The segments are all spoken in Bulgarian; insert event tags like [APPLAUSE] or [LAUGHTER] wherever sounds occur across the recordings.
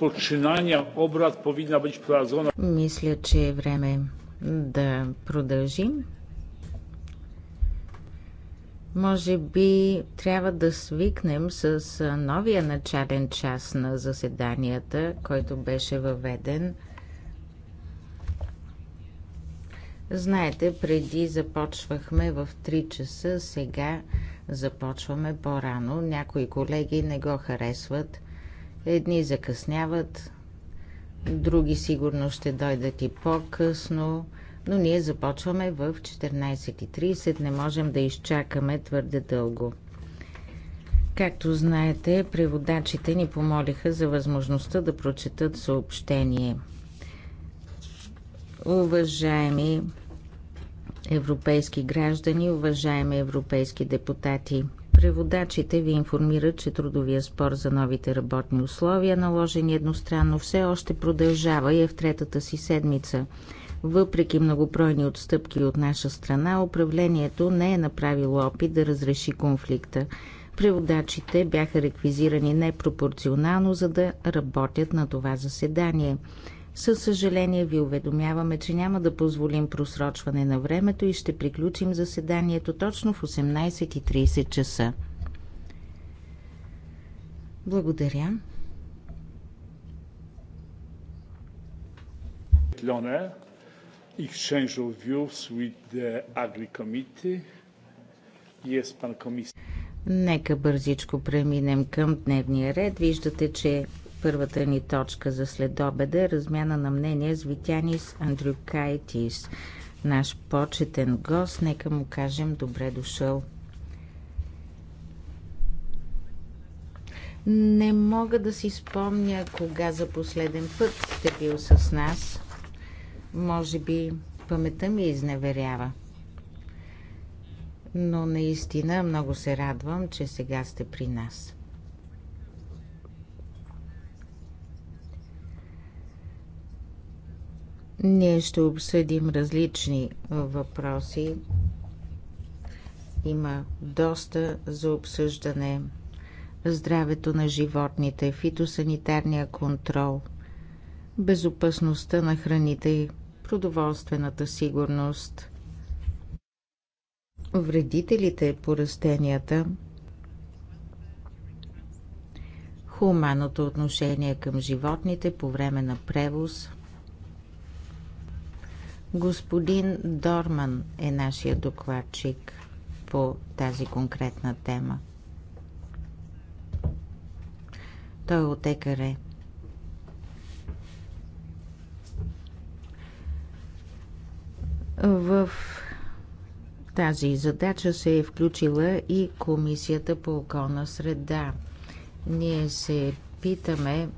Починания обрат повинна бъде prowadzona. Мисля, че е време да продължим. Може би трябва да свикнем с новия начален час на заседанията, който беше въведен. Знаете, преди започвахме в 3 часа, сега започваме по-рано. Някои колеги не го харесват – Едни закъсняват, други сигурно ще дойдат и по-късно, но ние започваме в 14.30. Не можем да изчакаме твърде дълго. Както знаете, преводачите ни помолиха за възможността да прочетат съобщение. Уважаеми европейски граждани, уважаеми европейски депутати – Преводачите ви информират, че трудовия спор за новите работни условия, наложени едностранно, все още продължава и е в третата си седмица. Въпреки многобройни отстъпки от наша страна, управлението не е направило опит да разреши конфликта. Преводачите бяха реквизирани непропорционално, за да работят на това заседание. Със съжаление ви уведомяваме, че няма да позволим просрочване на времето и ще приключим заседанието точно в 18.30 часа. Благодаря. Нека бързичко преминем към дневния ред. Виждате, че Първата ни точка за следобеда е размяна на мнение с Витянис Андрюкайтис, наш почетен гост. Нека му кажем добре дошъл. Не мога да си спомня кога за последен път сте бил с нас. Може би паметта ми изневерява. Но наистина много се радвам, че сега сте при нас. Ние ще обсъдим различни въпроси. Има доста за обсъждане. Здравето на животните, фитосанитарния контрол, безопасността на храните, продоволствената сигурност, вредителите по растенията, хуманото отношение към животните по време на превоз – Господин Дорман е нашия докладчик по тази конкретна тема. Той е от ЕКР. В тази задача се е включила и Комисията по околна среда. Ние се питаме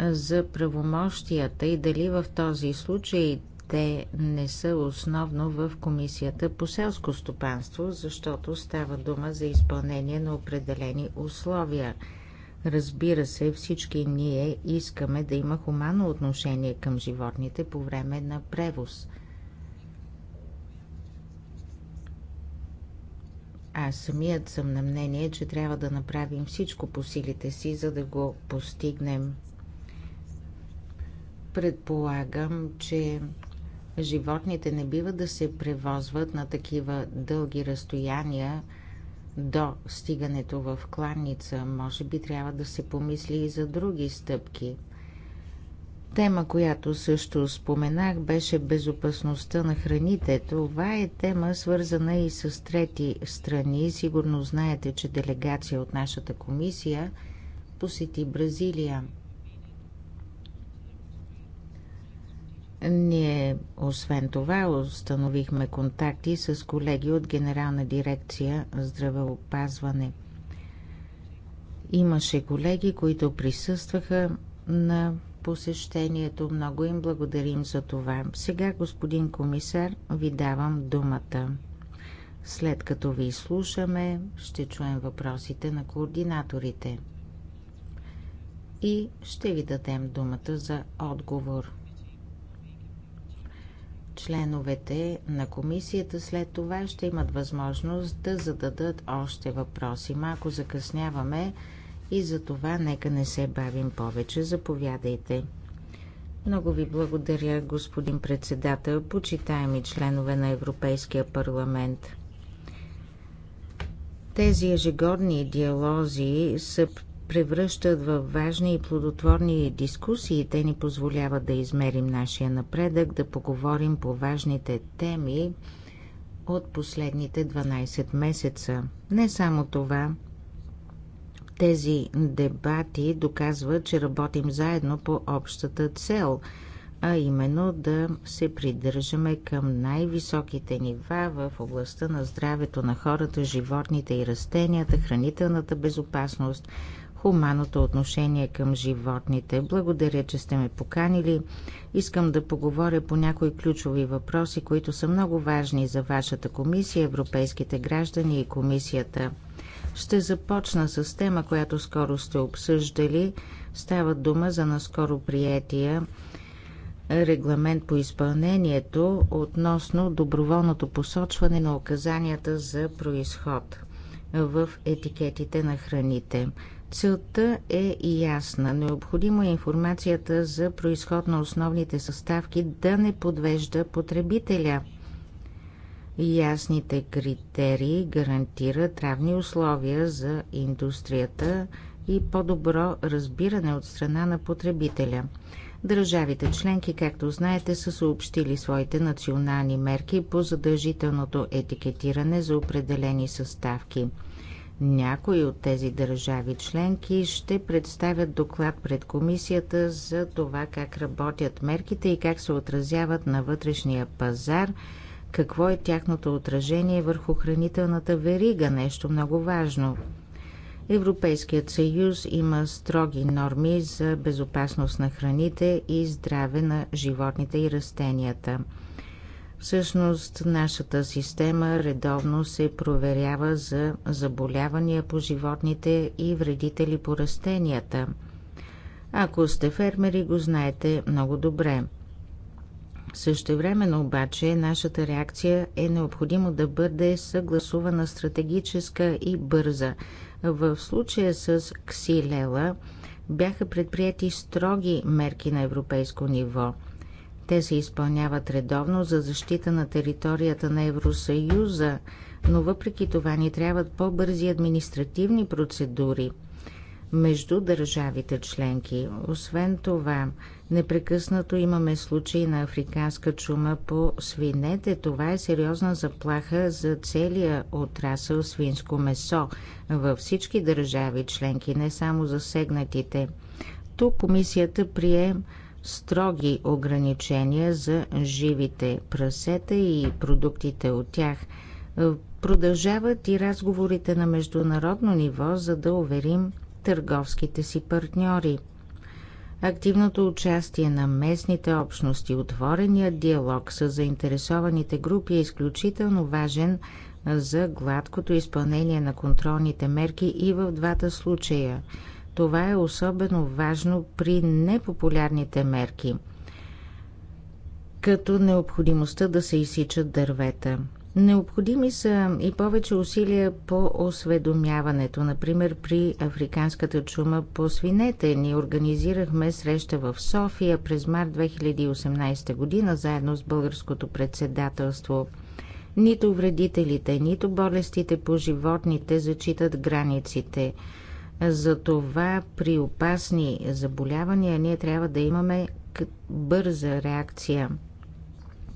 за правомощията и дали в този случай те не са основно в Комисията по селско стопанство, защото става дума за изпълнение на определени условия. Разбира се, всички ние искаме да има хуманно отношение към животните по време на превоз. Аз самият съм на мнение, че трябва да направим всичко по силите си, за да го постигнем – Предполагам, че животните не бива да се превозват на такива дълги разстояния до стигането в кланница. Може би трябва да се помисли и за други стъпки. Тема, която също споменах, беше безопасността на храните. Това е тема свързана и с трети страни. Сигурно знаете, че делегация от нашата комисия посети Бразилия – Ние, освен това, установихме контакти с колеги от Генерална дирекция здравеопазване. Имаше колеги, които присъстваха на посещението. Много им благодарим за това. Сега, господин комисар, ви давам думата. След като ви слушаме, ще чуем въпросите на координаторите и ще ви дадем думата за отговор членовете на комисията след това ще имат възможност да зададат още въпроси. Малко закъсняваме и за това нека не се бавим повече. Заповядайте. Много ви благодаря, господин председател, почитаеми членове на Европейския парламент. Тези ежегодни диалози са превръщат в важни и плодотворни дискусии. Те ни позволяват да измерим нашия напредък, да поговорим по важните теми от последните 12 месеца. Не само това, тези дебати доказват, че работим заедно по общата цел, а именно да се придържаме към най-високите нива в областта на здравето на хората, животните и растенията, хранителната безопасност – хуманото отношение към животните. Благодаря, че сте ме поканили. Искам да поговоря по някои ключови въпроси, които са много важни за вашата комисия, европейските граждани и комисията. Ще започна с тема, която скоро сте обсъждали. Става дума за наскоро приятия регламент по изпълнението относно доброволното посочване на указанията за происход в етикетите на храните. Целта е ясна. Необходимо е информацията за происход на основните съставки да не подвежда потребителя. Ясните критерии гарантират равни условия за индустрията и по-добро разбиране от страна на потребителя. Държавите членки, както знаете, са съобщили своите национални мерки по задължителното етикетиране за определени съставки – някои от тези държави членки ще представят доклад пред комисията за това как работят мерките и как се отразяват на вътрешния пазар, какво е тяхното отражение върху хранителната верига, нещо много важно. Европейският съюз има строги норми за безопасност на храните и здраве на животните и растенията – Всъщност нашата система редовно се проверява за заболявания по животните и вредители по растенията. Ако сте фермери, го знаете много добре. Същевременно обаче нашата реакция е необходимо да бъде съгласувана стратегическа и бърза. В случая с Ксилела бяха предприяти строги мерки на европейско ниво – те се изпълняват редовно за защита на територията на Евросъюза, но въпреки това ни трябват по-бързи административни процедури между държавите членки. Освен това, непрекъснато имаме случаи на африканска чума по свинете. Това е сериозна заплаха за целия отрасъл свинско месо във всички държави членки, не само засегнатите. Тук комисията прие строги ограничения за живите прасета и продуктите от тях. Продължават и разговорите на международно ниво, за да уверим търговските си партньори. Активното участие на местните общности, отвореният диалог с заинтересованите групи е изключително важен за гладкото изпълнение на контролните мерки и в двата случая – това е особено важно при непопулярните мерки, като необходимостта да се изсичат дървета. Необходими са и повече усилия по осведомяването. Например, при африканската чума по свинете ни организирахме среща в София през март 2018 година заедно с българското председателство. Нито вредителите, нито болестите по животните зачитат границите. Затова при опасни заболявания ние трябва да имаме бърза реакция.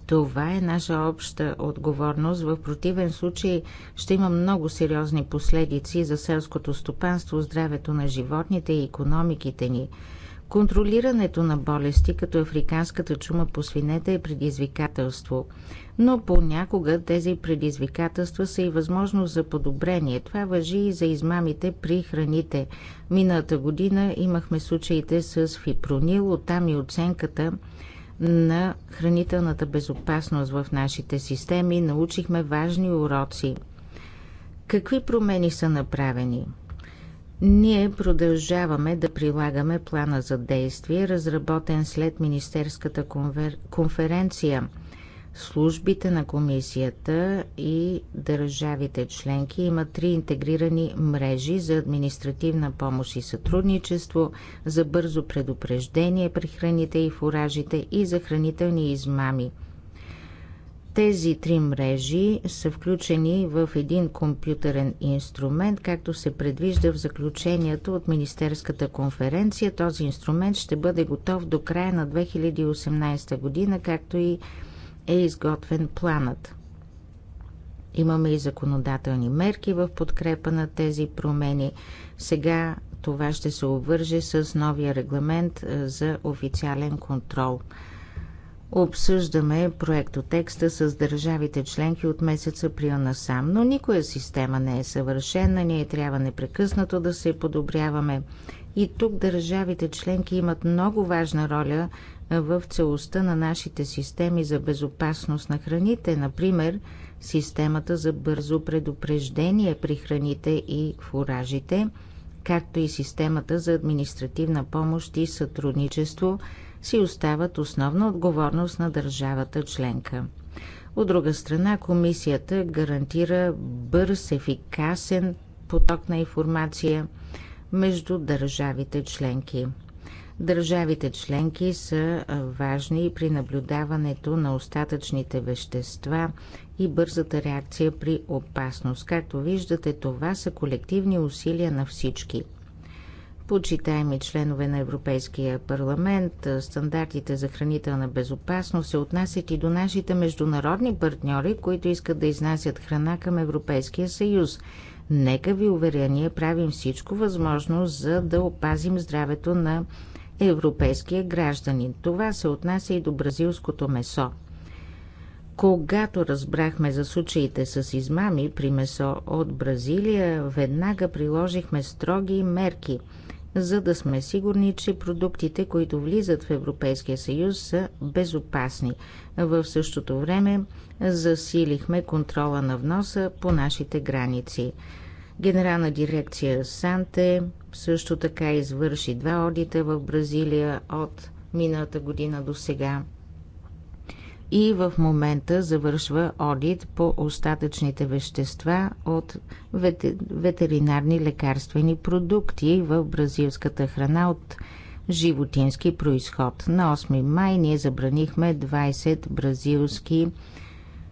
Това е наша обща отговорност. В противен случай ще има много сериозни последици за селското стопанство, здравето на животните и економиките ни. Контролирането на болести, като африканската чума по свинете, е предизвикателство. Но понякога тези предизвикателства са и възможност за подобрение. Това въжи и за измамите при храните. Миналата година имахме случаите с фипронил, оттам и оценката на хранителната безопасност в нашите системи. Научихме важни уроци. Какви промени са направени? Ние продължаваме да прилагаме плана за действие, разработен след Министерската конвер... конференция. Службите на комисията и държавите членки имат три интегрирани мрежи за административна помощ и сътрудничество, за бързо предупреждение при храните и фуражите и за хранителни измами – тези три мрежи са включени в един компютърен инструмент, както се предвижда в заключението от Министерската конференция. Този инструмент ще бъде готов до края на 2018 година, както и е изготвен планът. Имаме и законодателни мерки в подкрепа на тези промени. Сега това ще се обвърже с новия регламент за официален контрол – Обсъждаме проектотекста с държавите членки от месец април насам, но никоя система не е съвършена, ние трябва непрекъснато да се подобряваме. И тук държавите членки имат много важна роля в целостта на нашите системи за безопасност на храните, например системата за бързо предупреждение при храните и фуражите, както и системата за административна помощ и сътрудничество – си остават основна отговорност на държавата членка. От друга страна, комисията гарантира бърз, ефикасен поток на информация между държавите членки. Държавите членки са важни при наблюдаването на остатъчните вещества и бързата реакция при опасност. Както виждате, това са колективни усилия на всички – Почитаеми членове на Европейския парламент, стандартите за хранителна безопасност се отнасят и до нашите международни партньори, които искат да изнасят храна към Европейския съюз. Нека ви уверя, ние правим всичко възможно, за да опазим здравето на европейския гражданин. Това се отнася и до бразилското месо. Когато разбрахме за случаите с измами при месо от Бразилия, веднага приложихме строги мерки – за да сме сигурни, че продуктите, които влизат в Европейския съюз, са безопасни. В същото време засилихме контрола на вноса по нашите граници. Генерална дирекция Санте също така извърши два одита в Бразилия от миналата година до сега и в момента завършва одит по остатъчните вещества от ветеринарни лекарствени продукти в бразилската храна от животински происход. На 8 май ние забранихме 20 бразилски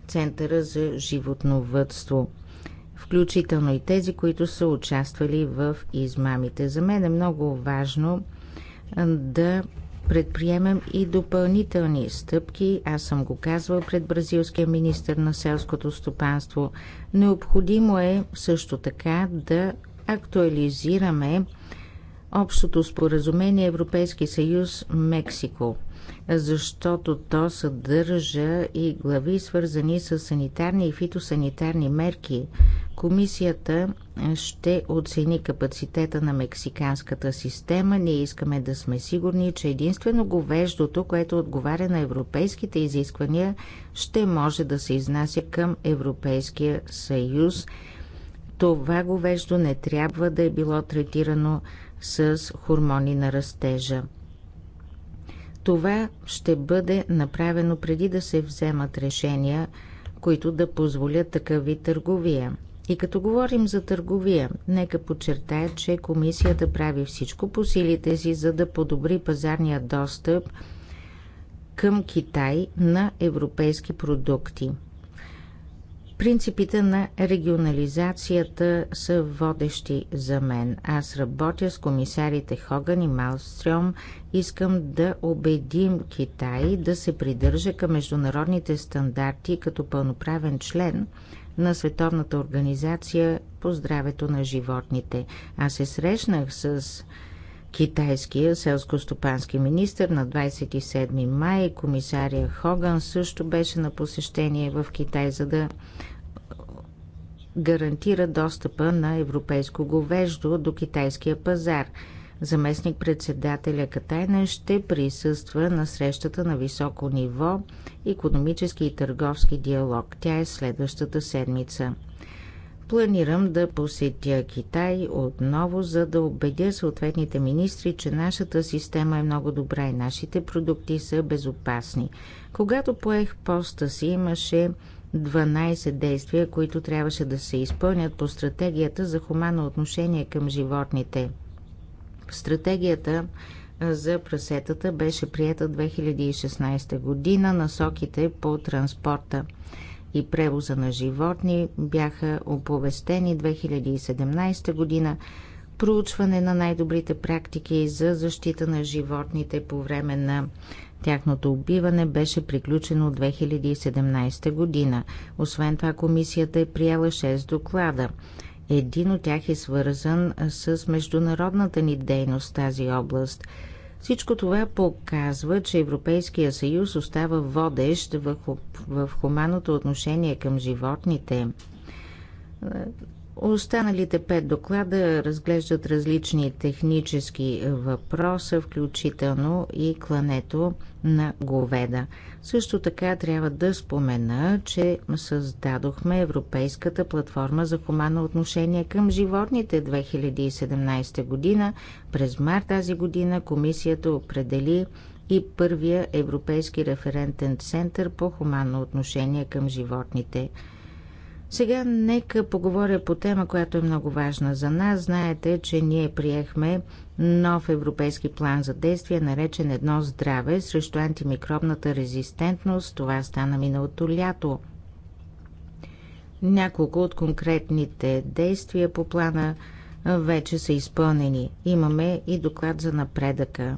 центъра за животновътство включително и тези, които са участвали в измамите. За мен е много важно да предприемем и допълнителни стъпки. Аз съм го казвал пред бразилския министр на селското стопанство. Необходимо е също така да актуализираме общото споразумение Европейски съюз Мексико – защото то съдържа и глави, свързани с санитарни и фитосанитарни мерки. Комисията ще оцени капацитета на мексиканската система. Ние искаме да сме сигурни, че единствено говеждото, което отговаря на европейските изисквания, ще може да се изнася към Европейския съюз. Това говеждо не трябва да е било третирано с хормони на растежа. Това ще бъде направено преди да се вземат решения, които да позволят такави търговия. И като говорим за търговия, нека подчертая, че комисията прави всичко по силите си, за да подобри пазарния достъп към Китай на европейски продукти. Принципите на регионализацията са водещи за мен. Аз работя с комисарите Хоган и Малстрём. Искам да убедим Китай да се придържа към международните стандарти като пълноправен член на Световната организация по здравето на животните. Аз се срещнах с китайския селско-стопански министр на 27 май. Комисария Хоган също беше на посещение в Китай, за да гарантира достъпа на европейско говеждо до китайския пазар. Заместник председателя Катайна ще присъства на срещата на високо ниво економически и търговски диалог. Тя е следващата седмица. Планирам да посетя Китай отново, за да убедя съответните министри, че нашата система е много добра и нашите продукти са безопасни. Когато поех поста си, имаше 12 действия, които трябваше да се изпълнят по стратегията за хумано отношение към животните. Стратегията за прасетата беше прията 2016 година, насоките по транспорта – и превоза на животни бяха оповестени 2017 година проучване на най-добрите практики за защита на животните по време на тяхното убиване беше приключено 2017 година. Освен това, комисията е приела 6 доклада. Един от тях е свързан с международната ни дейност в тази област – всичко това показва, че Европейския съюз остава водещ в, в отношение към животните. Останалите пет доклада разглеждат различни технически въпроса, включително и клането на говеда. Също така трябва да спомена, че създадохме Европейската платформа за хуманно отношение към животните 2017 година. През март тази година комисията определи и първия Европейски референтен център по хуманно отношение към животните. Сега нека поговоря по тема, която е много важна за нас. Знаете, че ние приехме нов европейски план за действие, наречен Едно здраве срещу антимикробната резистентност. Това стана миналото лято. Няколко от конкретните действия по плана вече са изпълнени. Имаме и доклад за напредъка.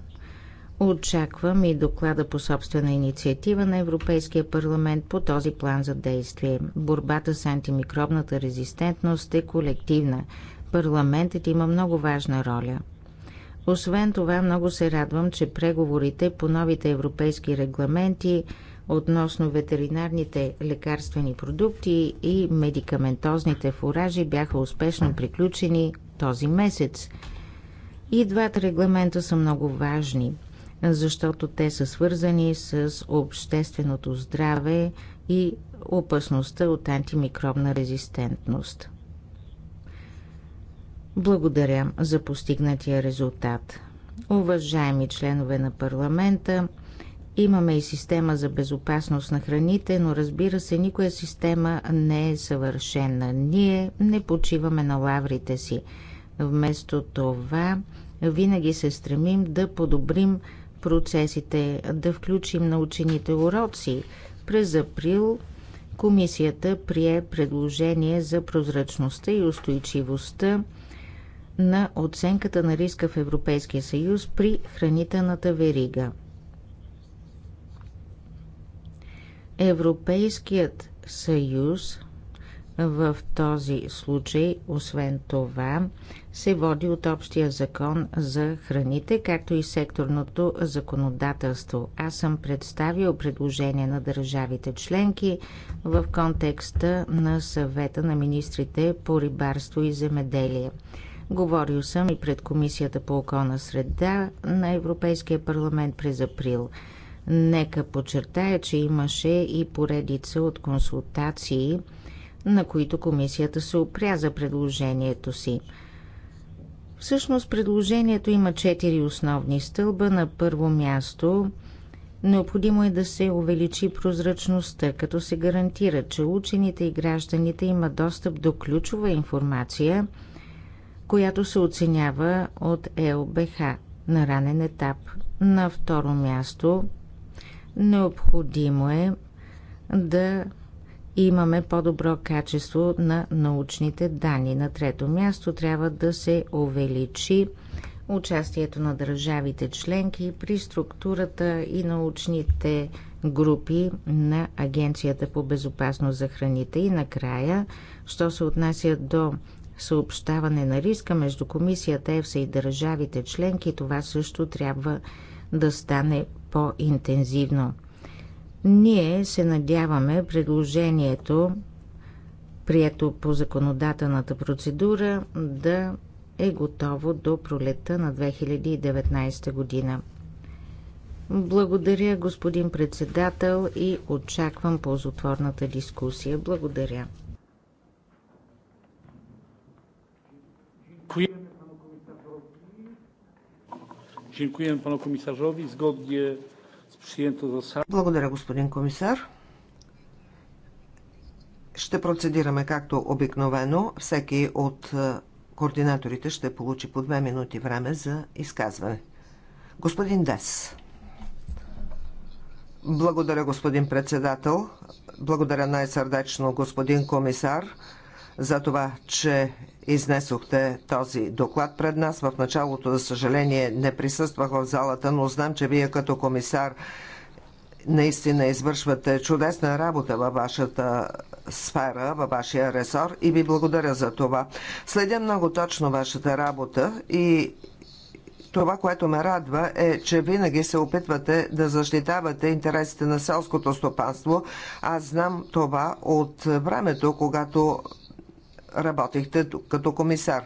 Очаквам и доклада по собствена инициатива на Европейския парламент по този план за действие. Борбата с антимикробната резистентност е колективна. Парламентът има много важна роля – освен това, много се радвам, че преговорите по новите европейски регламенти относно ветеринарните лекарствени продукти и медикаментозните фуражи бяха успешно приключени този месец. И двата регламента са много важни, защото те са свързани с общественото здраве и опасността от антимикробна резистентност. Благодаря за постигнатия резултат. Уважаеми членове на парламента, имаме и система за безопасност на храните, но разбира се, никоя система не е съвършена. Ние не почиваме на лаврите си. Вместо това, винаги се стремим да подобрим процесите, да включим на учените уроци. През април комисията прие предложение за прозрачността и устойчивостта на оценката на риска в Европейския съюз при хранителната верига. Европейският съюз в този случай, освен това, се води от общия закон за храните, както и секторното законодателство. Аз съм представил предложение на държавите членки в контекста на съвета на министрите по рибарство и земеделие. Говорил съм и пред Комисията по околна среда на Европейския парламент през април. Нека подчертая, че имаше и поредица от консултации, на които комисията се опря за предложението си. Всъщност предложението има четири основни стълба. На първо място необходимо е да се увеличи прозрачността, като се гарантира, че учените и гражданите имат достъп до ключова информация – която се оценява от е ЛБХ на ранен етап. На второ място, необходимо е да имаме по-добро качество на научните данни. На трето място трябва да се увеличи участието на държавите членки при структурата и научните групи на Агенцията по безопасност за храните. И накрая, що се отнася до съобщаване на риска между комисията ЕФСА и държавите членки, това също трябва да стане по-интензивно. Ние се надяваме предложението, прието по законодателната процедура, да е готово до пролета на 2019 година. Благодаря, господин председател, и очаквам ползотворната дискусия. Благодаря. Благодаря, господин комисар. Ще процедираме както обикновено. Всеки от е, координаторите ще получи по две минути време за изказване. Господин Дес. Благодаря, господин председател. Благодаря най-сърдечно, господин комисар за това, че изнесохте този доклад пред нас. В началото, за съжаление, не присъствах в залата, но знам, че вие като комисар наистина извършвате чудесна работа във вашата сфера, във вашия ресор и ви благодаря за това. Следя много точно вашата работа и това, което ме радва е, че винаги се опитвате да защитавате интересите на селското стопанство. Аз знам това от времето, когато работихте като комисар.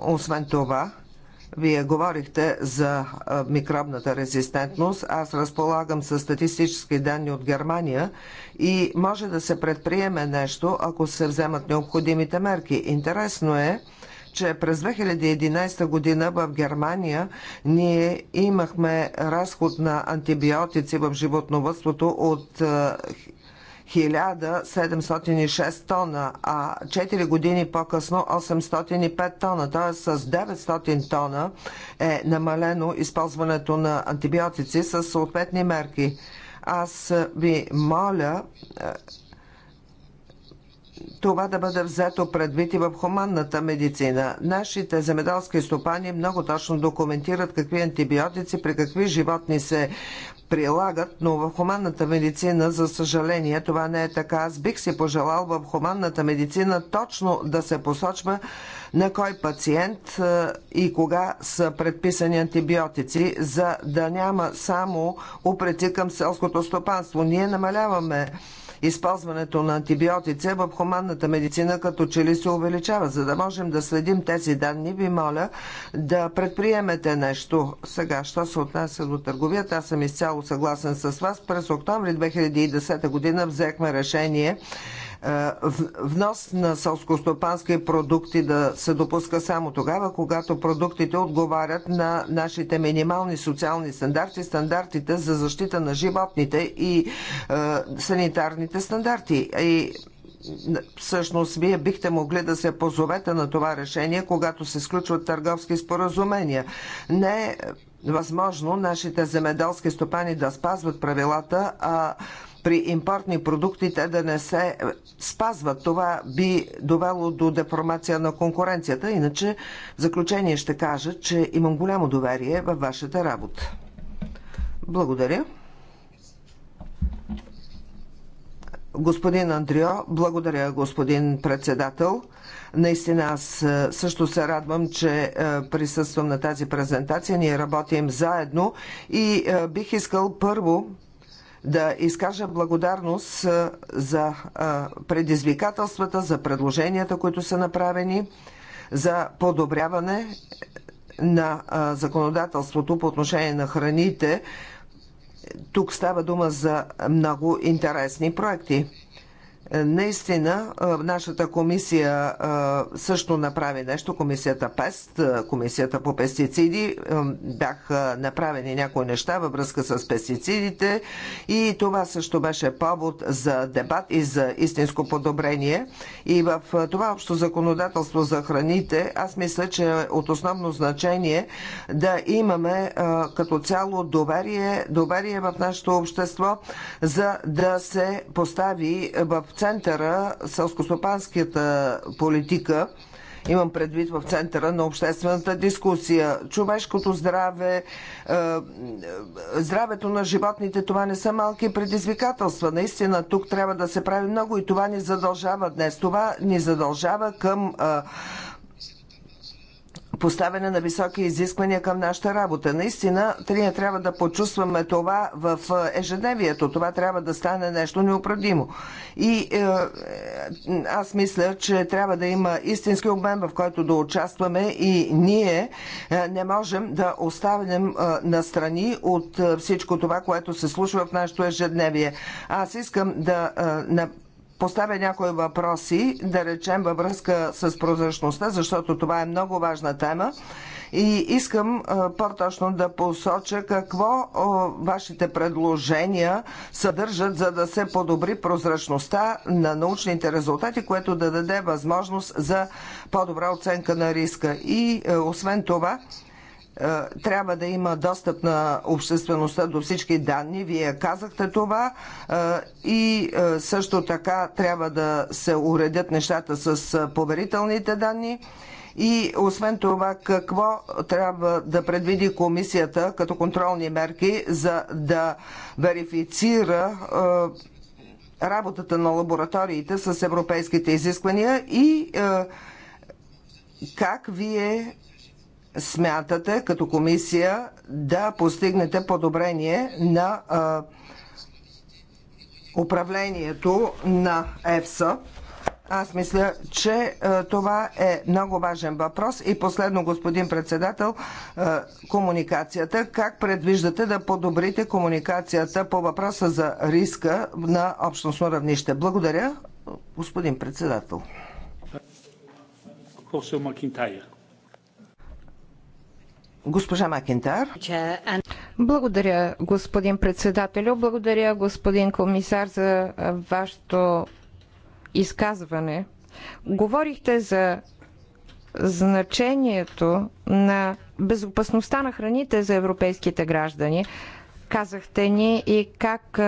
Освен това, вие говорихте за микробната резистентност. Аз разполагам с статистически данни от Германия и може да се предприеме нещо, ако се вземат необходимите мерки. Интересно е, че през 2011 година в Германия ние имахме разход на антибиотици в животновътството от 1706 тона, а 4 години по-късно 805 тона, т.е. с 900 тона е намалено използването на антибиотици с съответни мерки. Аз ви моля е, това да бъде взето предвид и в хуманната медицина. Нашите земеделски стопани много точно документират какви антибиотици при какви животни се прилагат, но в хуманната медицина, за съжаление, това не е така. Аз бих си пожелал в хуманната медицина точно да се посочва на кой пациент е, и кога са предписани антибиотици, за да няма само упрети към селското стопанство. Ние намаляваме използването на антибиотици е в хуманната медицина като че ли се увеличава. За да можем да следим тези данни, ви моля да предприемете нещо. Сега, що се отнася до търговията, аз съм изцяло съгласен с вас. През октомври 2010 година взехме решение е, внос на сълскостопански продукти да се допуска само тогава, когато продуктите отговарят на нашите минимални социални стандарти, стандартите за защита на животните и е, санитарните стандарти. И всъщност вие бихте могли да се позовете на това решение, когато се сключват търговски споразумения. Не е възможно нашите земеделски стопани да спазват правилата, а при импортни продукти те да не се спазват. Това би довело до деформация на конкуренцията. Иначе, в заключение ще кажа, че имам голямо доверие във вашата работа. Благодаря. Господин Андрио, благодаря, господин председател. Наистина аз е, също се радвам, че е, присъствам на тази презентация. Ние работим заедно и е, бих искал първо да изкажа благодарност за предизвикателствата, за предложенията, които са направени, за подобряване на законодателството по отношение на храните. Тук става дума за много интересни проекти. Наистина, нашата комисия също направи нещо. Комисията ПЕСТ, комисията по пестициди, бяха направени някои неща във връзка с пестицидите и това също беше повод за дебат и за истинско подобрение. И в това общо законодателство за храните, аз мисля, че е от основно значение да имаме като цяло доверие, доверие в нашето общество, за да се постави в центъра селскостопанската политика имам предвид в центъра на обществената дискусия. Човешкото здраве, е, е, здравето на животните, това не са малки предизвикателства. Наистина тук трябва да се прави много и това ни задължава днес. Това ни задължава към е, поставяне на високи изисквания към нашата работа. Наистина, ние трябва да почувстваме това в е, ежедневието. Това трябва да стане нещо неоправдимо. И е, е, аз мисля, че трябва да има истински обмен, в който да участваме и ние е, не можем да оставим е, настрани от е, всичко това, което се случва в нашето ежедневие. Аз искам да е, поставя някои въпроси, да речем във връзка с прозрачността, защото това е много важна тема. И искам по-точно да посоча какво вашите предложения съдържат, за да се подобри прозрачността на научните резултати, което да даде възможност за по-добра оценка на риска. И е, освен това, е, трябва да има достъп на обществеността до всички данни. Вие казахте това е, и е, също така трябва да се уредят нещата с поверителните данни. И освен това, какво трябва да предвиди комисията като контролни мерки, за да верифицира работата на лабораториите с европейските изисквания и как вие смятате като комисия да постигнете подобрение на а, управлението на ЕФСА? Аз мисля, че това е много важен въпрос. И последно, господин председател, комуникацията. Как предвиждате да подобрите комуникацията по въпроса за риска на общностно равнище? Благодаря, господин председател. Макинтайр. Госпожа Макентар. Благодаря, господин председателю. Благодаря, господин комисар, за вашето изказване. Говорихте за значението на безопасността на храните за европейските граждани. Казахте ни и как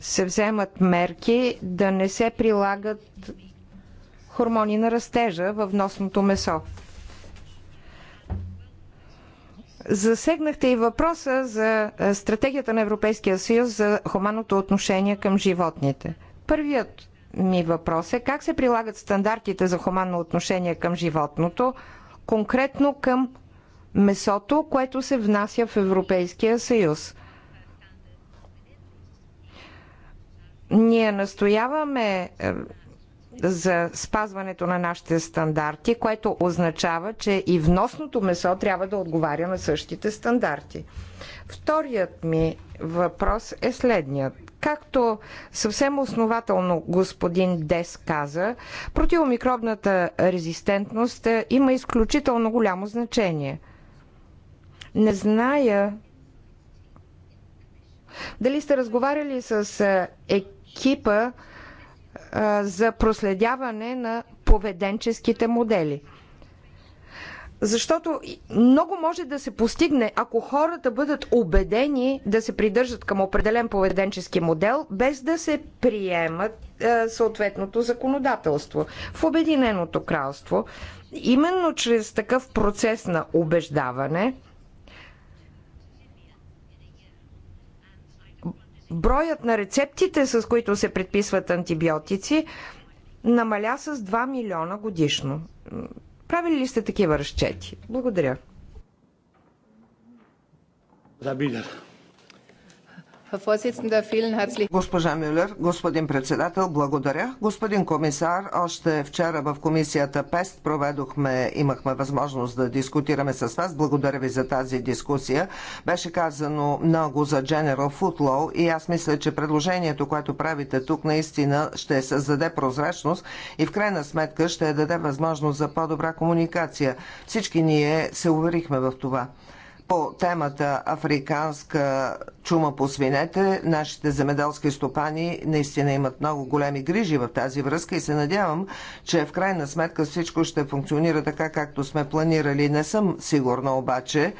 се вземат мерки да не се прилагат хормони на растежа във вносното месо. Засегнахте и въпроса за стратегията на Европейския съюз за хуманното отношение към животните. Първият ми въпрос е как се прилагат стандартите за хуманно отношение към животното, конкретно към месото, което се внася в Европейския съюз. Ние настояваме за спазването на нашите стандарти, което означава, че и вносното месо трябва да отговаря на същите стандарти. Вторият ми въпрос е следният. Както съвсем основателно господин Дес каза, противомикробната резистентност има изключително голямо значение. Не зная дали сте разговаряли с екипа, за проследяване на поведенческите модели. Защото много може да се постигне, ако хората бъдат убедени да се придържат към определен поведенчески модел, без да се приемат е, съответното законодателство. В Обединеното кралство, именно чрез такъв процес на убеждаване, броят на рецептите, с които се предписват антибиотици, намаля с 2 милиона годишно. Правили ли сте такива разчети? Благодаря. Забилер. Госпожа Мюллер, господин председател, благодаря. Господин комисар, още вчера в комисията ПЕСТ проведохме, имахме възможност да дискутираме с вас. Благодаря ви за тази дискусия. Беше казано много за General Food Law и аз мисля, че предложението, което правите тук, наистина ще създаде прозрачност и в крайна сметка ще даде възможност за по-добра комуникация. Всички ние се уверихме в това. По темата африканска чума по свинете, нашите земеделски стопани наистина имат много големи грижи в тази връзка и се надявам, че в крайна сметка всичко ще функционира така, както сме планирали. Не съм сигурна обаче,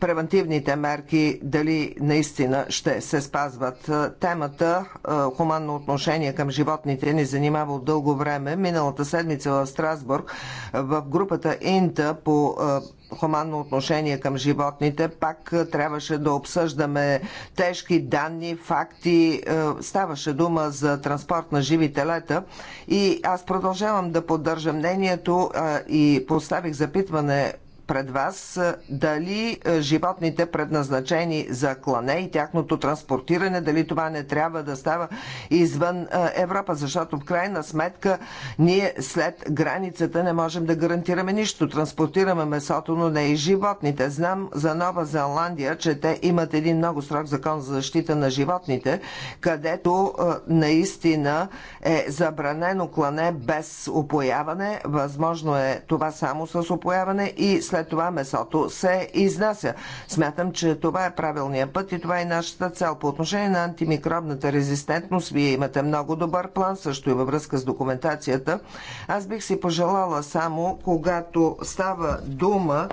превентивните мерки дали наистина ще се спазват. Темата е, хуманно отношение към животните ни занимава от дълго време. Миналата седмица в Страсбург в групата Инта по е, хуманно отношение към животните, пак е, трябваше да обсъждаме тежки данни, факти. Ставаше дума за транспорт на живи телета и аз продължавам да поддържам мнението и поставих запитване пред вас е, дали е, животните предназначени за клане и тяхното транспортиране, дали това не трябва да става извън е, Европа, защото в крайна сметка ние след границата не можем да гарантираме нищо. Транспортираме месото, но не и животните. Знам за Нова Зеландия, че те имат един много срок закон за защита на животните, където наистина е забранено клане без опояване. Възможно е това само с опояване и след след това месото се изнася. Смятам, че това е правилният път и това е нашата цел. По отношение на антимикробната резистентност, вие имате много добър план, също и във връзка с документацията. Аз бих си пожелала само, когато става дума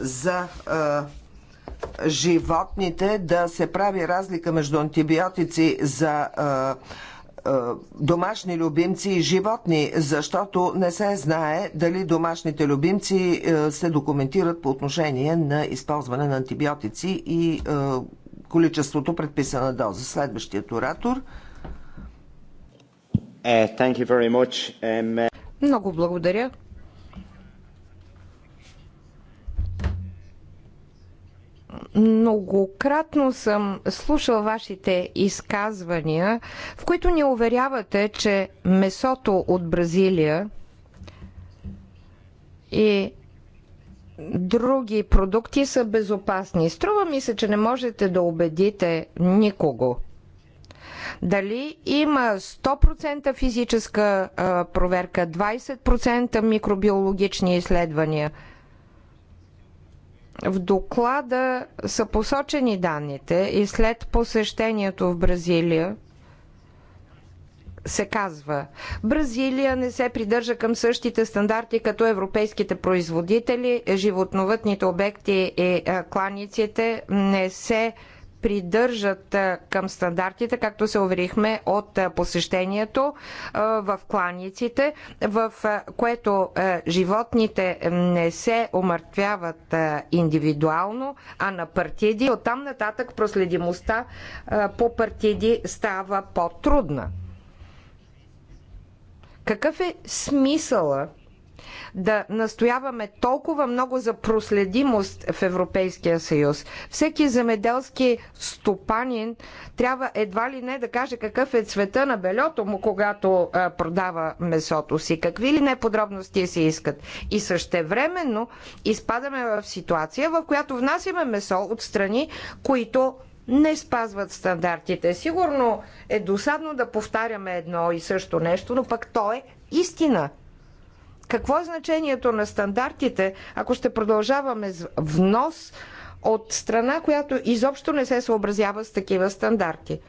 за животните да се прави разлика между антибиотици за е, домашни любимци и животни, защото не се знае дали домашните любимци е, се документират по отношение на използване на антибиотици и е, количеството предписана доза. Следващият оратор. Много благодаря. Многократно съм слушал вашите изказвания, в които ни уверявате, че месото от Бразилия и други продукти са безопасни. Струва ми се, че не можете да убедите никого. Дали има 100% физическа проверка, 20% микробиологични изследвания – в доклада са посочени данните и след посещението в Бразилия се казва, Бразилия не се придържа към същите стандарти като европейските производители, животновътните обекти и кланиците не се придържат към стандартите, както се уверихме от посещението в кланиците, в което животните не се омъртвяват индивидуално, а на партиди. Оттам нататък проследимостта по партиди става по-трудна. Какъв е смисъла да настояваме толкова много за проследимост в Европейския съюз. Всеки земеделски стопанин трябва едва ли не да каже какъв е цвета на белето му, когато а, продава месото си, какви ли не подробности се искат. И същевременно изпадаме в ситуация, в която внасяме месо от страни, които не спазват стандартите. Сигурно е досадно да повтаряме едно и също нещо, но пък то е истина. Какво е значението на стандартите, ако ще продължаваме с внос от страна, която изобщо не се съобразява с такива стандарти?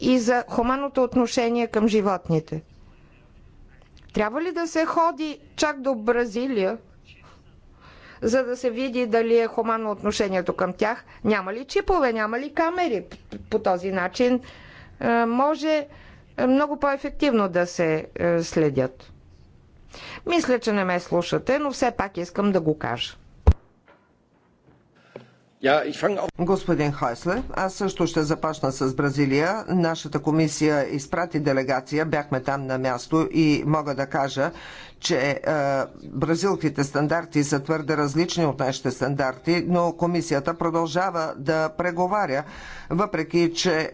И за хуманното отношение към животните. Трябва ли да се ходи чак до Бразилия, за да се види дали е хуманно отношението към тях? Няма ли чипове, няма ли камери? По този начин е, може е, много по-ефективно да се е, следят. Мисля, че не ме слушате, но все пак искам да го кажа. Господин Хойсле, аз също ще започна с Бразилия. Нашата комисия изпрати делегация, бяхме там на място и мога да кажа, че е, бразилските стандарти са твърде различни от нашите стандарти, но комисията продължава да преговаря, въпреки че е,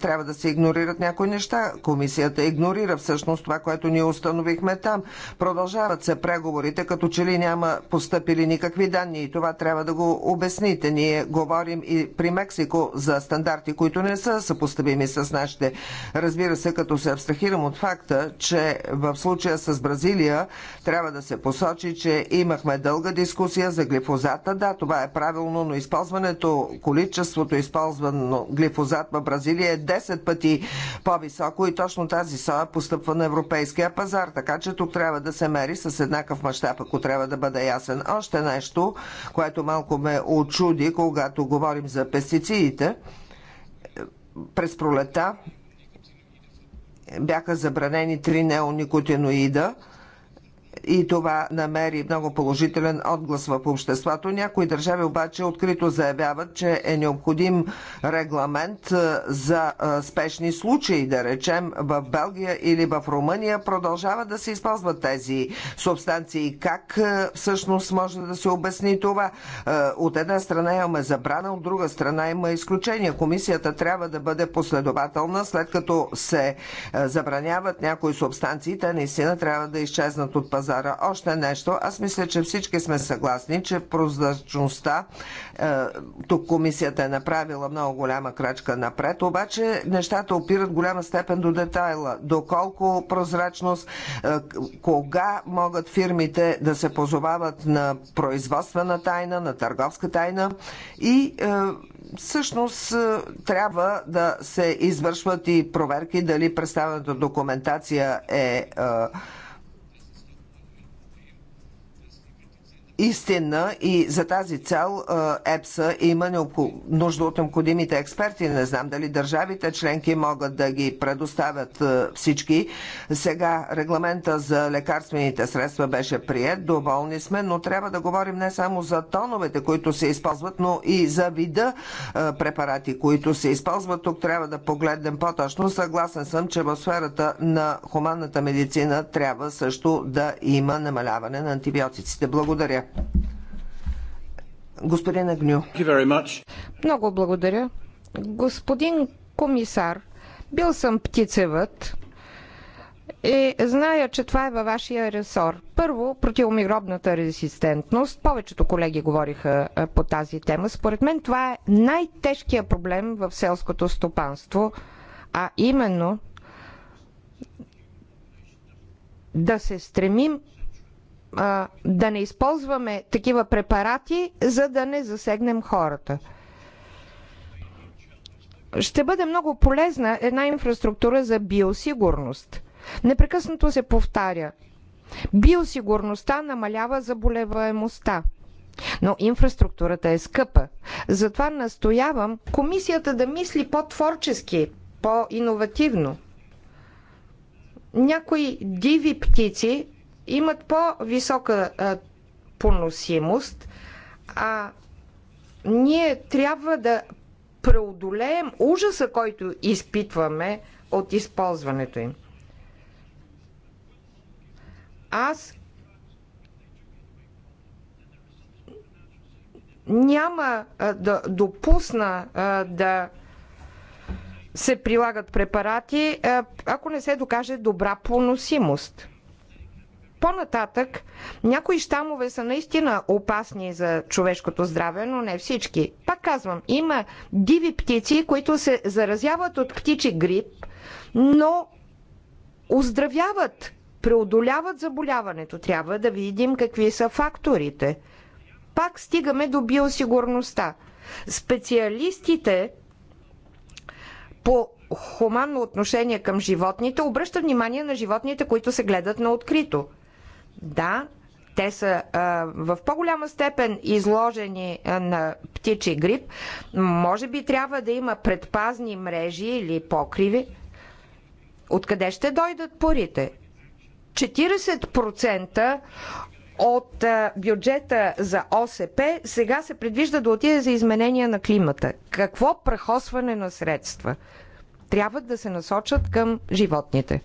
трябва да се игнорират някои неща. Комисията игнорира всъщност това, което ние установихме там. Продължават се преговорите, като че ли няма поступили никакви данни и това трябва да го обясните ние говорим и при Мексико за стандарти, които не са съпоставими с нашите. Разбира се, като се абстрахирам от факта, че в случая с Бразилия трябва да се посочи, че имахме дълга дискусия за глифозата. Да, това е правилно, но използването, количеството използвано глифозат в Бразилия е 10 пъти по-високо и точно тази соя постъпва на европейския пазар. Така че тук трябва да се мери с еднакъв мащаб, ако трябва да бъде ясен. Още нещо, което малко ме очуди, когато говорим за пестицидите. През пролета бяха забранени три неоникотиноида – и това намери много положителен отглас в обществото. Някои държави обаче открито заявяват, че е необходим регламент за спешни случаи, да речем в Белгия или в Румъния продължават да се използват тези субстанции. Как всъщност може да се обясни това? От една страна имаме забрана, от друга страна има изключения. Комисията трябва да бъде последователна, след като се забраняват някои субстанции, те наистина трябва да изчезнат от пазара пазара. Още нещо. Аз мисля, че всички сме съгласни, че прозрачността, е, тук комисията е направила много голяма крачка напред, обаче нещата опират голяма степен до детайла. Доколко прозрачност, е, кога могат фирмите да се позовават на производствена тайна, на търговска тайна и е, всъщност е, трябва да се извършват и проверки дали представената документация е, е Истина и за тази цел ЕПСА има нужда от необходимите експерти. Не знам дали държавите членки могат да ги предоставят всички. Сега регламента за лекарствените средства беше прият, доволни сме, но трябва да говорим не само за тоновете, които се използват, но и за вида препарати, които се използват. Тук трябва да погледнем по-точно. Съгласен съм, че в сферата на хуманната медицина трябва също да има намаляване на антибиотиците. Благодаря. Господин Агню. Много благодаря. Господин комисар, бил съм птицевът и зная, че това е във вашия ресор. Първо, противомигробната резистентност. Повечето колеги говориха по тази тема. Според мен това е най-тежкият проблем в селското стопанство, а именно да се стремим а, да не използваме такива препарати, за да не засегнем хората. Ще бъде много полезна една инфраструктура за биосигурност. Непрекъснато се повтаря. Биосигурността намалява заболеваемостта. Но инфраструктурата е скъпа. Затова настоявам комисията да мисли по-творчески, по-инновативно. Някои диви птици имат по-висока поносимост, а ние трябва да преодолеем ужаса, който изпитваме от използването им. Аз няма да допусна да се прилагат препарати, ако не се докаже добра поносимост. По-нататък, някои щамове са наистина опасни за човешкото здраве, но не всички. Пак казвам, има диви птици, които се заразяват от птичи грип, но оздравяват, преодоляват заболяването. Трябва да видим какви са факторите. Пак стигаме до биосигурността. Специалистите по хуманно отношение към животните обръща внимание на животните, които се гледат на открито – да, те са а, в по-голяма степен изложени а, на птичи грип. Може би трябва да има предпазни мрежи или покриви. Откъде ще дойдат парите? 40% от а, бюджета за ОСП сега се предвижда да отиде за изменения на климата. Какво прахосване на средства? Трябва да се насочат към животните.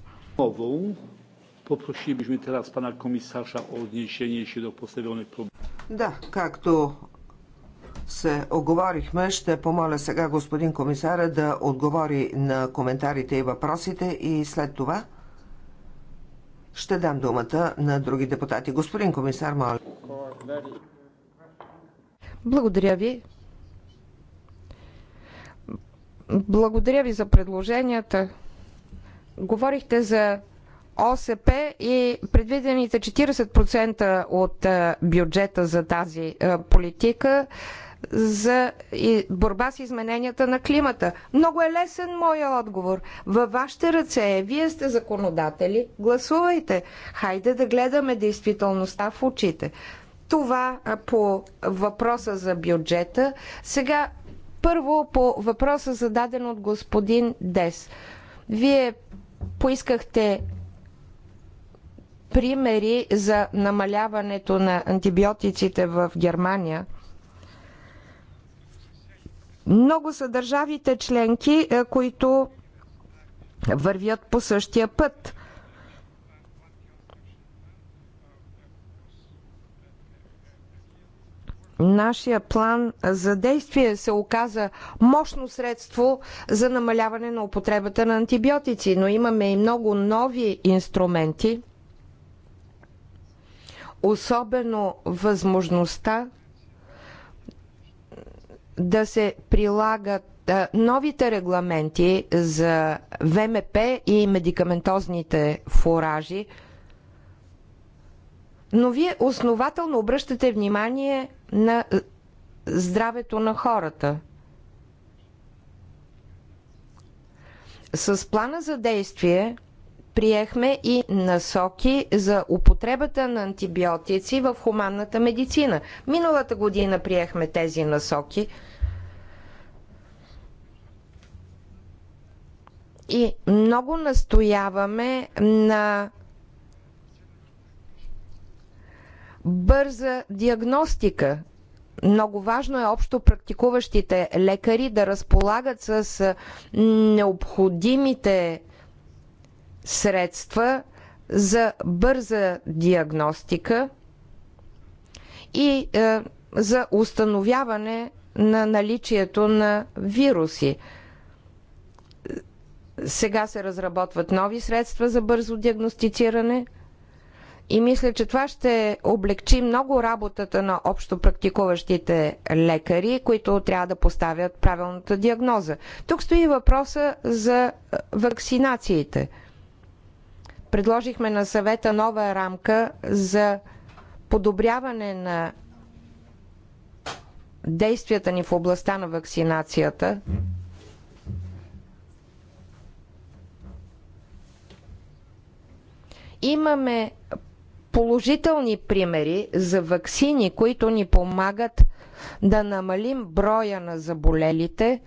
Да, както се оговорихме, ще помоля сега господин комисара да отговори на коментарите и въпросите и след това ще дам думата на други депутати. Господин комисар, моля. Благодаря ви. Благодаря ви за предложенията. Говорихте за ОСП и предвидените 40% от бюджета за тази политика за борба с измененията на климата. Много е лесен моя отговор. Във вашите ръце е. Вие сте законодатели. Гласувайте. Хайде да гледаме действителността в очите. Това по въпроса за бюджета. Сега първо по въпроса зададен от господин Дес. Вие поискахте примери за намаляването на антибиотиците в Германия. Много са държавите членки, е, които вървят по същия път. Нашия план за действие се оказа мощно средство за намаляване на употребата на антибиотици, но имаме и много нови инструменти – особено възможността да се прилагат новите регламенти за ВМП и медикаментозните фуражи, но вие основателно обръщате внимание на здравето на хората. С плана за действие приехме и насоки за употребата на антибиотици в хуманната медицина. Миналата година приехме тези насоки. И много настояваме на бърза диагностика. Много важно е общо практикуващите лекари да разполагат с необходимите средства за бърза диагностика и е, за установяване на наличието на вируси. Сега се разработват нови средства за бързо диагностициране и мисля, че това ще облегчи много работата на общопрактикуващите лекари, които трябва да поставят правилната диагноза. Тук стои въпроса за е, вакцинациите – Предложихме на съвета нова рамка за подобряване на действията ни в областта на вакцинацията. Имаме положителни примери за вакцини, които ни помагат да намалим броя на заболелите.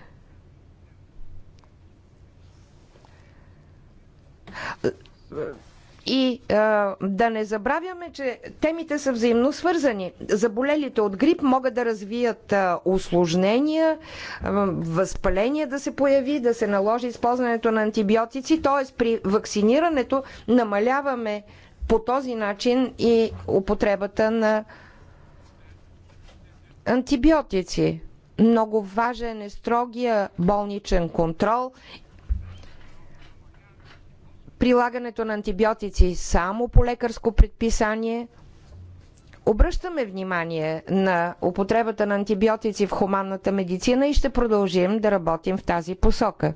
И а, да не забравяме, че темите са взаимно свързани. Заболелите от грип могат да развият а, осложнения, а, възпаление да се появи, да се наложи използването на антибиотици, т.е. при вакцинирането намаляваме по този начин и употребата на антибиотици. Много важен е строгия болничен контрол прилагането на антибиотици само по лекарско предписание. Обръщаме внимание на употребата на антибиотици в хуманната медицина и ще продължим да работим в тази посока.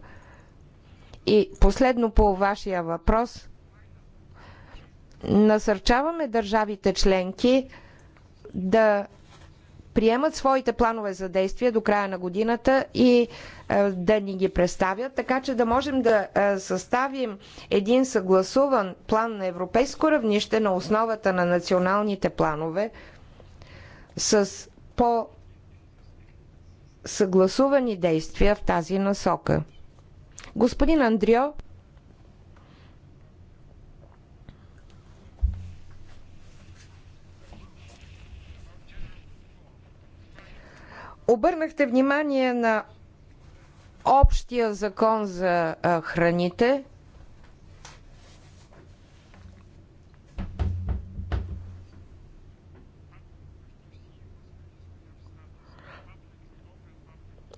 И последно по вашия въпрос. Насърчаваме държавите членки да приемат своите планове за действие до края на годината и е, да ни ги представят, така че да можем да е, съставим един съгласуван план на европейско равнище на основата на националните планове с по съгласувани действия в тази насока. Господин Андрио, Обърнахте внимание на общия закон за храните.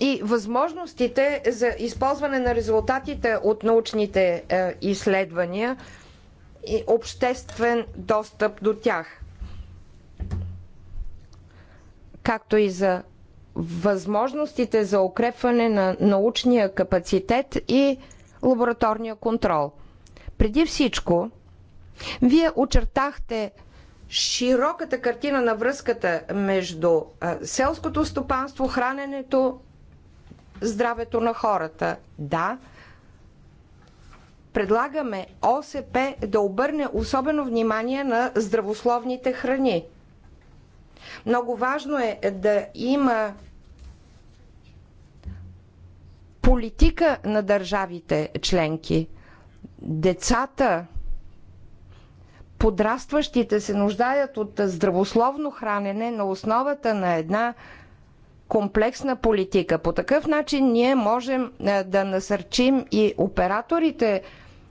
И възможностите за използване на резултатите от научните изследвания и обществен достъп до тях, както и за възможностите за укрепване на научния капацитет и лабораторния контрол. Преди всичко, вие очертахте широката картина на връзката между селското стопанство, храненето, здравето на хората. Да, предлагаме ОСП да обърне особено внимание на здравословните храни. Много важно е да има политика на държавите членки. Децата, подрастващите се нуждаят от здравословно хранене на основата на една комплексна политика. По такъв начин ние можем е, да насърчим и операторите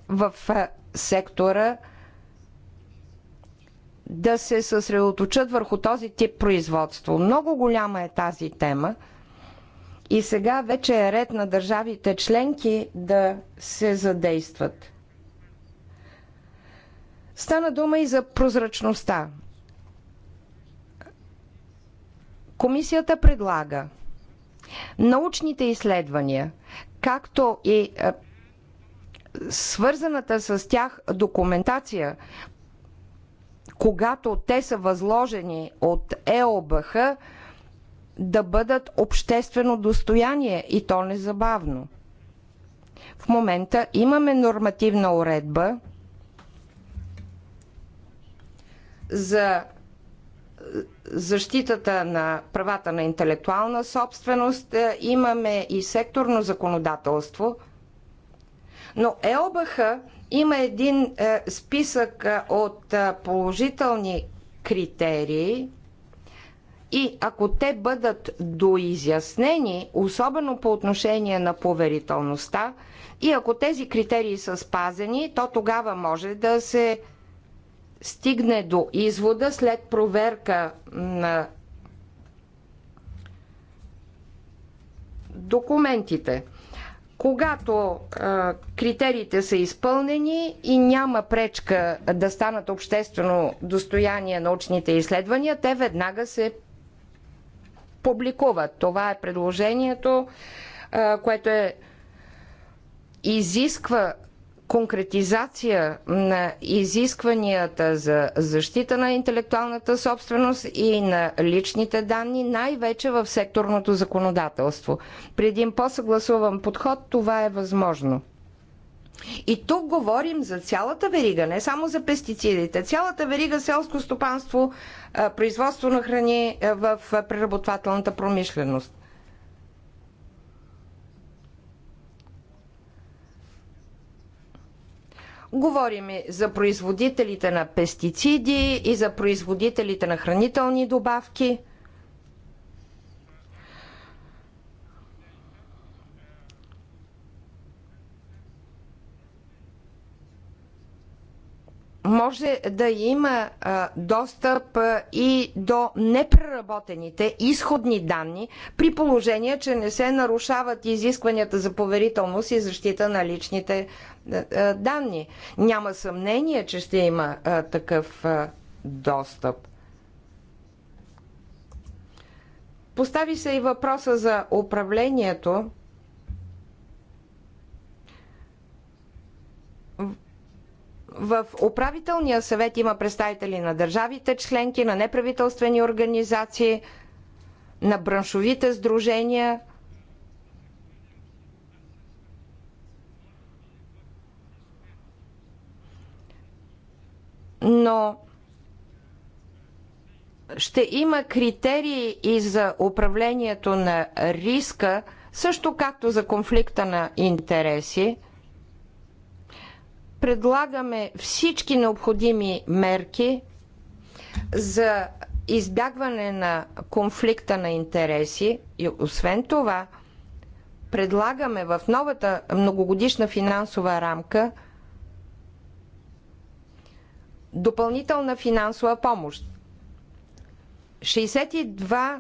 в е, сектора – да се съсредоточат върху този тип производство. Много голяма е тази тема и сега вече е ред на държавите членки да се задействат. Стана дума и за прозрачността. Комисията предлага научните изследвания, както и е, свързаната с тях документация когато те са възложени от ЕОБХ, да бъдат обществено достояние и то незабавно. В момента имаме нормативна уредба за защитата на правата на интелектуална собственост, е, имаме и секторно законодателство, но ЕОБХ има един е, списък е, от е, положителни критерии и ако те бъдат доизяснени, особено по отношение на поверителността, и ако тези критерии са спазени, то тогава може да се стигне до извода след проверка на документите. Когато а, критериите са изпълнени и няма пречка да станат обществено достояние научните изследвания, те веднага се публикуват. Това е предложението, а, което е изисква конкретизация на изискванията за защита на интелектуалната собственост и на личните данни, най-вече в секторното законодателство. При един по-съгласуван подход това е възможно. И тук говорим за цялата верига, не само за пестицидите. Цялата верига селско стопанство, производство на храни в преработвателната промишленост. Говорим и за производителите на пестициди и за производителите на хранителни добавки – може да има достъп и до непреработените изходни данни, при положение, че не се нарушават изискванията за поверителност и защита на личните данни. Няма съмнение, че ще има такъв достъп. Постави се и въпроса за управлението. В управителния съвет има представители на държавите членки, на неправителствени организации, на браншовите сдружения. Но ще има критерии и за управлението на риска, също както за конфликта на интереси предлагаме всички необходими мерки за избягване на конфликта на интереси и освен това предлагаме в новата многогодишна финансова рамка допълнителна финансова помощ. 62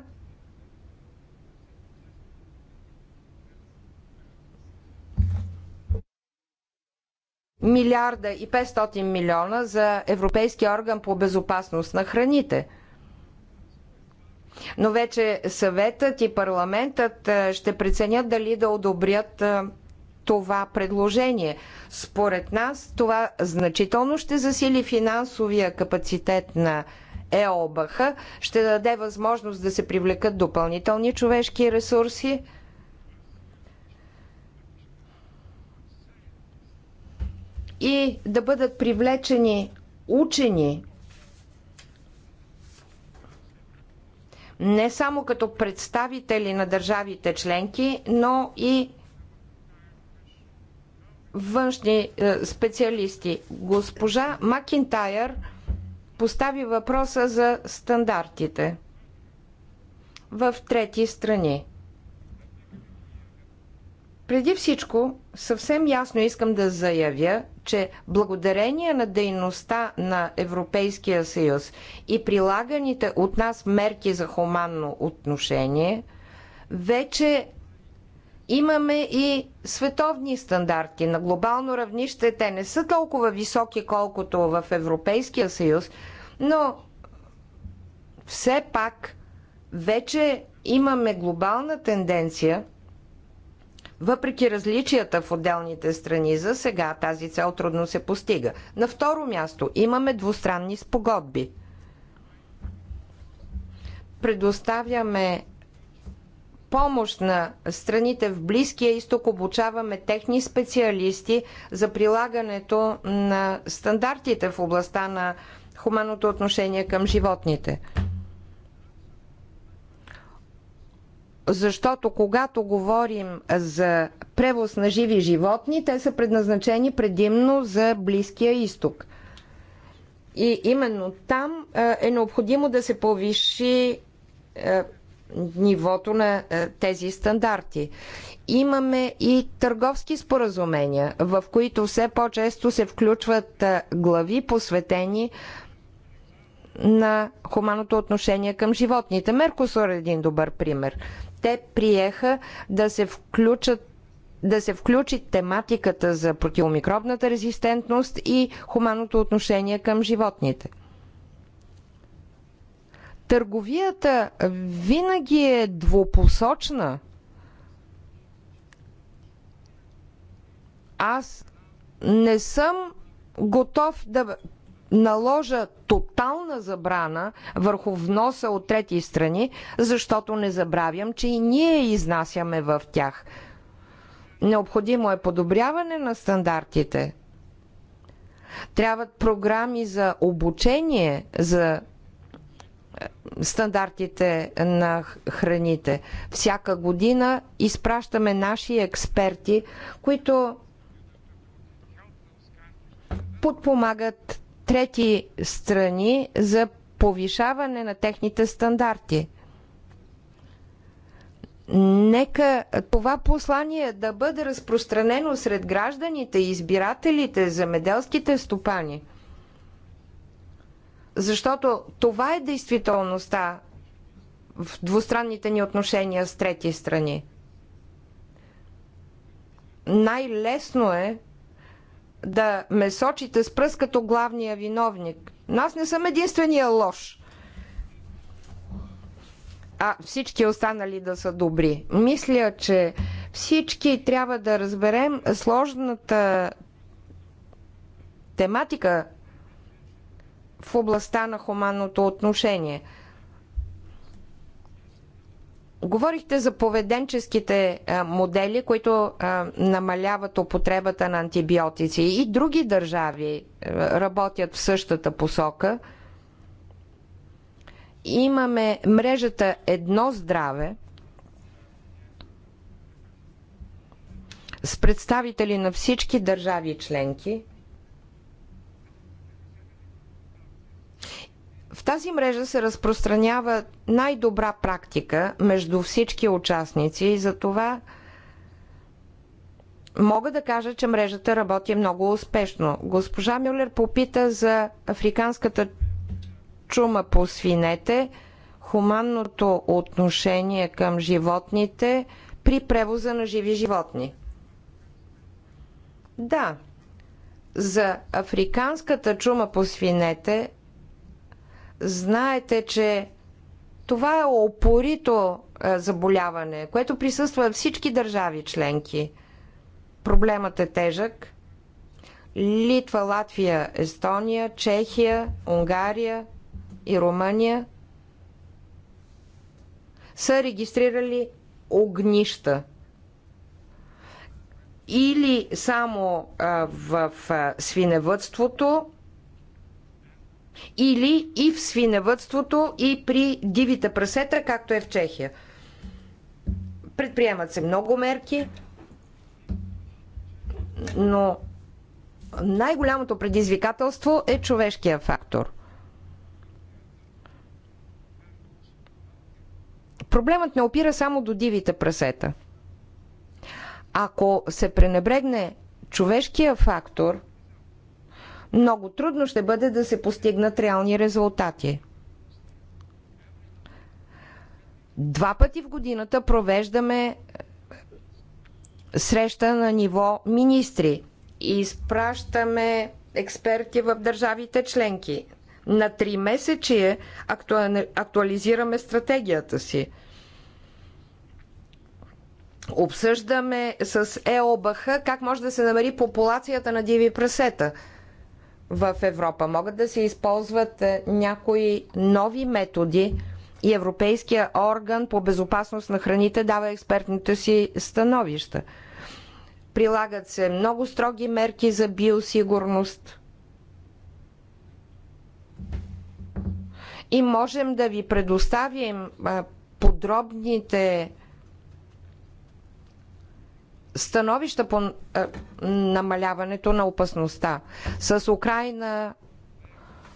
милиарда и 500 милиона за Европейския орган по безопасност на храните. Но вече съветът и парламентът е, ще преценят дали да одобрят е, това предложение. Според нас това значително ще засили финансовия капацитет на ЕОБХ, ще даде възможност да се привлекат допълнителни човешки ресурси – и да бъдат привлечени учени не само като представители на държавите членки, но и външни е, специалисти. Госпожа Макинтайр постави въпроса за стандартите в трети страни. Преди всичко, съвсем ясно искам да заявя, че благодарение на дейността на Европейския съюз и прилаганите от нас мерки за хуманно отношение, вече имаме и световни стандарти на глобално равнище. Те не са толкова високи, колкото в Европейския съюз, но все пак вече имаме глобална тенденция – въпреки различията в отделните страни, за сега тази цел трудно се постига. На второ място имаме двустранни спогодби. Предоставяме помощ на страните в Близкия изток обучаваме техни специалисти за прилагането на стандартите в областта на хуманното отношение към животните. защото когато говорим за превоз на живи животни, те са предназначени предимно за Близкия изток. И именно там е, е необходимо да се повиши е, нивото на е, тези стандарти. Имаме и търговски споразумения, в които все по-често се включват глави, посветени на хуманното отношение към животните. Меркосур е един добър пример те приеха да се включат да се включи тематиката за противомикробната резистентност и хуманното отношение към животните. Търговията винаги е двупосочна. Аз не съм готов да наложа тотална забрана върху вноса от трети страни, защото не забравям, че и ние изнасяме в тях. Необходимо е подобряване на стандартите. Трябват програми за обучение за е, стандартите на храните. Всяка година изпращаме наши експерти, които подпомагат трети страни за повишаване на техните стандарти. Нека това послание да бъде разпространено сред гражданите, избирателите, замеделските стопани. Защото това е действителността в двустранните ни отношения с трети страни. Най-лесно е да ме сочите с пръст като главния виновник. Но аз не съм единствения лош. А всички останали да са добри. Мисля, че всички трябва да разберем сложната тематика в областта на хуманното отношение – Говорихте за поведенческите модели, които намаляват употребата на антибиотици. И други държави работят в същата посока. Имаме мрежата Едно здраве с представители на всички държави членки. В тази мрежа се разпространява най-добра практика между всички участници и за това мога да кажа, че мрежата работи много успешно. Госпожа Мюллер попита за африканската чума по свинете, хуманното отношение към животните при превоза на живи животни. Да, за африканската чума по свинете Знаете, че това е опорито е, заболяване, което присъства във всички държави членки. Проблемът е тежък. Литва, Латвия, Естония, Чехия, Унгария и Румъния са регистрирали огнища. Или само в свиневътството, или и в свиневътството и при дивите прасета, както е в Чехия. Предприемат се много мерки, но най-голямото предизвикателство е човешкия фактор. Проблемът не опира само до дивите прасета. Ако се пренебрегне човешкия фактор – много трудно ще бъде да се постигнат реални резултати. Два пъти в годината провеждаме е, среща на ниво министри и изпращаме експерти в държавите членки. На три месечие актуализираме стратегията си. Обсъждаме с ЕОБХ как може да се намери популацията на диви прасета – в Европа. Могат да се използват е, някои нови методи и Европейския орган по безопасност на храните дава експертните си становища. Прилагат се много строги мерки за биосигурност. И можем да ви предоставим е, подробните становища по е, намаляването на опасността. С Украина,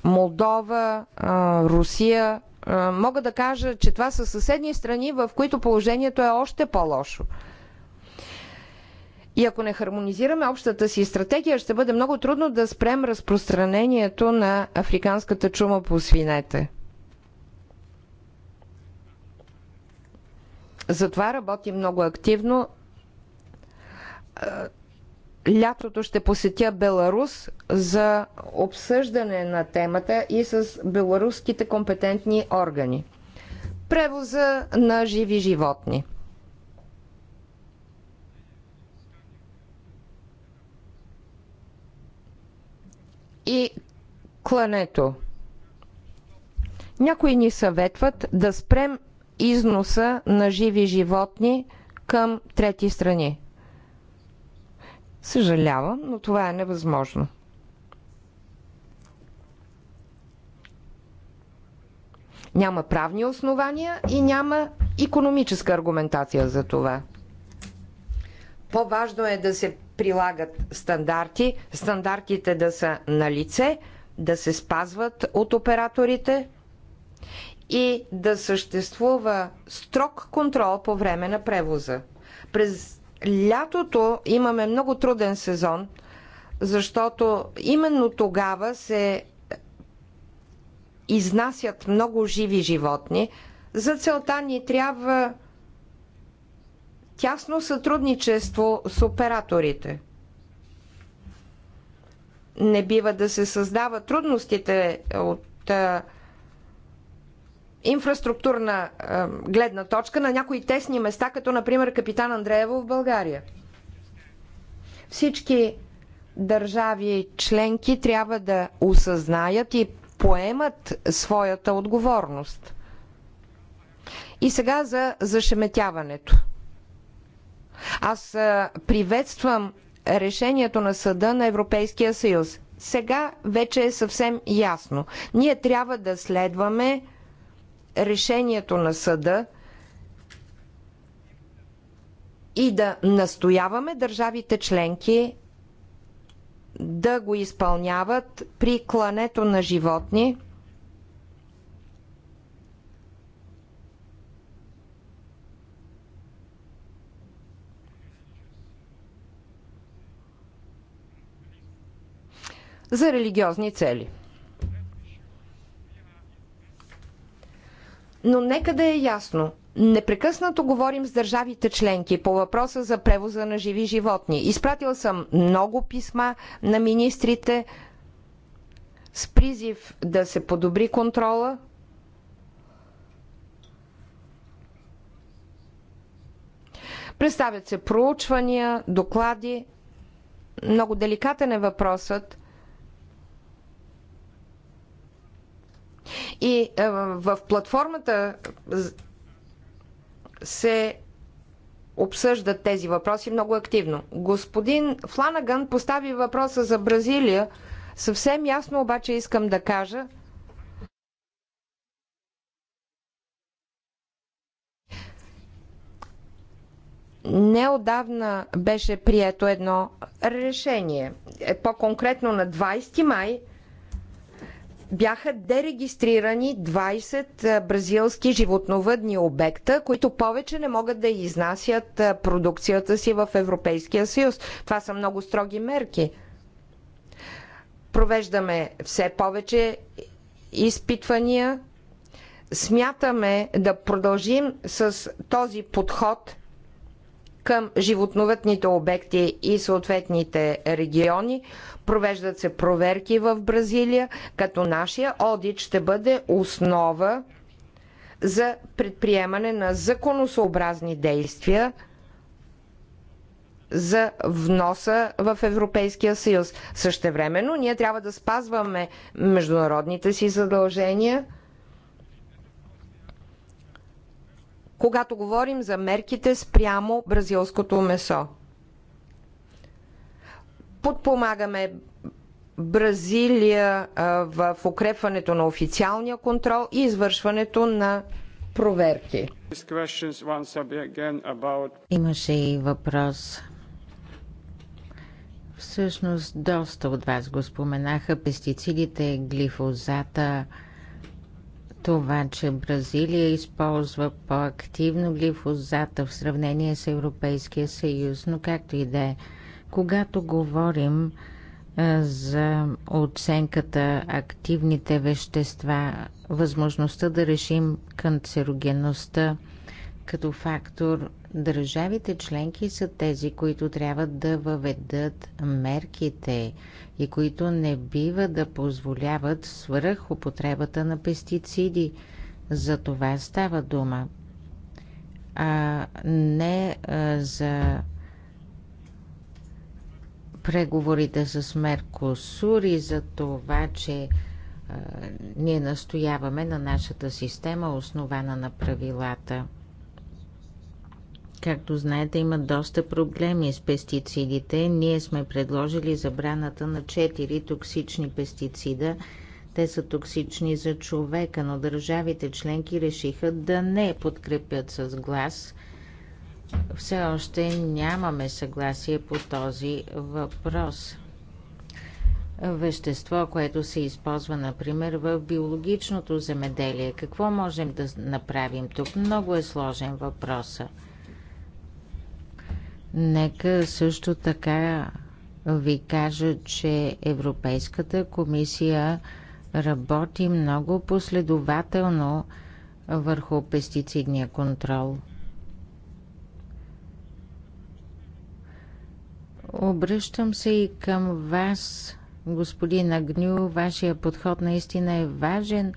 Молдова, е, Русия е, мога да кажа, че това са съседни страни, в които положението е още по-лошо. И ако не хармонизираме общата си стратегия, ще бъде много трудно да спрем разпространението на африканската чума по свинете. Затова работим много активно е, лятото ще посетя Беларус за обсъждане на темата и с беларуските компетентни органи. Превоза на живи животни. И клането. Някои ни съветват да спрем износа на живи животни към трети страни. Съжалявам, но това е невъзможно. Няма правни основания и няма економическа аргументация за това. По-важно е да се прилагат стандарти, стандартите да са на лице, да се спазват от операторите и да съществува строг контрол по време на превоза. През лятото имаме много труден сезон, защото именно тогава се изнасят много живи животни. За целта ни трябва тясно сътрудничество с операторите. Не бива да се създават трудностите от инфраструктурна гледна точка на някои тесни места, като например Капитан Андреево в България. Всички държави членки трябва да осъзнаят и поемат своята отговорност. И сега за зашеметяването. Аз приветствам решението на Съда на Европейския съюз. Сега вече е съвсем ясно. Ние трябва да следваме решението на съда и да настояваме държавите членки да го изпълняват при клането на животни. за религиозни цели. Но нека да е ясно. Непрекъснато говорим с държавите членки по въпроса за превоза на живи животни. Изпратил съм много писма на министрите с призив да се подобри контрола. Представят се проучвания, доклади. Много деликатен е въпросът – И в платформата се обсъждат тези въпроси много активно. Господин Фланаган постави въпроса за Бразилия. Съвсем ясно обаче искам да кажа, неодавна беше прието едно решение. Е, по-конкретно на 20 май – бяха дерегистрирани 20 бразилски животновъдни обекта, които повече не могат да изнасят продукцията си в Европейския съюз. Това са много строги мерки. Провеждаме все повече изпитвания. Смятаме да продължим с този подход – към животновътните обекти и съответните региони. Провеждат се проверки в Бразилия, като нашия одит ще бъде основа за предприемане на законосообразни действия за вноса в Европейския съюз. Същевременно ние трябва да спазваме международните си задължения – когато говорим за мерките спрямо бразилското месо. Подпомагаме Бразилия в укрепването на официалния контрол и извършването на проверки. Имаше и въпрос. Всъщност, доста от вас го споменаха. Пестицидите, глифозата, това, че Бразилия използва по-активно глифозата в сравнение с Европейския съюз, но както и да е, когато говорим за оценката активните вещества, възможността да решим канцерогенността като фактор Държавите членки са тези, които трябва да въведат мерките и които не бива да позволяват свръх употребата на пестициди. За това става дума. А не а, за преговорите с Меркосур и за това, че а, ние настояваме на нашата система, основана на правилата – Както знаете, има доста проблеми с пестицидите. Ние сме предложили забраната на 4 токсични пестицида. Те са токсични за човека, но държавите членки решиха да не подкрепят с глас. Все още нямаме съгласие по този въпрос вещество, което се използва, например, в биологичното земеделие. Какво можем да направим тук? Много е сложен въпросът. Нека също така ви кажа, че Европейската комисия работи много последователно върху пестицидния контрол. Обръщам се и към вас, господин Агню. Вашия подход наистина е важен.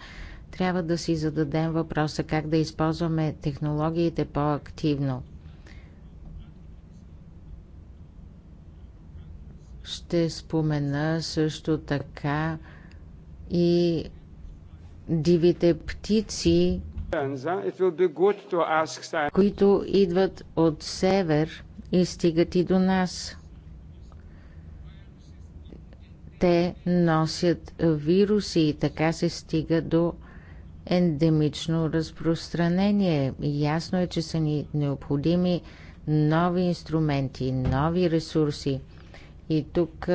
Трябва да си зададем въпроса как да използваме технологиите по-активно – Ще спомена също така и дивите птици, които идват от север и стигат и до нас. Те носят вируси и така се стига до ендемично разпространение. Ясно е, че са ни необходими нови инструменти, нови ресурси – и тук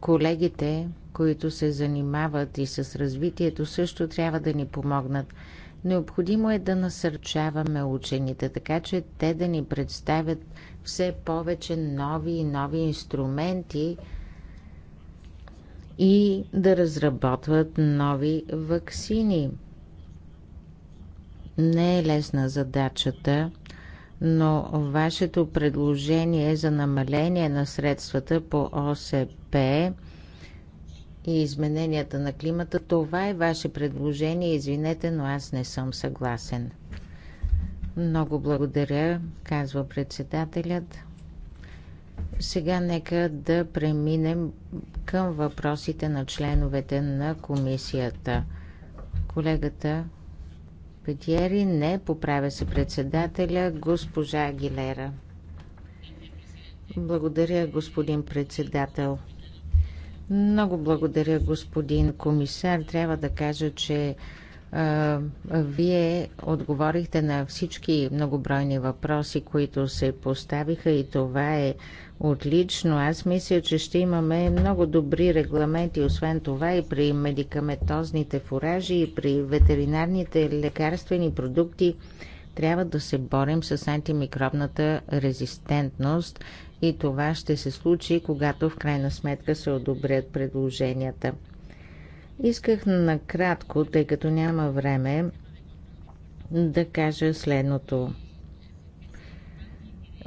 колегите, които се занимават и с развитието, също трябва да ни помогнат. Необходимо е да насърчаваме учените, така че те да ни представят все повече нови и нови инструменти и да разработват нови ваксини. Не е лесна задачата но вашето предложение е за намаление на средствата по ОСП и измененията на климата, това е ваше предложение, извинете, но аз не съм съгласен. Много благодаря, казва председателят. Сега нека да преминем към въпросите на членовете на комисията. Колегата Петиери, не поправя се председателя, госпожа Агилера. Благодаря, господин председател. Много благодаря, господин комисар. Трябва да кажа, че вие отговорихте на всички многобройни въпроси, които се поставиха и това е отлично. Аз мисля, че ще имаме много добри регламенти, освен това и при медикаментозните фуражи, и при ветеринарните лекарствени продукти. Трябва да се борим с антимикробната резистентност и това ще се случи, когато в крайна сметка се одобрят предложенията. Исках накратко, тъй като няма време, да кажа следното.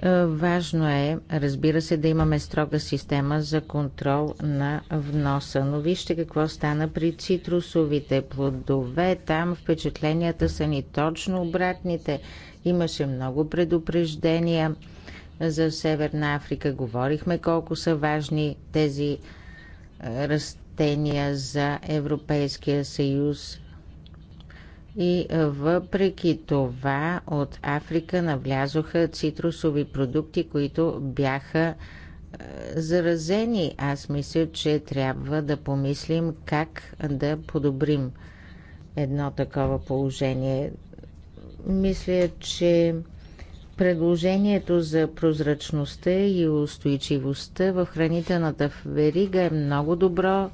Е, важно е, разбира се, да имаме строга система за контрол на вноса. Но вижте какво стана при цитрусовите плодове. Там впечатленията са ни точно обратните. Имаше много предупреждения за Северна Африка. Говорихме колко са важни тези е, растения плащения за Европейския съюз. И въпреки това от Африка навлязоха цитрусови продукти, които бяха заразени. Аз мисля, че трябва да помислим как да подобрим едно такова положение. Мисля, че предложението за прозрачността и устойчивостта в хранителната верига е много добро.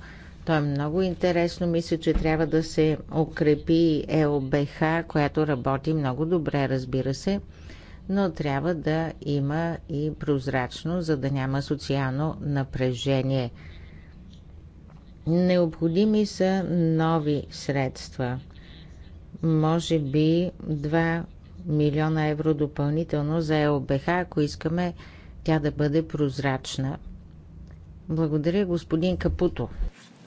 То е много интересно. Мисля, че трябва да се укрепи ЕОБХ, която работи много добре, разбира се, но трябва да има и прозрачно, за да няма социално напрежение. Необходими са нови средства. Може би 2 милиона евро допълнително за ЕОБХ, ако искаме тя да бъде прозрачна. Благодаря, господин Капуто.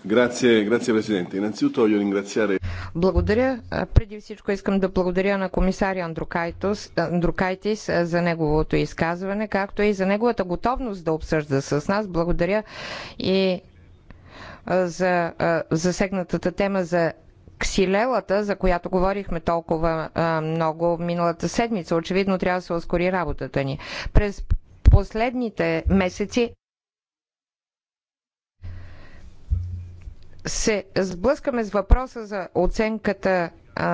Grazie, grazie Presidente. Innanzitutto voglio ringraziare благодаря. Преди всичко искам да благодаря на комисаря Андрукайтис, Андрукайтис за неговото изказване, както и за неговата готовност да обсъжда с нас. Благодаря и за засегнатата тема за ксилелата, за която говорихме толкова много миналата седмица. Очевидно трябва да се ускори работата ни. През последните месеци се сблъскаме с въпроса за оценката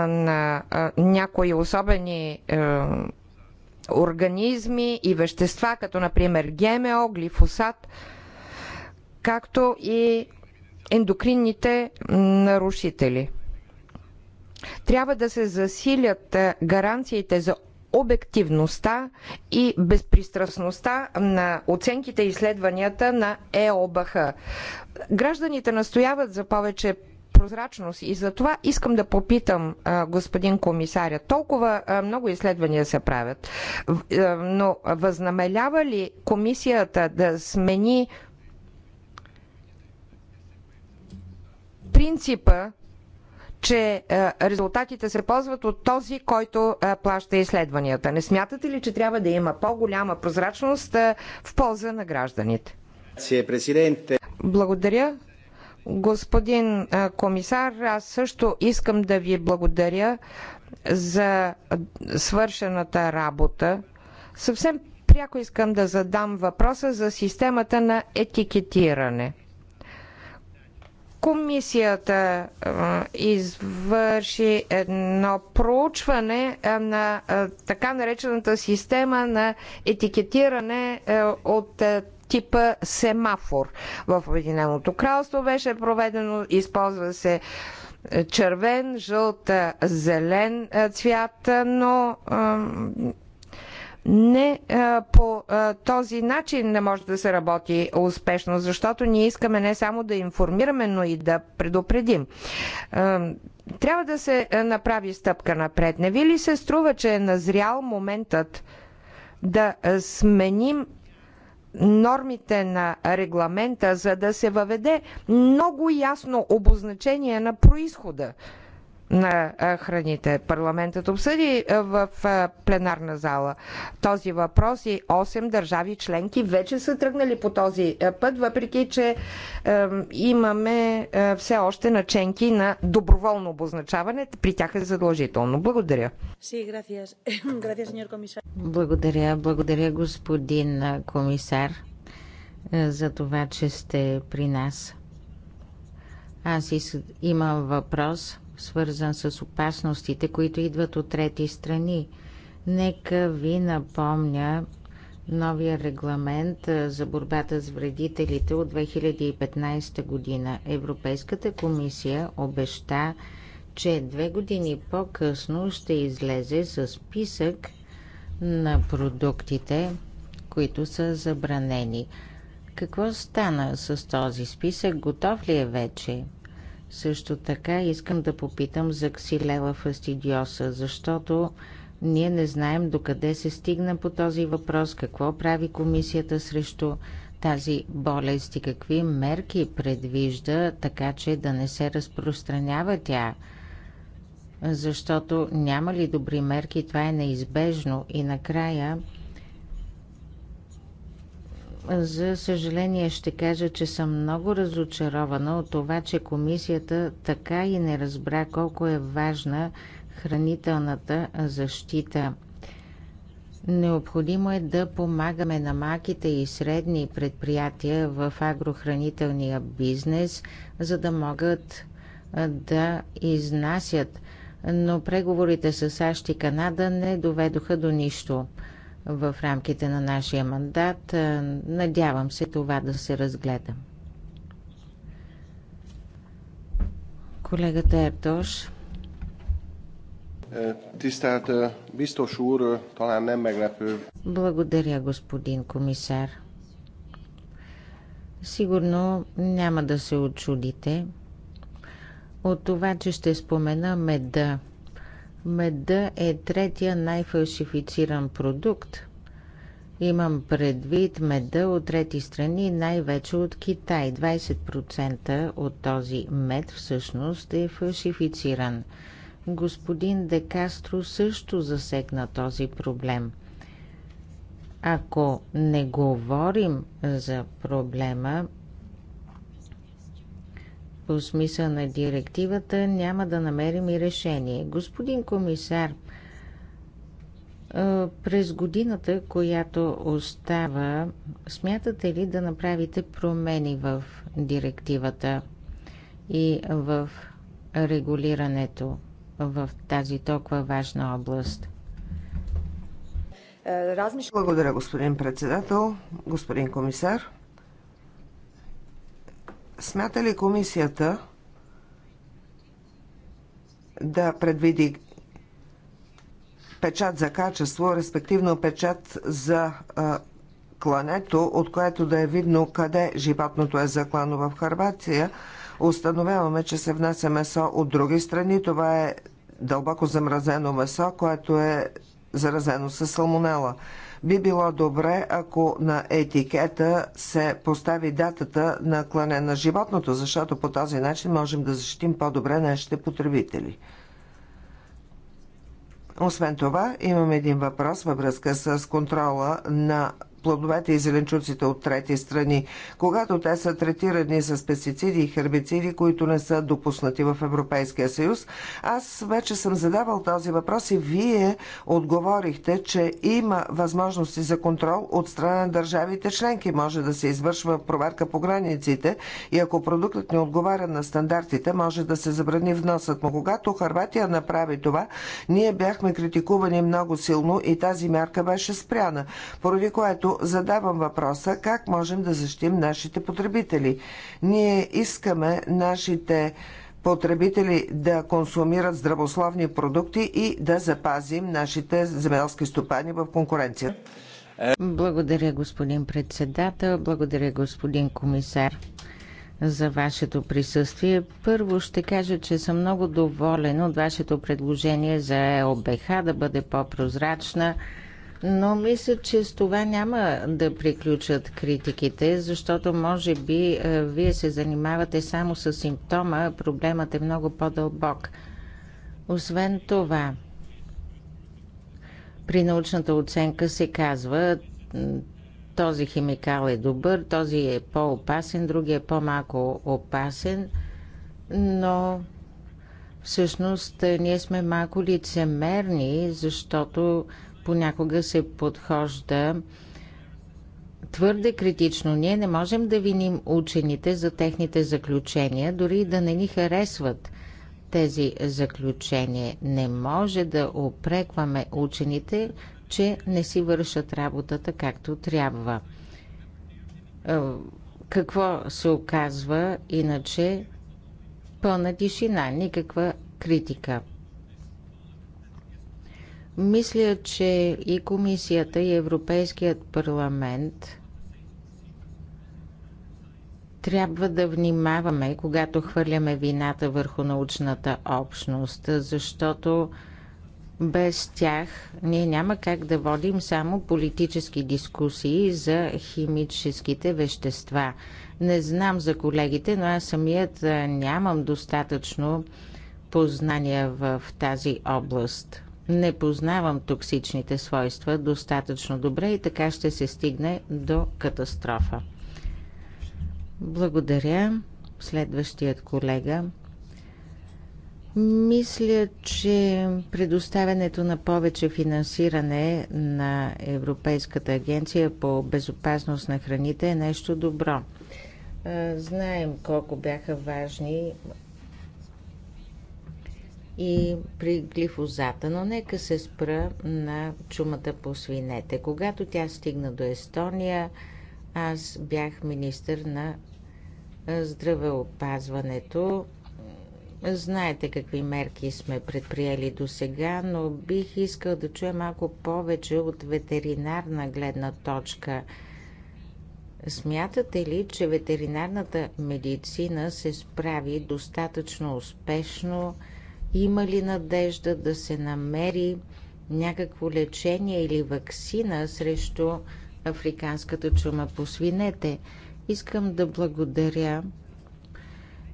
на някои особени е, организми и вещества, като например ГМО, глифосат, както и ендокринните нарушители. Трябва да се засилят гаранциите за обективността и безпристрастността на оценките и изследванията на ЕОБХ. Гражданите настояват за повече прозрачност и за това искам да попитам господин комисаря. Толкова много изследвания се правят, но възнамелява ли комисията да смени принципа че е, резултатите се ползват от този, който е, плаща изследванията. Не смятате ли, че трябва да има по-голяма прозрачност е, в полза на гражданите? Благодаря. Господин комисар, аз също искам да ви благодаря за свършената работа. Съвсем пряко искам да задам въпроса за системата на етикетиране – Комисията извърши едно проучване на така наречената система на етикетиране от типа семафор. В Обединеното кралство беше проведено, използва се червен, жълт, зелен цвят, но не е, по е, този начин не може да се работи успешно, защото ние искаме не само да информираме, но и да предупредим. Е, трябва да се направи стъпка напред. Не ви ли се струва, че е назрял моментът да сменим нормите на регламента, за да се въведе много ясно обозначение на происхода? на храните. Парламентът обсъди в пленарна зала този въпрос и 8 държави членки вече са тръгнали по този път, въпреки че имаме все още наченки на доброволно обозначаване. При тях е задължително. Благодаря. [LAUGHS] Благодаря, благодаря господин комисар за това, че сте при нас. Аз имам въпрос свързан с опасностите, които идват от трети страни. Нека ви напомня новия регламент за борбата с вредителите от 2015 година. Европейската комисия обеща, че две години по-късно ще излезе с списък на продуктите, които са забранени. Какво стана с този списък? Готов ли е вече? Също така искам да попитам за ксилела фастидиоса, защото ние не знаем докъде се стигна по този въпрос, какво прави комисията срещу тази болест и какви мерки предвижда, така че да не се разпространява тя. Защото няма ли добри мерки, това е неизбежно. И накрая за съжаление ще кажа, че съм много разочарована от това, че комисията така и не разбра колко е важна хранителната защита. Необходимо е да помагаме на малките и средни предприятия в агрохранителния бизнес, за да могат да изнасят, но преговорите с САЩ и Канада не доведоха до нищо в рамките на нашия мандат. Е, надявам се това да се разгледа. Колегата Ертош. това не е, е, Благодаря, господин комисар. Сигурно няма да се очудите от това, че ще спомена меда Меда е третия най-фалшифициран продукт. Имам предвид меда от трети страни, най-вече от Китай. 20% от този мед всъщност е фалшифициран. Господин Декастро също засегна този проблем. Ако не говорим за проблема, по смисъл на директивата, няма да намерим и решение. Господин комисар, през годината, която остава, смятате ли да направите промени в директивата и в регулирането в тази толкова важна област? Е, Благодаря, господин председател, господин комисар. Смята ли комисията да предвиди печат за качество, респективно печат за а, клането, от което да е видно къде животното е заклано в Харвация? Установяваме, че се внася месо от други страни. Това е дълбоко замразено месо, което е заразено с салмонела. Би било добре, ако на етикета се постави датата на клане на животното, защото по този начин можем да защитим по-добре нашите потребители. Освен това, имам един въпрос във връзка с контрола на плодовете и зеленчуците от трети страни, когато те са третирани с пестициди и хербициди, които не са допуснати в Европейския съюз. Аз вече съм задавал този въпрос и вие отговорихте, че има възможности за контрол от страна на държавите членки. Може да се извършва проверка по границите и ако продуктът не отговаря на стандартите, може да се забрани вносът Но Когато Харватия направи това, ние бяхме критикувани много силно и тази мярка беше спряна, поради което задавам въпроса как можем да защитим нашите потребители. Ние искаме нашите потребители да консумират здравословни продукти и да запазим нашите земеделски стопани в конкуренция. Благодаря, господин председател. Благодаря, господин комисар за вашето присъствие. Първо ще кажа, че съм много доволен от вашето предложение за ЕОБХ да бъде по-прозрачна но мисля, че с това няма да приключат критиките, защото може би е, вие се занимавате само с симптома, проблемът е много по-дълбок. Освен това, при научната оценка се казва този химикал е добър, този е по-опасен, други е по-малко опасен, но всъщност е, ние сме малко лицемерни, защото понякога се подхожда твърде критично. Ние не можем да виним учените за техните заключения, дори и да не ни харесват тези заключения. Не може да опрекваме учените, че не си вършат работата както трябва. Е, какво се оказва иначе? Пълна тишина, никаква критика. Мисля, че и комисията, и Европейският парламент трябва да внимаваме, когато хвърляме вината върху научната общност, защото без тях ние няма как да водим само политически дискусии за химическите вещества. Не знам за колегите, но аз самият нямам достатъчно познания в тази област. Не познавам токсичните свойства достатъчно добре и така ще се стигне до катастрофа. Благодаря. Следващият колега. Мисля, че предоставянето на повече финансиране на Европейската агенция по безопасност на храните е нещо добро. Знаем колко бяха важни и при глифозата, но нека се спра на чумата по свинете. Когато тя стигна до Естония, аз бях министър на здравеопазването. Знаете какви мерки сме предприели до сега, но бих искал да чуя малко повече от ветеринарна гледна точка. Смятате ли, че ветеринарната медицина се справи достатъчно успешно има ли надежда да се намери някакво лечение или вакцина срещу африканската чума по свинете? Искам да благодаря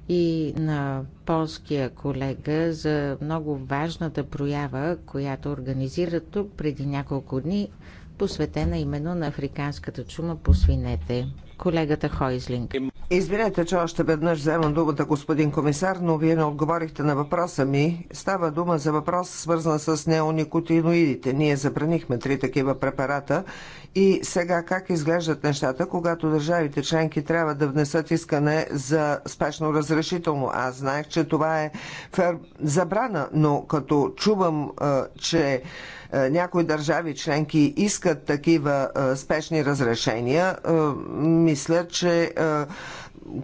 и на полския колега за много важната проява, която организира тук преди няколко дни, посветена именно на африканската чума по свинете. Колегата Хойзлинг. Извинете, че още веднъж вземам думата, господин комисар, но вие не отговорихте на въпроса ми. Става дума за въпрос, свързан с неоникотиноидите. Ние забранихме три такива препарата и сега как изглеждат нещата, когато държавите членки трябва да внесат искане за спешно разрешително? Аз знаех, че това е фер... забрана, но като чувам, е, че е, някои държави членки искат такива е, спешни разрешения, мисля, че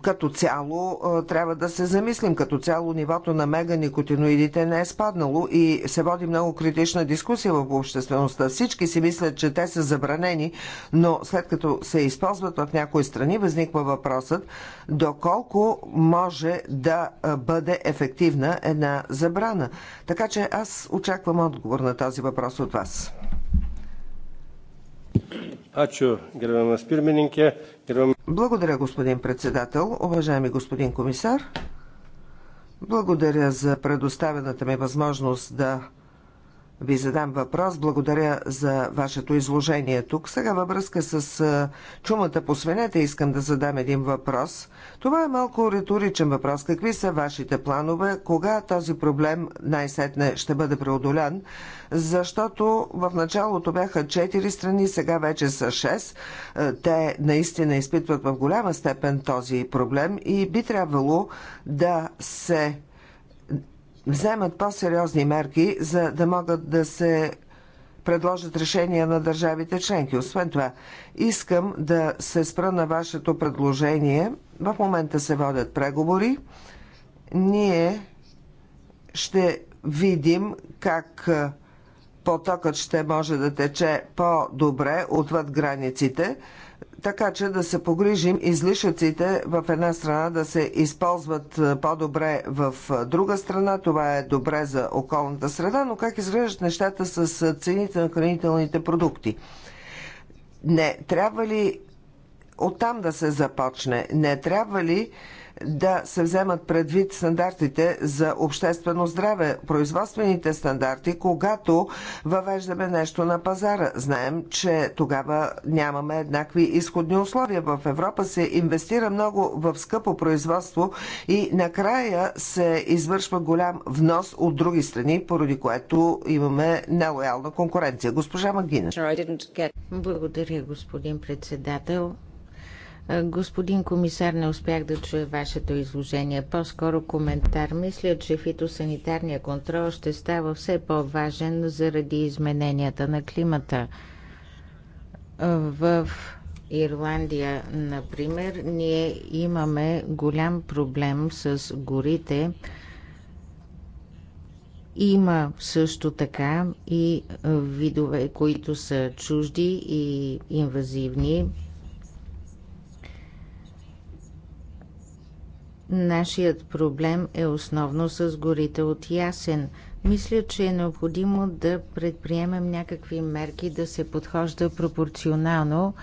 като цяло трябва да се замислим. Като цяло нивото на меганикотиноидите не е спаднало и се води много критична дискусия в обществеността. Всички си мислят, че те са забранени, но след като се използват в някои страни, възниква въпросът доколко може да бъде ефективна една забрана. Така че аз очаквам отговор на този въпрос от вас. Ačiū, gerbiamas pirmininkė. Благодаря, господин председател. Уважаеми господин комисар, благодаря за предоставената ми възможност да ви задам въпрос. Благодаря за вашето изложение тук. Сега във връзка с чумата по свинете искам да задам един въпрос. Това е малко риторичен въпрос. Какви са вашите планове? Кога този проблем най-сетне ще бъде преодолян? Защото в началото бяха 4 страни, сега вече са 6. Е, те наистина изпитват в голяма степен този проблем и би трябвало да се вземат по-сериозни мерки, за да могат да се предложат решения на държавите членки. Освен това, искам да се спра на вашето предложение в момента се водят преговори. Ние ще видим как потокът ще може да тече по-добре отвъд границите, така че да се погрижим излишъците в една страна да се използват по-добре в друга страна. Това е добре за околната среда, но как изглеждат нещата с цените на хранителните продукти? Не трябва ли оттам да се започне. Не трябва ли да се вземат предвид стандартите за обществено здраве, производствените стандарти, когато въвеждаме нещо на пазара. Знаем, че тогава нямаме еднакви изходни условия. В Европа се инвестира много в скъпо производство и накрая се извършва голям внос от други страни, поради което имаме нелоялна конкуренция. Госпожа Магина. Благодаря, господин председател. Е, господин комисар, не успях да чуя вашето изложение. По-скоро коментар. Мисля, че фитосанитарния контрол ще става все по-важен заради измененията на климата. В Ирландия, например, ние имаме голям проблем с горите. Има също така и видове, които са чужди и инвазивни Нашият проблем е основно с горите от ясен. Мисля, че е необходимо да предприемем някакви мерки да се подхожда пропорционално.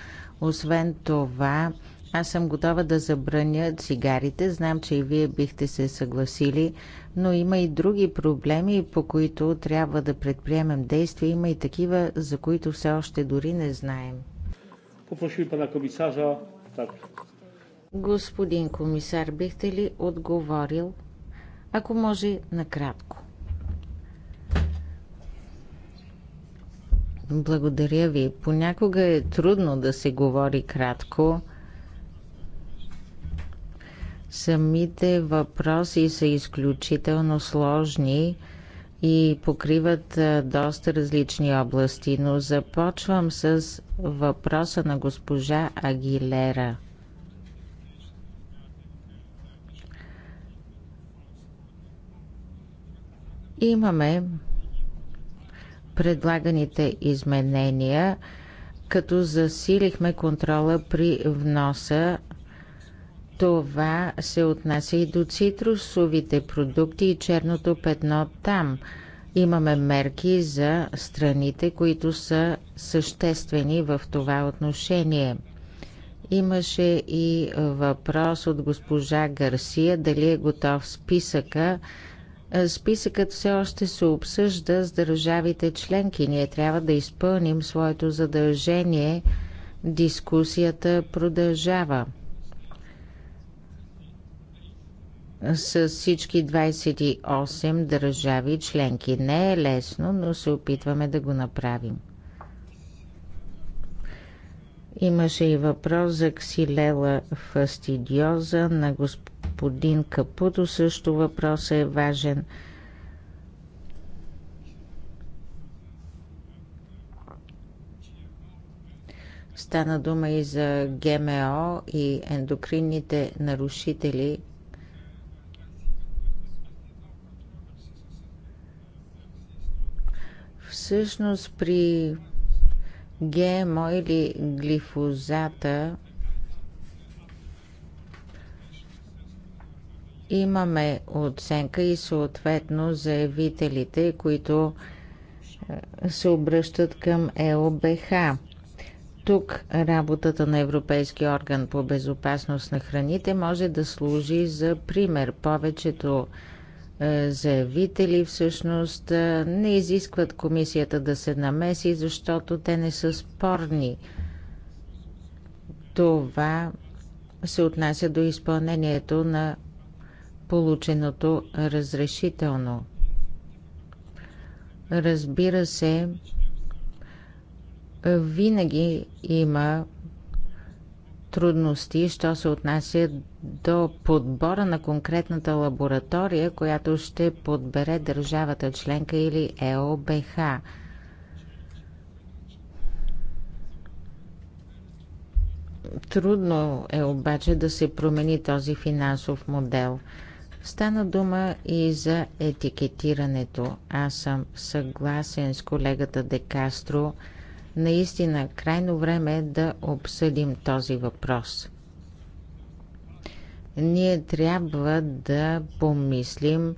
Освен това, аз съм готова да забраня цигарите. Знам, че и вие бихте се съгласили, но има и други проблеми, по които трябва да предприемем действия. Има и такива, за които все още дори не знаем. Попросим пана комисажа. Так, Господин комисар, бихте ли отговорил, ако може, накратко? Благодаря ви. Понякога е трудно да се говори кратко. Самите въпроси са изключително сложни и покриват доста различни области, но започвам с въпроса на госпожа Агилера. Имаме предлаганите изменения, като засилихме контрола при вноса. Това се отнася и до цитрусовите продукти и черното петно там. Имаме мерки за страните, които са съществени в това отношение. Имаше и въпрос от госпожа Гарсия дали е готов списъка е, списъкът все още се обсъжда с държавите членки. Ние трябва да изпълним своето задължение. Дискусията продължава. С всички 28 държави членки. Не е лесно, но се опитваме да го направим. Имаше и въпрос за ксилела фастидиоза на госп господин Капуто също въпросът е важен. Стана дума и за ГМО и ендокринните нарушители. Всъщност при ГМО или глифозата имаме оценка и съответно заявителите, които е, се обръщат към ЕОБХ. Тук работата на Европейския орган по безопасност на храните може да служи за пример. Повечето е, заявители всъщност е, не изискват комисията да се намеси, защото те не са спорни. Това се отнася до изпълнението на полученото разрешително. Разбира се, винаги има трудности, що се отнася до подбора на конкретната лаборатория, която ще подбере държавата членка или ЕОБХ. Трудно е обаче да се промени този финансов модел – Стана дума и за етикетирането. Аз съм съгласен с колегата Де Кастро. Наистина, крайно време е да обсъдим този въпрос. Ние трябва да помислим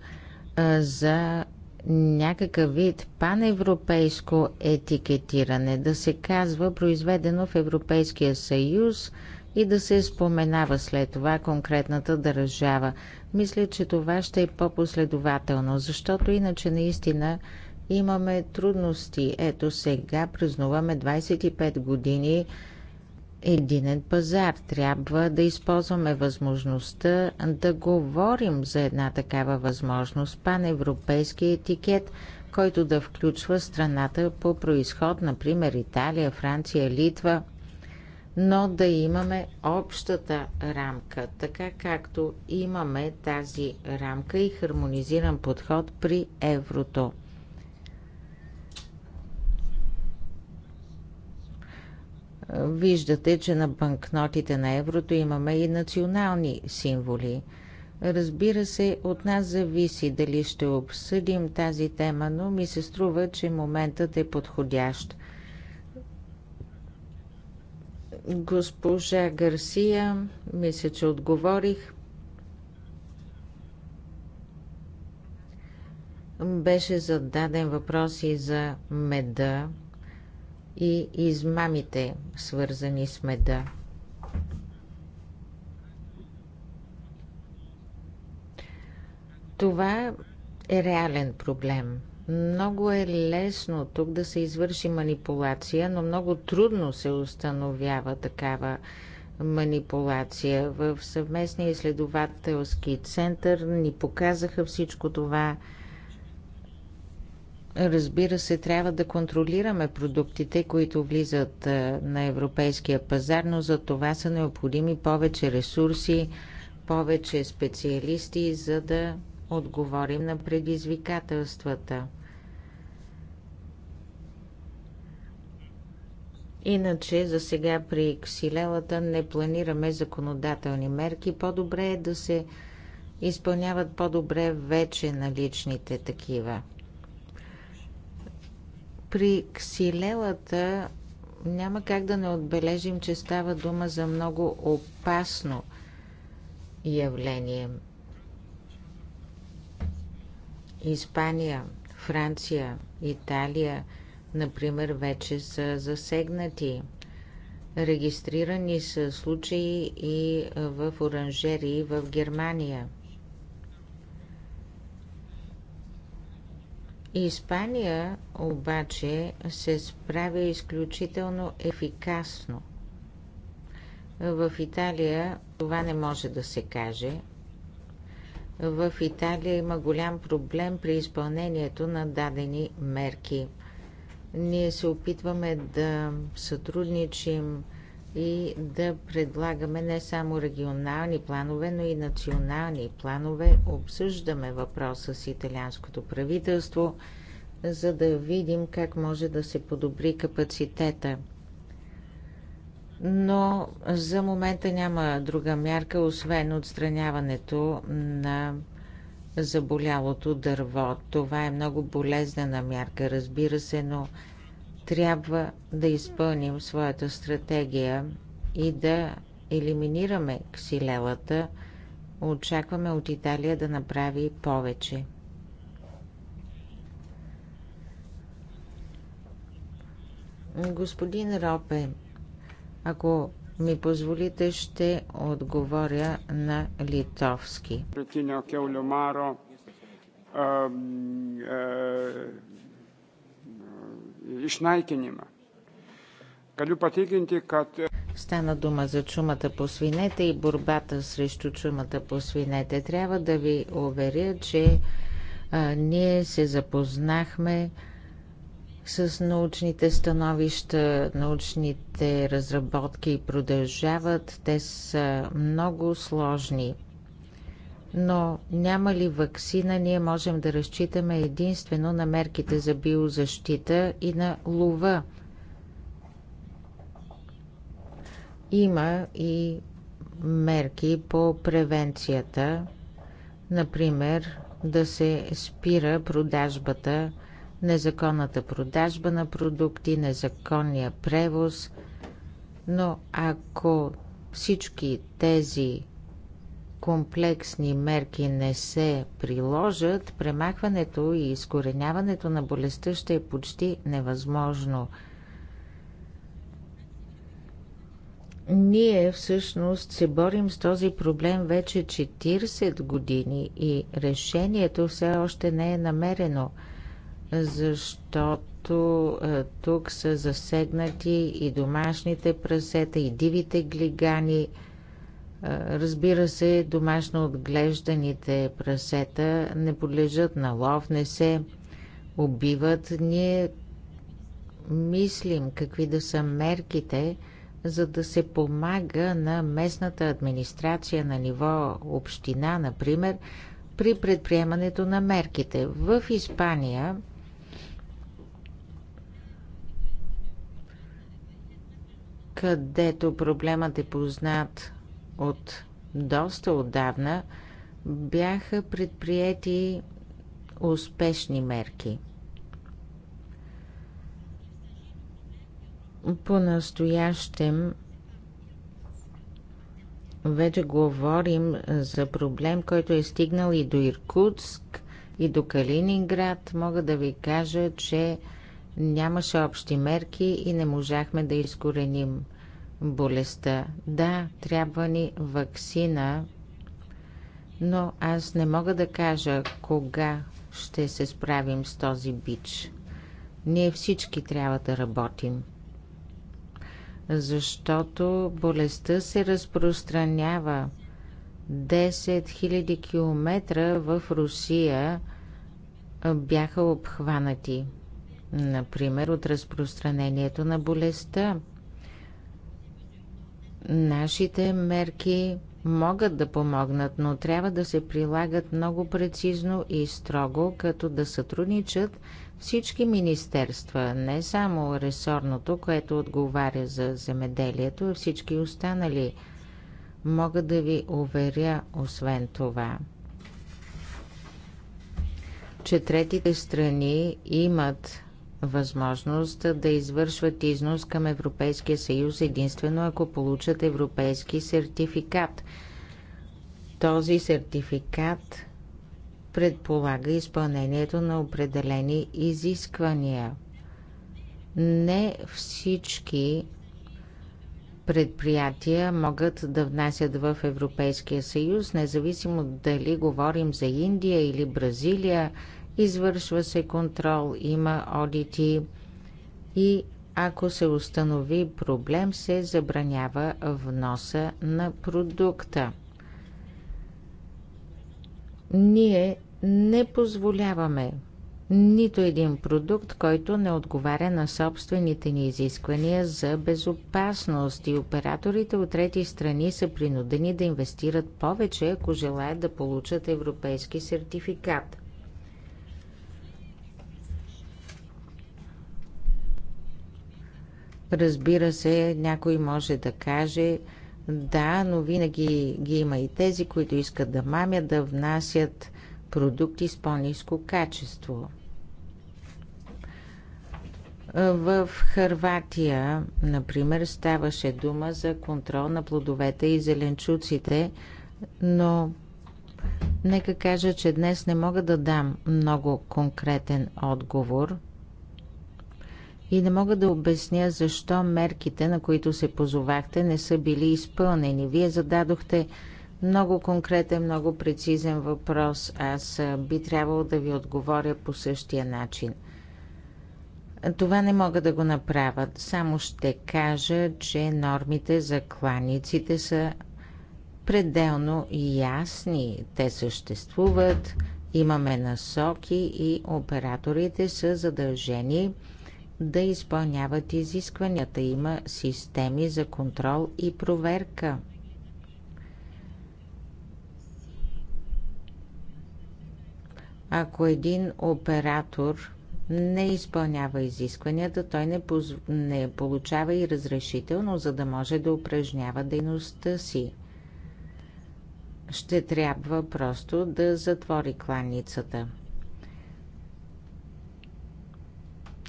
а, за някакъв вид паневропейско етикетиране, да се казва произведено в Европейския съюз и да се споменава след това конкретната държава. Мисля, че това ще е по-последователно, защото иначе наистина имаме трудности. Ето сега празнуваме 25 години единен пазар. Трябва да използваме възможността да говорим за една такава възможност. Паневропейски етикет, който да включва страната по происход, например Италия, Франция, Литва – но да имаме общата рамка, така както имаме тази рамка и хармонизиран подход при еврото. Виждате, че на банкнотите на еврото имаме и национални символи. Разбира се, от нас зависи дали ще обсъдим тази тема, но ми се струва, че моментът е подходящ. Госпожа Гарсия, мисля, че отговорих. Беше зададен въпрос и за меда и измамите, свързани с меда. Това е реален проблем. Много е лесно тук да се извърши манипулация, но много трудно се установява такава манипулация. В съвместния изследователски център ни показаха всичко това. Разбира се, трябва да контролираме продуктите, които влизат на европейския пазар, но за това са необходими повече ресурси, повече специалисти, за да отговорим на предизвикателствата. Иначе за сега при ксилелата не планираме законодателни мерки. По-добре е да се изпълняват по-добре вече наличните такива. При ксилелата няма как да не отбележим, че става дума за много опасно явление. Испания, Франция, Италия, например, вече са засегнати. Регистрирани са случаи и в оранжери в Германия. Испания обаче се справя изключително ефикасно. В Италия това не може да се каже – в Италия има голям проблем при изпълнението на дадени мерки. Ние се опитваме да сътрудничим и да предлагаме не само регионални планове, но и национални планове. Обсъждаме въпроса с италианското правителство, за да видим как може да се подобри капацитета но за момента няма друга мярка, освен отстраняването на заболялото дърво. Това е много болезнена мярка, разбира се, но трябва да изпълним своята стратегия и да елиминираме ксилелата. Очакваме от Италия да направи повече. Господин Ропе, ако ми позволите, ще отговоря на литовски. Е, е, Стана дума за чумата по свинете и борбата срещу чумата по свинете. Трябва да ви уверя, че а, ние се запознахме а, с научните становища, научните разработки продължават. Те са много сложни. Но няма ли вакцина, ние можем да разчитаме единствено на мерките за биозащита и на лова. Има и мерки по превенцията, например да се спира продажбата незаконната продажба на продукти, незаконния превоз. Но ако всички тези комплексни мерки не се приложат, премахването и изкореняването на болестта ще е почти невъзможно. Ние всъщност се борим с този проблем вече 40 години и решението все още не е намерено – защото е, тук са засегнати и домашните прасета, и дивите глигани. Е, разбира се, домашно отглежданите прасета не подлежат на лов, не се убиват. Ние мислим какви да са мерките, за да се помага на местната администрация на ниво община, например, при предприемането на мерките. В Испания където проблемът е познат от доста отдавна, бяха предприяти успешни мерки. По-настоящем вече говорим за проблем, който е стигнал и до Иркутск, и до Калининград. Мога да ви кажа, че Нямаше общи мерки и не можахме да изкореним болестта. Да, трябва ни вакцина, но аз не мога да кажа кога ще се справим с този бич. Ние всички трябва да работим. Защото болестта се разпространява 10 000 км в Русия бяха обхванати например от разпространението на болестта. Нашите мерки могат да помогнат, но трябва да се прилагат много прецизно и строго, като да сътрудничат всички министерства, не само ресорното, което отговаря за земеделието, а всички останали. Мога да ви уверя, освен това, че третите страни имат възможност да извършват износ към Европейския съюз единствено ако получат европейски сертификат. Този сертификат предполага изпълнението на определени изисквания. Не всички предприятия могат да внасят в Европейския съюз, независимо дали говорим за Индия или Бразилия – извършва се контрол, има одити и ако се установи проблем, се забранява вноса на продукта. Ние не позволяваме нито един продукт, който не отговаря на собствените ни изисквания за безопасност и операторите от трети страни са принудени да инвестират повече, ако желаят да получат европейски сертификат. Разбира се, някой може да каже, да, но винаги ги има и тези, които искат да мамят, да внасят продукти с по-низко качество. В Харватия, например, ставаше дума за контрол на плодовете и зеленчуците, но нека кажа, че днес не мога да дам много конкретен отговор, и не мога да обясня защо мерките, на които се позовахте, не са били изпълнени. Вие зададохте много конкретен, много прецизен въпрос. Аз би трябвало да ви отговоря по същия начин. Това не мога да го направя. Само ще кажа, че нормите за кланиците са пределно ясни. Те съществуват, имаме насоки и операторите са задължени да изпълняват изискванията. Има системи за контрол и проверка. Ако един оператор не изпълнява изискванията, той не, поз... не получава и разрешително, за да може да упражнява дейността си. Ще трябва просто да затвори кланицата.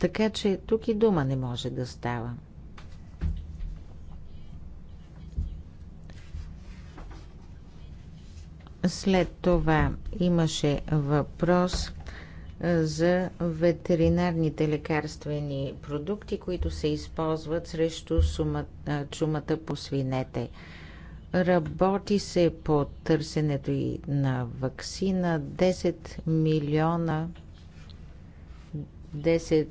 Така че тук и дума не може да става. След това имаше въпрос за ветеринарните лекарствени продукти, които се използват срещу чумата по свинете. Работи се по търсенето и на вакцина 10 милиона 10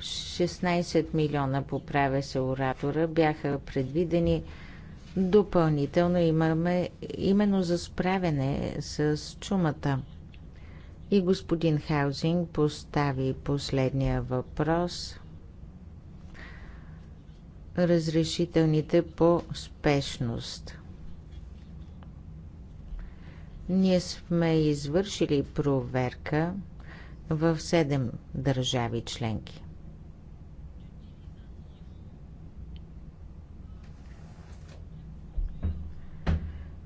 16 милиона, поправя се оратора, бяха предвидени допълнително имаме именно за справяне с чумата. И господин Хаузинг постави последния въпрос. Разрешителните по спешност. Ние сме извършили проверка в 7 държави членки.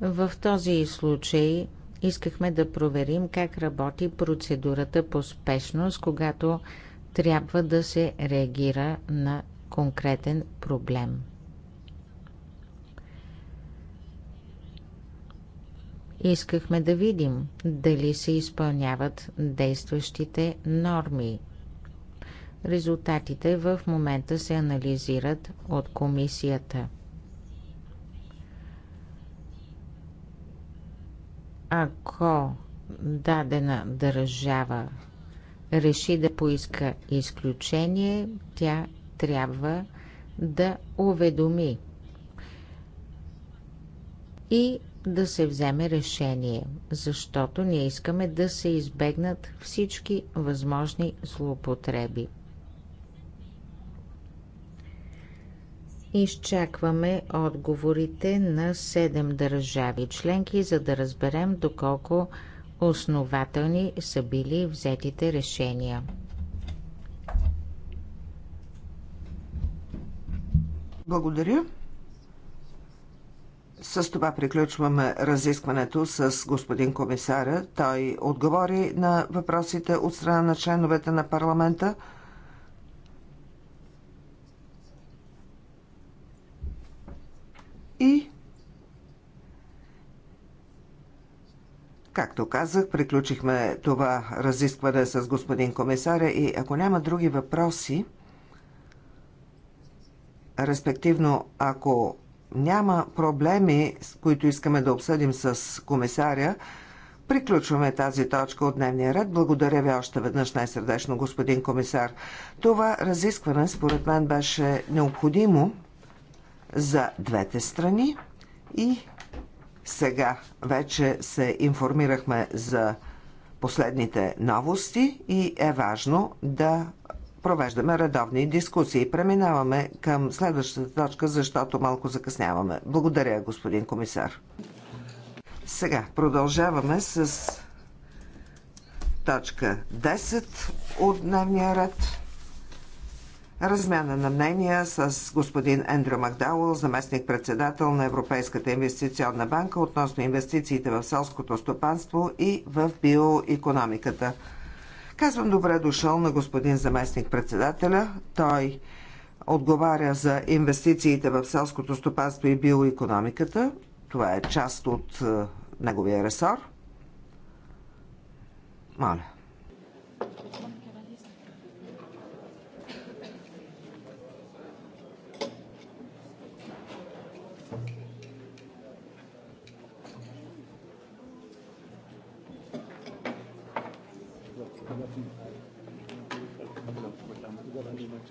В този случай искахме да проверим как работи процедурата по спешност, когато трябва да се реагира на конкретен проблем. Искахме да видим дали се изпълняват действащите норми. Резултатите в момента се анализират от комисията. Ако дадена държава реши да поиска изключение, тя трябва да уведоми и да се вземе решение, защото ние искаме да се избегнат всички възможни злоупотреби. Изчакваме отговорите на седем държави членки, за да разберем доколко основателни са били взетите решения. Благодаря. С това приключваме разискването с господин комисаря. Той отговори на въпросите от страна на членовете на парламента. И Както казах, приключихме това разискване с господин комисаря и ако няма други въпроси, респективно ако няма проблеми, с които искаме да обсъдим с комисаря, Приключваме тази точка от дневния ред. Благодаря ви още веднъж най-сърдечно, господин комисар. Това разискване, според мен, беше необходимо за двете страни и сега вече се информирахме за последните новости и е важно да провеждаме редовни дискусии. Преминаваме към следващата точка, защото малко закъсняваме. Благодаря, господин комисар. Сега продължаваме с точка 10 от дневния ред. Размяна на мнения с господин Ендрю Макдауъл, заместник-председател на Европейската инвестиционна банка относно инвестициите в селското стопанство и в биоекономиката. Казвам добре дошъл на господин заместник председателя. Той отговаря за инвестициите в селското стопанство и биоекономиката. Това е част от е, неговия ресор. Моля.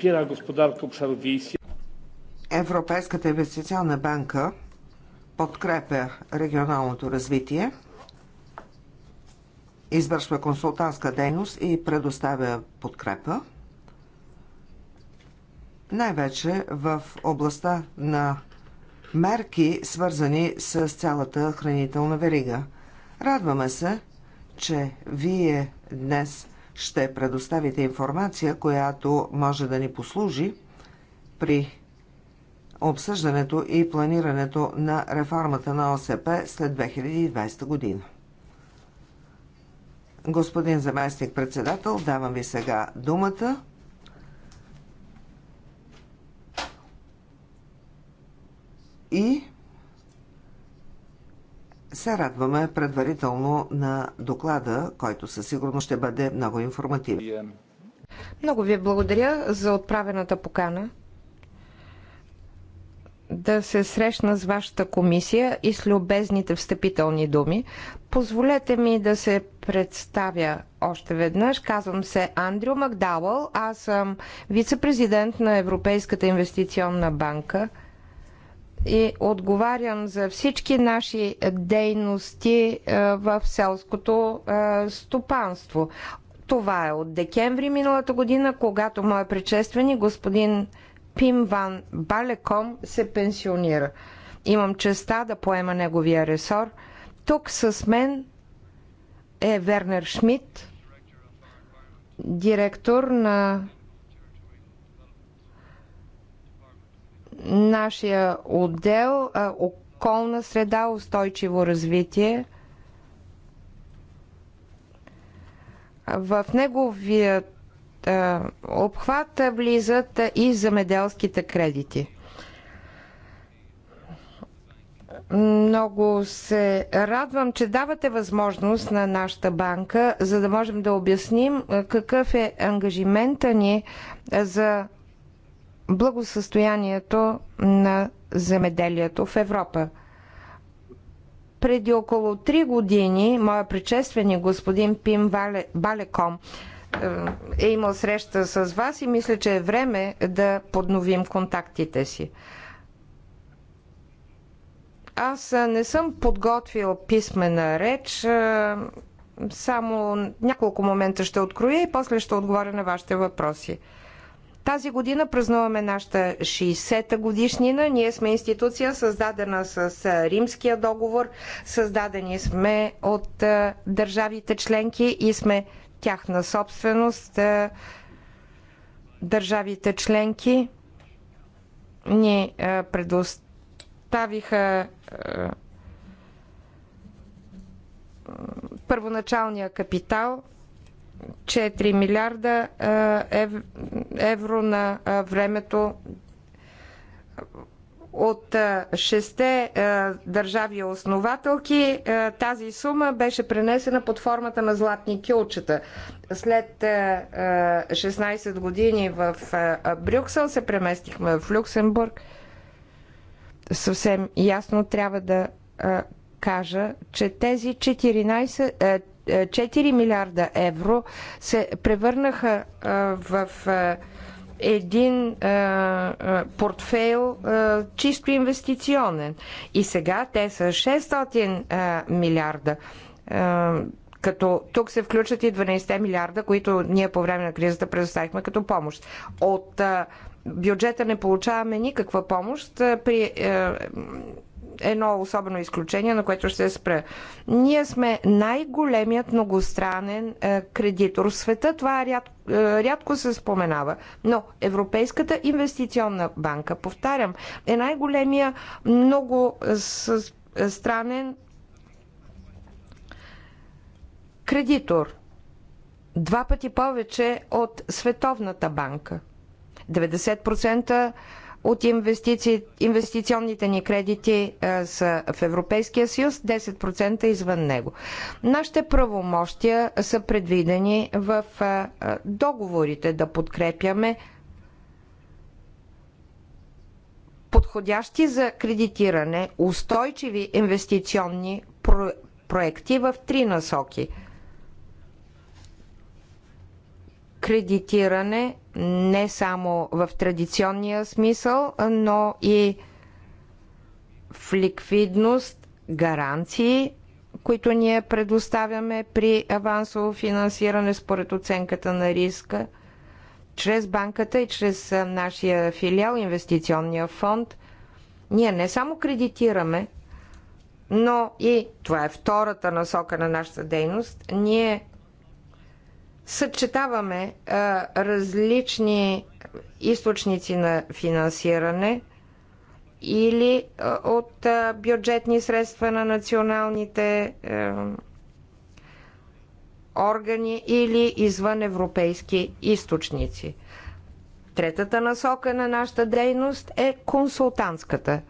wspiera gospodarkę obszarów Европейската инвестиционна банка подкрепя регионалното развитие, извършва консултантска дейност и предоставя подкрепа, най-вече в областта на мерки, свързани с цялата хранителна верига. Радваме се, че вие днес ще предоставите информация, която може да ни послужи при обсъждането и планирането на реформата на ОСП след 2020 година. Господин заместник председател, давам ви сега думата. И се радваме предварително на доклада, който със сигурност ще бъде много информативен. Много ви благодаря за отправената покана да се срещна с вашата комисия и с любезните встъпителни думи. Позволете ми да се представя още веднъж. Казвам се Андрю Макдауъл. Аз съм вице-президент на Европейската инвестиционна банка – и отговарям за всички наши дейности е, в селското е, стопанство. Това е от декември миналата година, когато моят предшественик, господин Пим Ван Балеком, се пенсионира. Имам честа да поема неговия ресор. Тук с мен е Вернер Шмидт, директор на нашия отдел околна среда, устойчиво развитие. В а, обхват влизат и замеделските кредити. Много се радвам, че давате възможност на нашата банка, за да можем да обясним какъв е ангажимента ни за благосъстоянието на земеделието в Европа. Преди около 3 години моя предшественик господин Пим Вале, Балеком е, е имал среща с вас и мисля, че е време да подновим контактите си. Аз не съм подготвил писмена реч, само няколко момента ще откроя и после ще отговоря на вашите въпроси. Тази година празнуваме нашата 60-та годишнина. Ние сме институция, създадена с Римския договор. Създадени сме от държавите членки и сме тяхна собственост. Държавите членки ни предоставиха първоначалния капитал – 4 милиарда евро на времето от шесте държави основателки тази сума беше пренесена под формата на златни кюлчета. След 16 години в Брюксел се преместихме в Люксембург. Съвсем ясно трябва да кажа, че тези 14, 4 милиарда евро се превърнаха в един портфейл чисто инвестиционен. И сега те са 600 милиарда като тук се включат и 12 милиарда, които ние по време на кризата предоставихме като помощ. От бюджета не получаваме никаква помощ при едно особено изключение, на което ще се спра. Ние сме най-големият многостранен е, кредитор в света. Това ряд, е, рядко се споменава. Но Европейската инвестиционна банка, повтарям, е най-големия много странен кредитор. Два пъти повече от Световната банка. 90% от инвестици... инвестиционните ни кредити а, е, са в Европейския съюз, 10% извън него. Нашите правомощия са предвидени в а, е, е, договорите да подкрепяме подходящи за кредитиране устойчиви инвестиционни про... проекти в три насоки. Кредитиране не само в традиционния смисъл, но и в ликвидност, гаранции, които ние предоставяме при авансово финансиране според оценката на риска, чрез банката и чрез нашия филиал, инвестиционния фонд. Ние не само кредитираме, но и това е втората насока на нашата дейност. Ние съчетаваме различни източници на финансиране или от бюджетни средства на националните органи или извън европейски източници. Третата насока на нашата дейност е консултантската.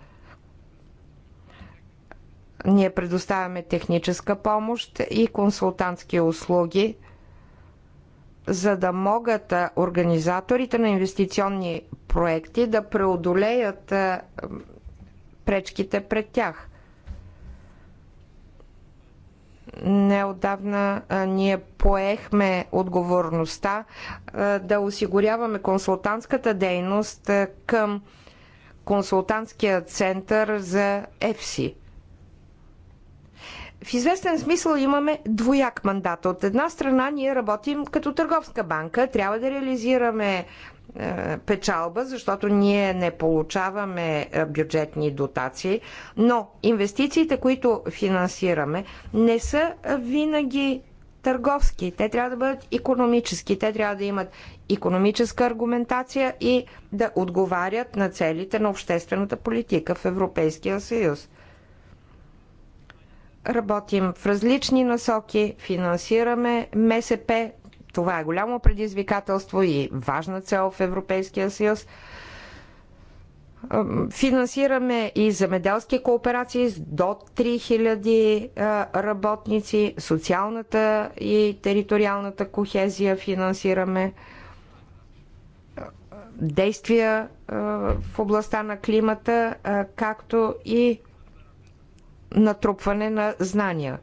Ние предоставяме техническа помощ и консултантски услуги – за да могат организаторите на инвестиционни проекти да преодолеят пречките пред тях. Неодавна ние поехме отговорността да осигуряваме консултантската дейност към консултантския център за ЕФСИ в известен смисъл имаме двояк мандат. От една страна ние работим като търговска банка, трябва да реализираме е, печалба, защото ние не получаваме е, бюджетни дотации, но инвестициите, които финансираме, не са винаги търговски. Те трябва да бъдат економически. Те трябва да имат економическа аргументация и да отговарят на целите на обществената политика в Европейския съюз. Работим в различни насоки, финансираме МСП. Това е голямо предизвикателство и важна цел в Европейския съюз. Финансираме и земеделски кооперации с до 3000 работници, социалната и териториалната кохезия финансираме, действия в областта на климата, както и натрупване на знания.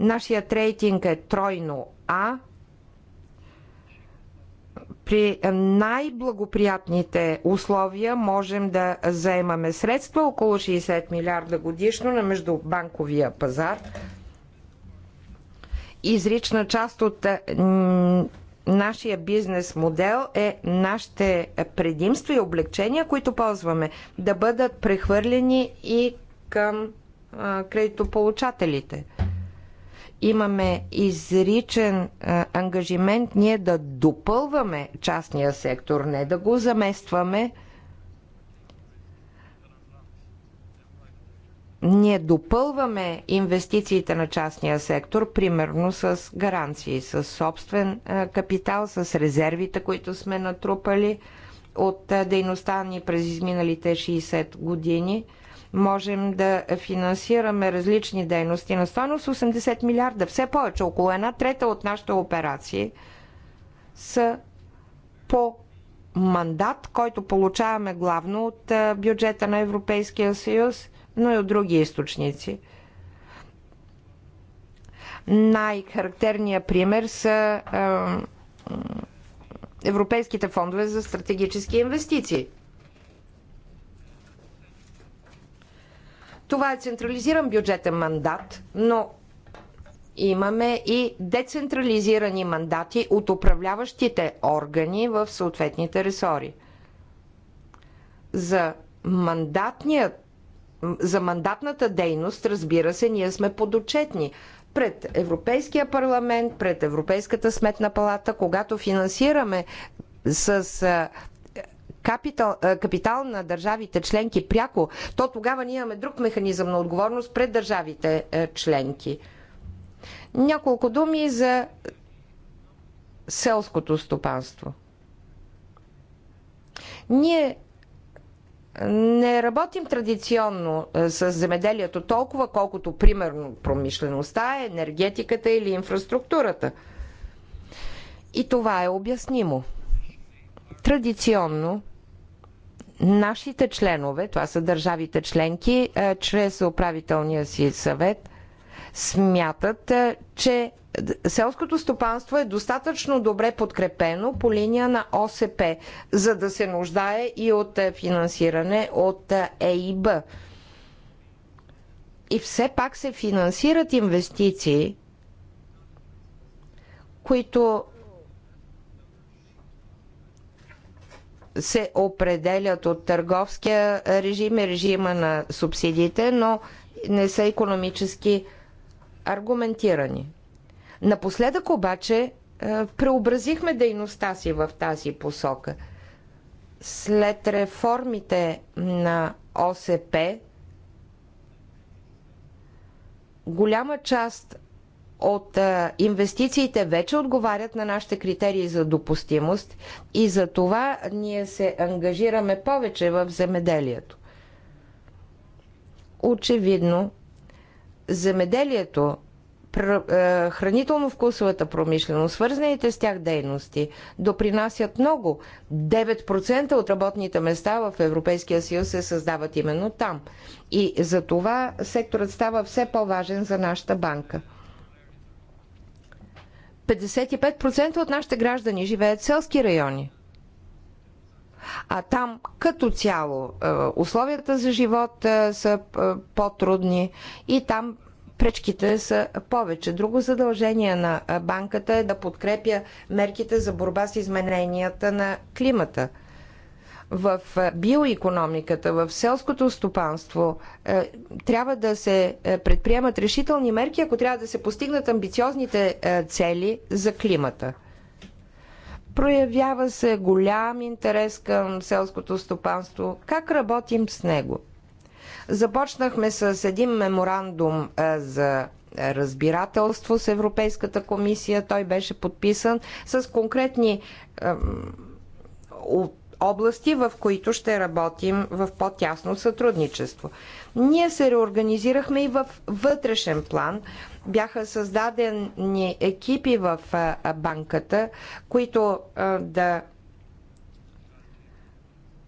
Нашият рейтинг е тройно А. При най-благоприятните условия можем да заемаме средства около 60 милиарда годишно на междубанковия пазар. Изрична част от е, нашия бизнес модел е нашите предимства и облегчения, които ползваме, да бъдат прехвърлени и към кредитополучателите. Имаме изричен ангажимент ние да допълваме частния сектор, не да го заместваме. Ние допълваме инвестициите на частния сектор, примерно с гаранции, с собствен капитал, с резервите, които сме натрупали от дейността ни през изминалите 60 години – можем да финансираме различни дейности на стойност 80 милиарда. Все повече, около една трета от нашите операции са по мандат, който получаваме главно от бюджета на Европейския съюз, но и от други източници. Най-характерният пример са е, европейските фондове за стратегически инвестиции. Това е централизиран бюджетен мандат, но имаме и децентрализирани мандати от управляващите органи в съответните ресори. За мандатния за мандатната дейност, разбира се, ние сме подотчетни пред Европейския парламент, пред Европейската сметна палата, когато финансираме с капитал, е, капитал на държавите членки пряко, то тогава ние имаме друг механизъм на отговорност пред държавите е, членки. Няколко думи за селското стопанство. Ние не работим традиционно е, с земеделието толкова, колкото примерно промишлеността, енергетиката или инфраструктурата. И това е обяснимо. Традиционно нашите членове, това са държавите членки, чрез управителния си съвет, смятат, че селското стопанство е достатъчно добре подкрепено по линия на ОСП, за да се нуждае и от финансиране от ЕИБ. И все пак се финансират инвестиции, които се определят от търговския режим и режима на субсидиите, но не са економически аргументирани. Напоследък обаче е, преобразихме дейността си в тази посока. След реформите на ОСП, голяма част от инвестициите вече отговарят на нашите критерии за допустимост и за това ние се ангажираме повече в земеделието. Очевидно, земеделието, хранително-вкусовата промишленост, свързаните с тях дейности допринасят много. 9% от работните места в Европейския съюз се създават именно там. И за това секторът става все по-важен за нашата банка. 55% от нашите граждани живеят в селски райони. А там като цяло е, условията за живот е, са е, по-трудни и там пречките са повече. Друго задължение на банката е да подкрепя мерките за борба с измененията на климата – в биоекономиката, в селското стопанство, е, трябва да се е, предприемат решителни мерки, ако трябва да се постигнат амбициозните е, цели за климата. Проявява се голям интерес към селското стопанство. Как работим с него? Започнахме с един меморандум за разбирателство с Европейската комисия. Той беше подписан с конкретни области, в които ще работим в по-тясно сътрудничество. Ние се реорганизирахме и в вътрешен план. Бяха създадени екипи в банката, които да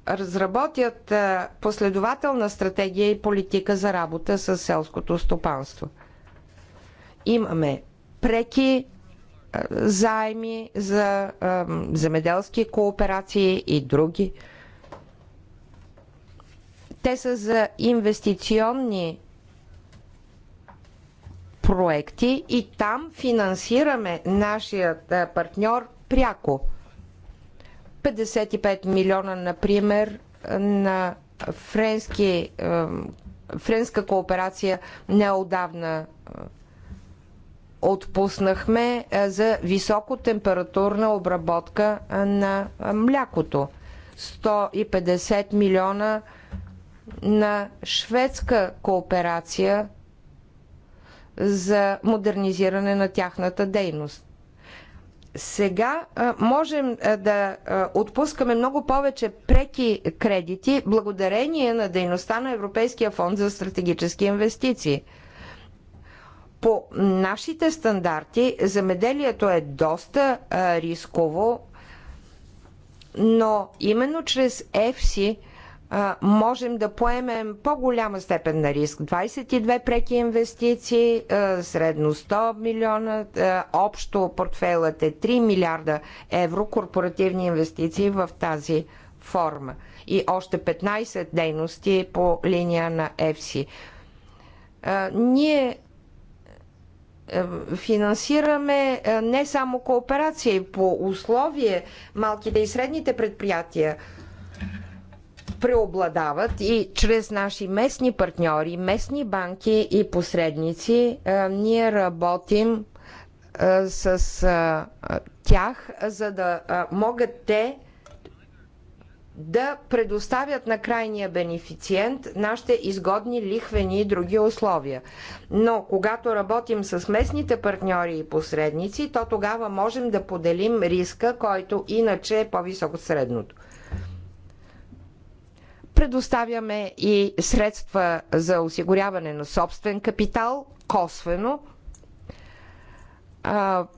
разработят последователна стратегия и политика за работа с селското стопанство. Имаме преки заеми за земеделски кооперации и други. Те са за инвестиционни проекти и там финансираме нашия партньор пряко. 55 милиона, например, на френски, френска кооперация неодавна отпуснахме е, за високотемпературна обработка е, на е, млякото. 150 милиона на шведска кооперация за модернизиране на тяхната дейност. Сега можем да отпускаме много повече преки кредити благодарение на дейността на Европейския фонд за стратегически инвестиции – по нашите стандарти замеделието е доста а, рисково, но именно чрез а, можем да поемем по-голяма степен на риск. 22 преки инвестиции, средно 100 милиона, общо портфейлът е 3 милиарда евро корпоративни инвестиции в тази форма и още 15 дейности по линия на А, Ние финансираме е, не само и по условие малките и средните предприятия преобладават и чрез наши местни партньори, местни банки и посредници е, ние работим е, с тях, за да могат те да предоставят на крайния бенефициент нашите изгодни лихвени и други условия. Но когато работим с местните партньори и посредници, то тогава можем да поделим риска, който иначе е по-висок от средното. Предоставяме и средства за осигуряване на собствен капитал, косвено,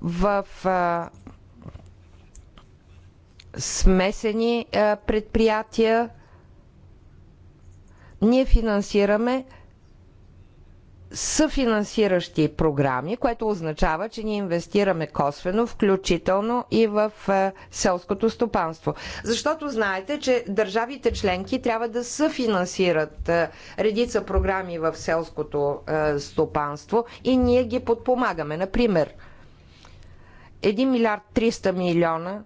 в смесени е, предприятия, ние финансираме съфинансиращи програми, което означава, че ние инвестираме косвено, включително и в е, селското стопанство. Защото знаете, че държавите членки трябва да съфинансират е, редица програми в селското стопанство и ние ги подпомагаме. Например, 1 милиард 300 милиона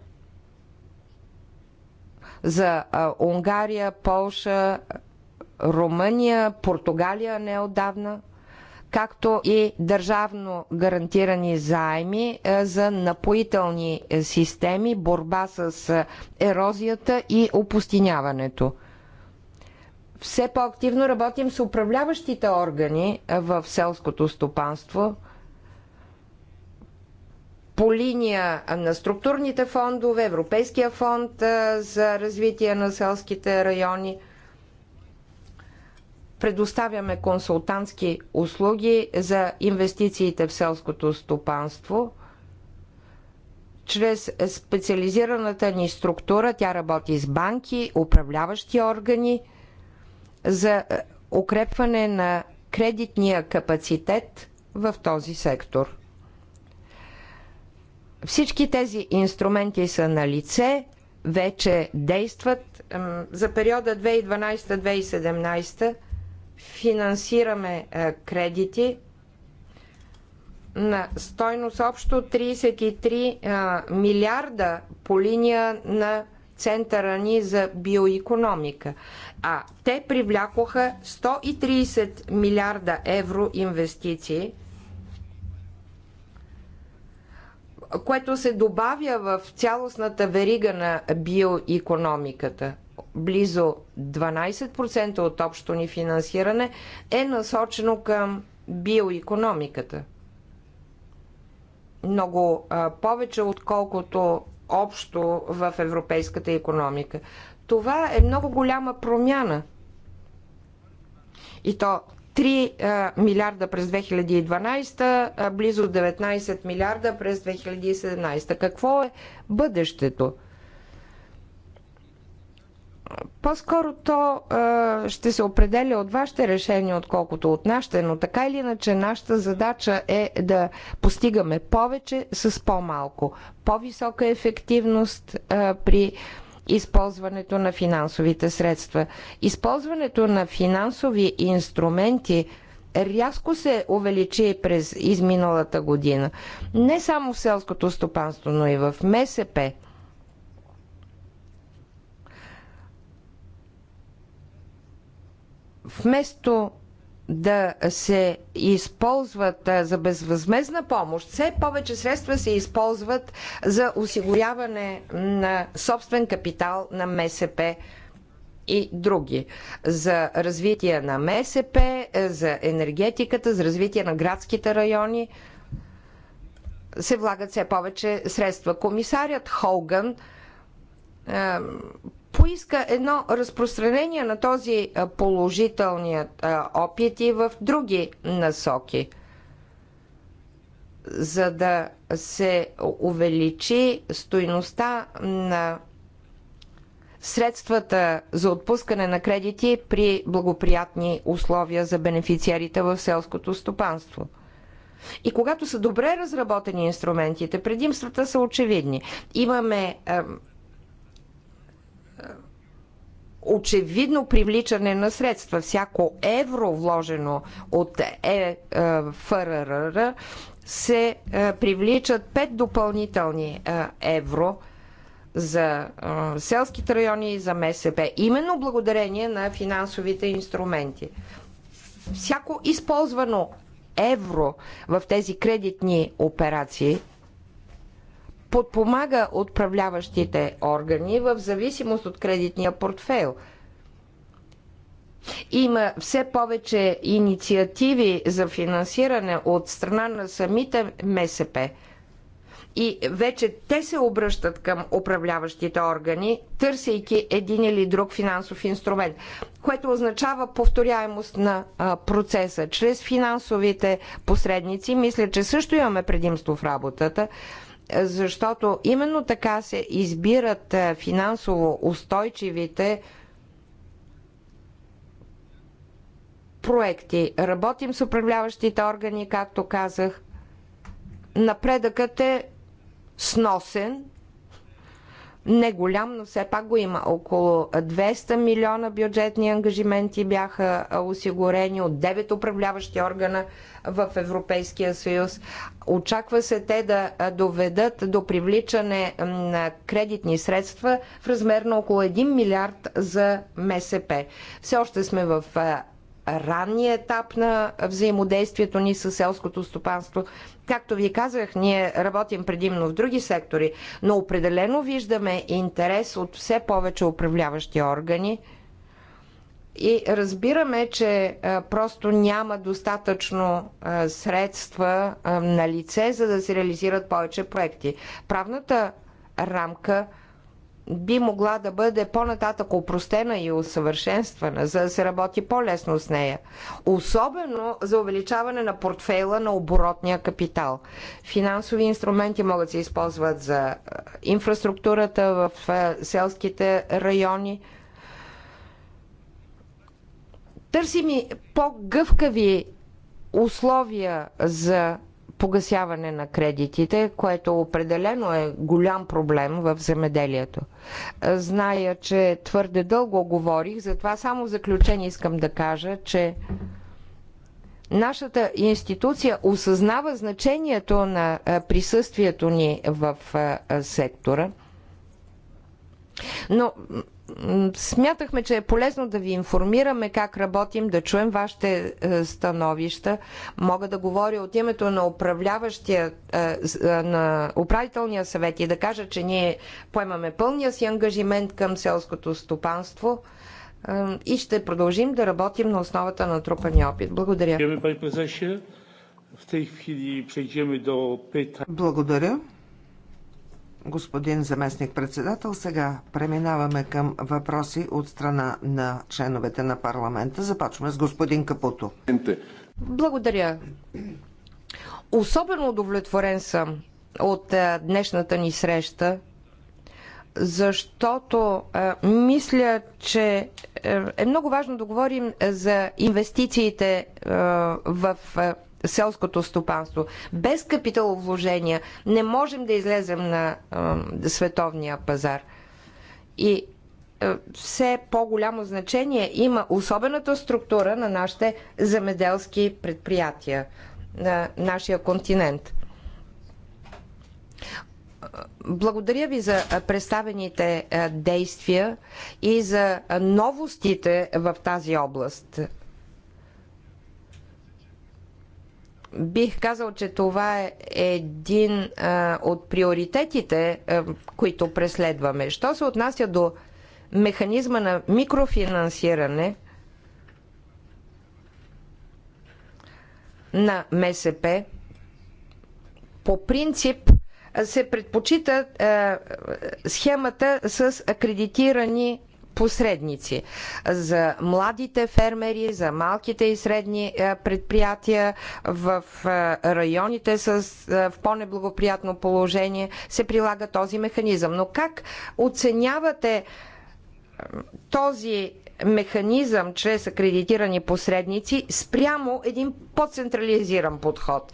за Унгария, Полша, Румъния, Португалия отдавна, както и държавно гарантирани заеми за напоителни е, системи, борба с ерозията и опустиняването. Все по-активно работим с управляващите органи в селското стопанство – по линия на структурните фондове, Европейския фонд за развитие на селските райони. Предоставяме консултантски услуги за инвестициите в селското стопанство. Чрез специализираната ни структура тя работи с банки, управляващи органи за укрепване на кредитния капацитет в този сектор. Всички тези инструменти са на лице, вече действат. За периода 2012-2017 финансираме е, кредити на стойност общо 33 е, милиарда по линия на Центъра ни за биоекономика. А те привлякоха 130 милиарда евро инвестиции – което се добавя в цялостната верига на биоекономиката. Близо 12% от общо ни финансиране е насочено към биоекономиката. Много а, повече, отколкото общо в европейската економика. Това е много голяма промяна. И то 3 милиарда през 2012, близо 19 милиарда през 2017. Какво е бъдещето? По-скоро то ще се определя от вашите решения, отколкото от нашите, но така или иначе нашата задача е да постигаме повече с по-малко. По-висока ефективност при използването на финансовите средства. Използването на финансови инструменти рязко се увеличи през изминалата година. Не само в селското стопанство, но и в МСП. Вместо да се използват за безвъзмезна помощ, все повече средства се използват за осигуряване на собствен капитал на МСП и други. За развитие на МСП, е, за енергетиката, за развитие на градските райони се влагат все повече средства. Комисарят Холган е, поиска едно разпространение на този положителният опит и в други насоки, за да се увеличи стоиността на средствата за отпускане на кредити при благоприятни условия за бенефициарите в селското стопанство. И когато са добре разработени инструментите, предимствата са очевидни. Имаме очевидно привличане на средства. Всяко евро вложено от ЕФРР е, се е, привличат 5 допълнителни е, евро за селските райони и за МСП. Именно благодарение на финансовите инструменти. Всяко използвано евро в тези кредитни операции – подпомага отправляващите органи в зависимост от кредитния портфейл. Има все повече инициативи за финансиране от страна на самите МСП. И вече те се обръщат към управляващите органи, търсейки един или друг финансов инструмент, което означава повторяемост на процеса чрез финансовите посредници. Мисля, че също имаме предимство в работата защото именно така се избират е, финансово устойчивите проекти. Работим с управляващите органи, както казах. Напредъкът е сносен, не голям, но все пак го има. Около 200 милиона бюджетни ангажименти бяха осигурени от 9 управляващи органа в Европейския съюз. Очаква се те да доведат до привличане на кредитни средства в размер на около 1 милиард за МСП. Все още сме в ранния етап на взаимодействието ни с селското стопанство. Както ви казах, ние работим предимно в други сектори, но определено виждаме интерес от все повече управляващи органи и разбираме, че просто няма достатъчно средства на лице, за да се реализират повече проекти. Правната рамка – би могла да бъде по-нататък опростена и усъвършенствана, за да се работи по-лесно с нея. Особено за увеличаване на портфейла на оборотния капитал. Финансови инструменти могат да се използват за инфраструктурата в селските райони. Търсим и по-гъвкави условия за погасяване на кредитите, което определено е голям проблем в земеделието. Зная, че твърде дълго говорих, затова само в заключение искам да кажа, че нашата институция осъзнава значението на присъствието ни в сектора. Но смятахме, че е полезно да ви информираме как работим, да чуем вашите е, становища. Мога да говоря от името на управляващия, е, е, на управителния съвет и да кажа, че ние поемаме пълния си ангажимент към селското стопанство и ще продължим да работим на основата на трупания опит. Благодаря. Благодаря господин заместник-председател. Сега преминаваме към въпроси от страна на членовете на парламента. Започваме с господин Капуто. Благодаря. Особено удовлетворен съм от е, днешната ни среща, защото е, мисля, че е, е много важно да говорим за инвестициите в селското стопанство. Без капиталовложения не можем да излезем на а, световния пазар. И а, все по-голямо значение има особената структура на нашите земеделски предприятия на нашия континент. Благодаря ви за представените действия и за новостите в тази област. Бих казал, че това е един а, от приоритетите, а, които преследваме. Що се отнася до механизма на микрофинансиране на МСП, по принцип се предпочита а, схемата с акредитирани посредници. За младите фермери, за малките и средни е, предприятия в е, районите с е, в по-неблагоприятно положение се прилага този механизъм. Но как оценявате този механизъм чрез акредитирани посредници спрямо един по-централизиран подход.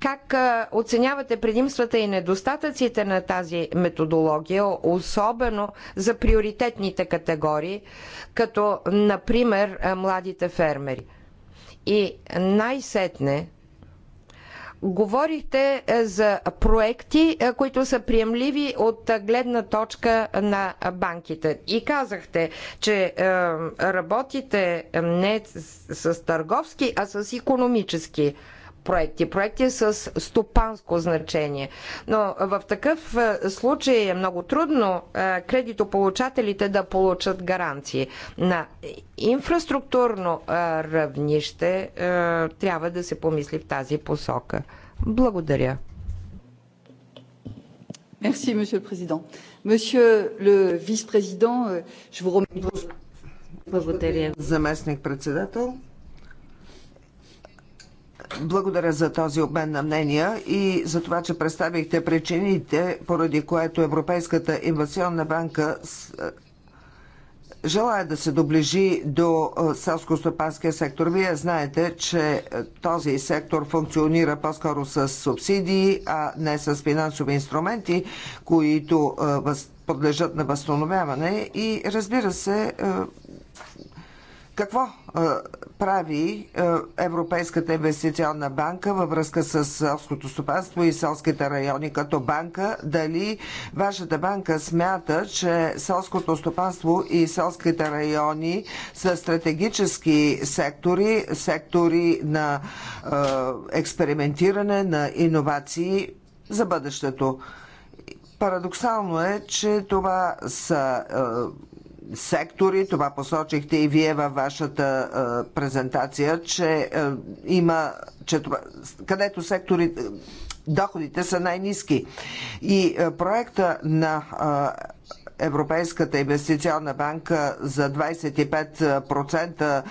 Как оценявате предимствата и недостатъците на тази методология, особено за приоритетните категории, като например младите фермери? И най-сетне, Говорихте е, за проекти, е, които са приемливи от е, гледна точка на банките. И казахте, че работите не с търговски, а с економически проекти, проекти с стопанско значение. Но в такъв е, случай е много трудно е, кредитополучателите да получат гаранции. На инфраструктурно е, равнище трябва да се помисли в тази посока. Благодаря. Merci, Monsieur le Président. Monsieur le Vice-président, euh, je vous remercie. Благодаря. Заместник председател, благодаря за този обмен на мнения и за това, че представихте причините, поради което Европейската инвестиционна банка е, желая да се доближи до е, селско-стопанския сектор. Вие знаете, че е, този сектор функционира по-скоро с субсидии, а не с финансови инструменти, които подлежат на възстановяване и разбира се какво прави Европейската инвестиционна банка във връзка с селското стопанство и селските райони като банка? Дали вашата банка смята, че селското стопанство и селските райони са стратегически сектори, сектори на експериментиране, на иновации за бъдещето? Парадоксално е, че това са сектори. Това посочихте и вие във вашата презентация, че има, че това, където секторите, доходите са най-низки. И проекта на Европейската инвестиционна банка за 25%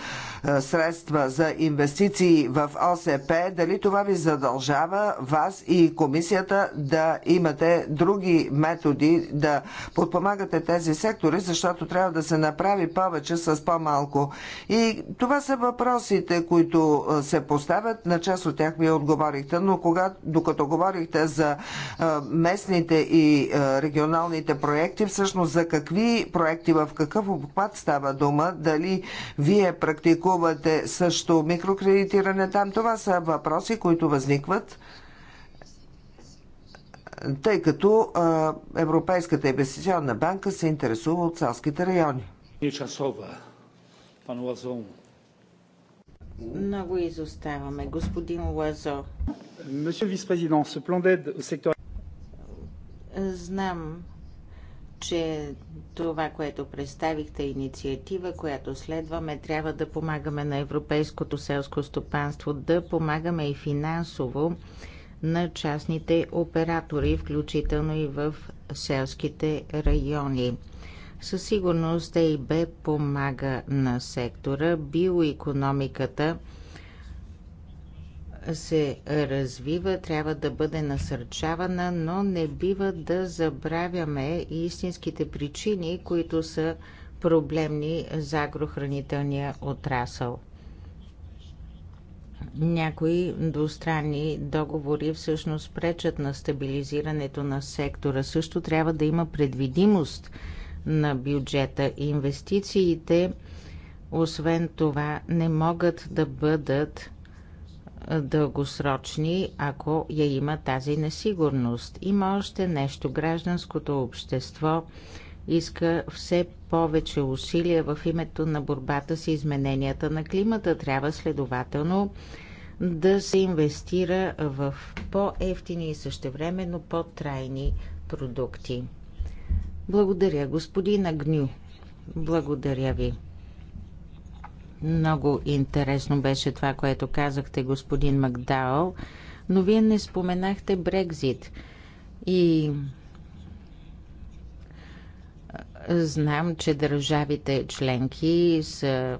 е, средства за инвестиции в ОСП, дали това ви задължава вас и комисията да имате други методи да подпомагате тези сектори, защото трябва да се направи повече с по-малко. И това са въпросите, които е, се поставят. На част от тях ми отговорихте, но кога, докато говорихте за е, местните и регионалните проекти, всъщност всъщност за какви проекти, в какъв обхват става дума, дали вие практикувате също микрокредитиране там. Това са въпроси, които възникват тъй като а, Европейската инвестиционна банка се интересува от селските райони. Много изоставаме, господин Лазо. Знам, че това, което представихте, инициатива, която следваме, трябва да помагаме на европейското селско стопанство, да помагаме и финансово на частните оператори, включително и в селските райони. Със сигурност ЕИБ помага на сектора, биоекономиката – се развива, трябва да бъде насърчавана, но не бива да забравяме истинските причини, които са проблемни за агрохранителния отрасъл. Някои двустранни договори всъщност пречат на стабилизирането на сектора. Също трябва да има предвидимост на бюджета. Инвестициите, освен това, не могат да бъдат дългосрочни, ако я има тази несигурност. Има още нещо. Гражданското общество иска все повече усилия в името на борбата с измененията на климата. Трябва следователно да се инвестира в по-ефтини и същевременно по-трайни продукти. Благодаря, господин Агню. Благодаря ви. Много интересно беше това, което казахте, господин Макдао, но вие не споменахте Брекзит. И знам, че държавите членки са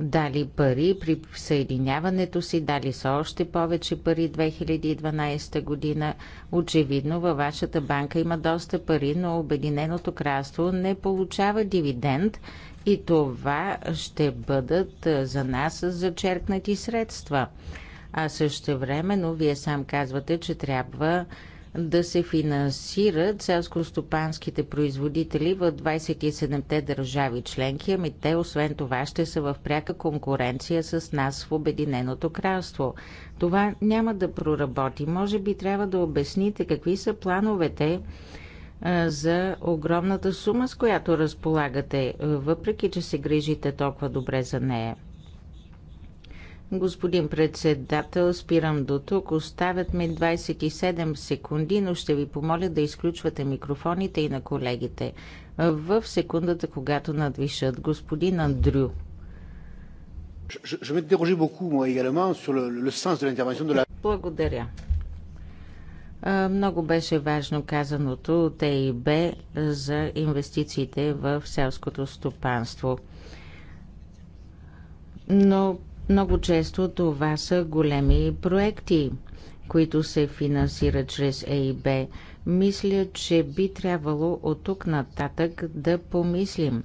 дали пари при съединяването си, дали са още повече пари 2012 година. Очевидно във вашата банка има доста пари, но Обединеното кралство не получава дивиденд и това ще бъдат за нас зачеркнати средства. А също времено, вие сам казвате, че трябва да се финансират селско-стопанските производители в 27-те държави членки, ами те освен това ще са в пряка конкуренция с нас в Обединеното кралство. Това няма да проработи. Може би трябва да обясните какви са плановете за огромната сума, с която разполагате, въпреки че се грижите толкова добре за нея. Господин председател, спирам до тук. Оставят ми 27 секунди, но ще ви помоля да изключвате микрофоните и на колегите в секундата, когато надвишат. Господин Андрю. Благодаря. Много беше важно казаното от ЕИБ за инвестициите в селското стопанство. Но много често това са големи проекти, които се финансират чрез ЕИБ. Мисля, че би трябвало от тук нататък да помислим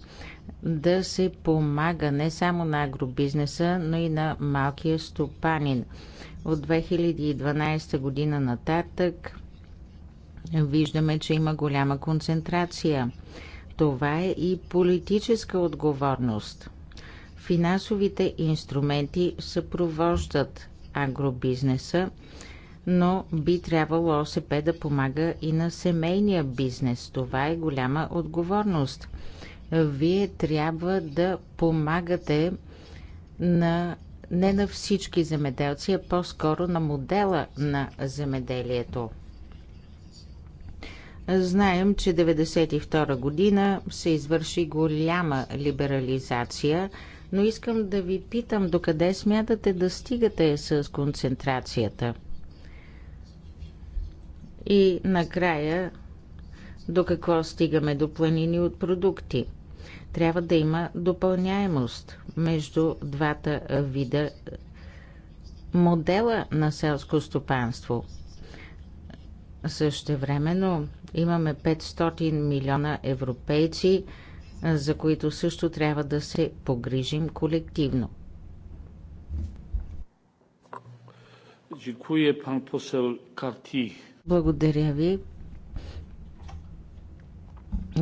да се помага не само на агробизнеса, но и на малкия стопанин – от 2012 година нататък виждаме, че има голяма концентрация. Това е и политическа отговорност. Финансовите инструменти съпровождат агробизнеса, но би трябвало ОСП да помага и на семейния бизнес. Това е голяма отговорност. Вие трябва да помагате на не на всички земеделци, а по-скоро на модела на земеделието. Знаем, че 1992 година се извърши голяма либерализация, но искам да ви питам докъде смятате да стигате с концентрацията. И накрая до какво стигаме до планини от продукти. Трябва да има допълняемост между двата вида модела на селско стопанство. Същевременно имаме 500 милиона европейци, за които също трябва да се погрижим колективно. Благодаря ви.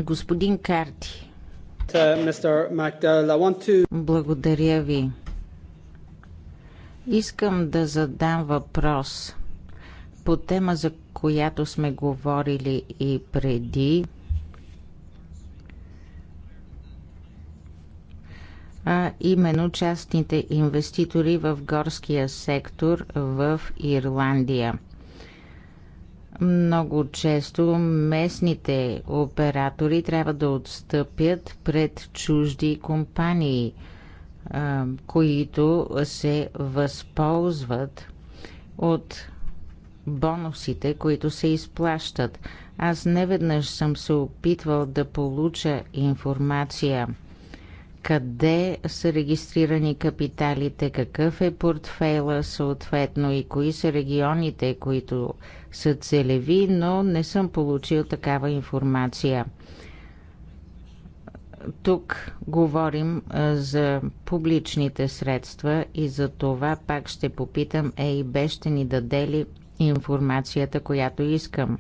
Господин Карти. Uh, Благодаря ви. Искам да задам въпрос по тема, за която сме говорили и преди. а именно частните инвеститори в горския сектор в Ирландия – много често местните оператори трябва да отстъпят пред чужди компании, които се възползват от бонусите, които се изплащат. Аз неведнъж съм се опитвал да получа информация – къде са регистрирани капиталите, какъв е портфейла съответно и кои са регионите, които са целеви, но не съм получил такава информация. Тук говорим за публичните средства и за това пак ще попитам ЕИБ ще ни даде ли информацията, която искам.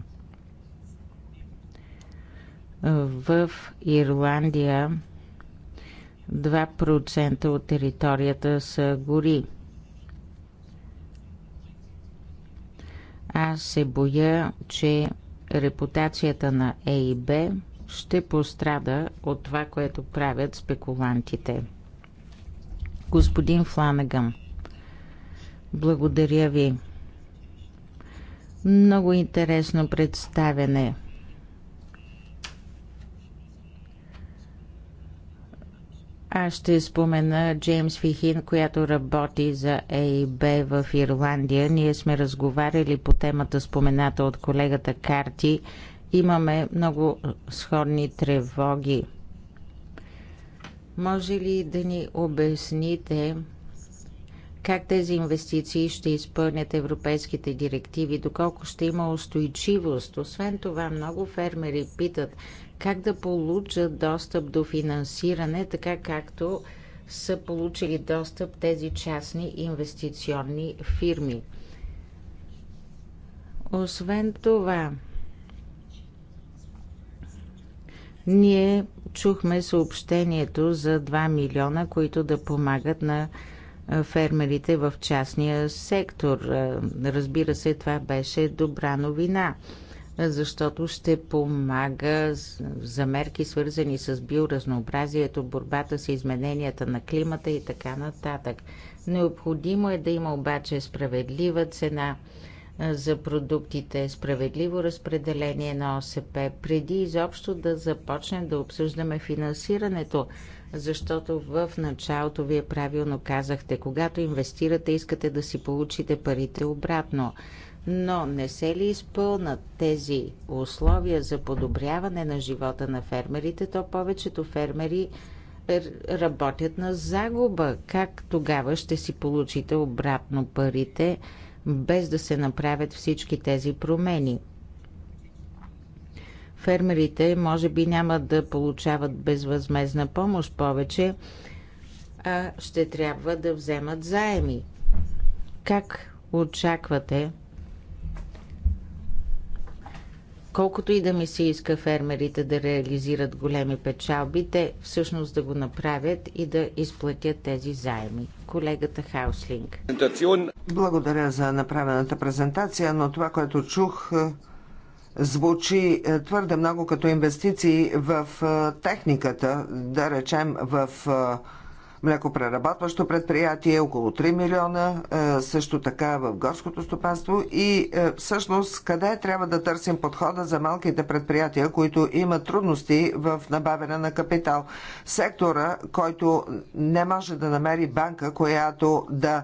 В Ирландия 2% от територията са гори. Аз се боя, че репутацията на Б ще пострада от това, което правят спекулантите. Господин Фланагъм, благодаря ви. Много интересно представяне. Аз ще спомена Джеймс Фихин, която работи за ЕИБ в Ирландия. Ние сме разговаряли по темата спомената от колегата Карти. Имаме много сходни тревоги. Може ли да ни обясните как тези инвестиции ще изпълнят европейските директиви, доколко ще има устойчивост? Освен това, много фермери питат как да получат достъп до финансиране, така както са получили достъп тези частни инвестиционни фирми. Освен това, ние чухме съобщението за 2 милиона, които да помагат на фермерите в частния сектор. Разбира се, това беше добра новина защото ще помага за мерки свързани с биоразнообразието, борбата с измененията на климата и така нататък. Необходимо е да има обаче справедлива цена за продуктите, справедливо разпределение на ОСП, преди изобщо да започнем да обсъждаме финансирането, защото в началото вие правилно казахте, когато инвестирате, искате да си получите парите обратно но не се ли изпълнат тези условия за подобряване на живота на фермерите, то повечето фермери работят на загуба. Как тогава ще си получите обратно парите, без да се направят всички тези промени? Фермерите може би няма да получават безвъзмезна помощ повече, а ще трябва да вземат заеми. Как очаквате Колкото и да ми се иска фермерите да реализират големи печалби, те всъщност да го направят и да изплатят тези заеми. Колегата Хауслинг. Благодаря за направената презентация, но това, което чух, е, звучи е, твърде много като инвестиции в е, техниката, да речем в млекопреработващо предприятие, около 3 милиона, е, също така в горското стопанство и е, всъщност къде трябва да търсим подхода за малките предприятия, които имат трудности в набавяне на капитал. Сектора, който не може да намери банка, която да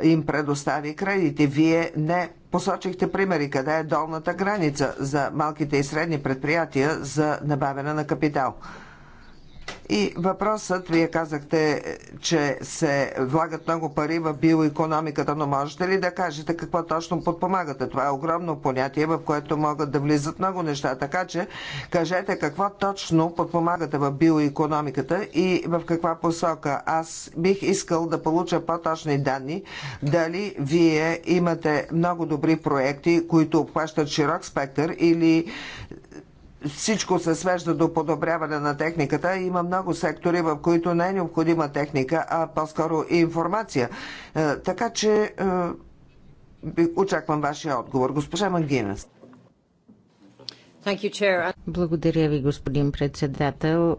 е, им предостави кредити. Вие не посочихте примери къде е долната граница за малките и средни предприятия за набавяне на капитал. И въпросът, вие казахте, че се влагат много пари в биоекономиката, но можете ли да кажете какво точно подпомагате? Това е огромно понятие, в което могат да влизат много неща. Така че кажете какво точно подпомагате в биоекономиката и в каква посока. Аз бих искал да получа по-точни данни дали вие имате много добри проекти, които обхващат широк спектър или всичко се свежда до подобряване на техниката. Има много сектори, в които не е необходима техника, а по-скоро и информация. Е, така че е, очаквам вашия отговор. Госпожа Мангинес. Благодаря ви, господин председател.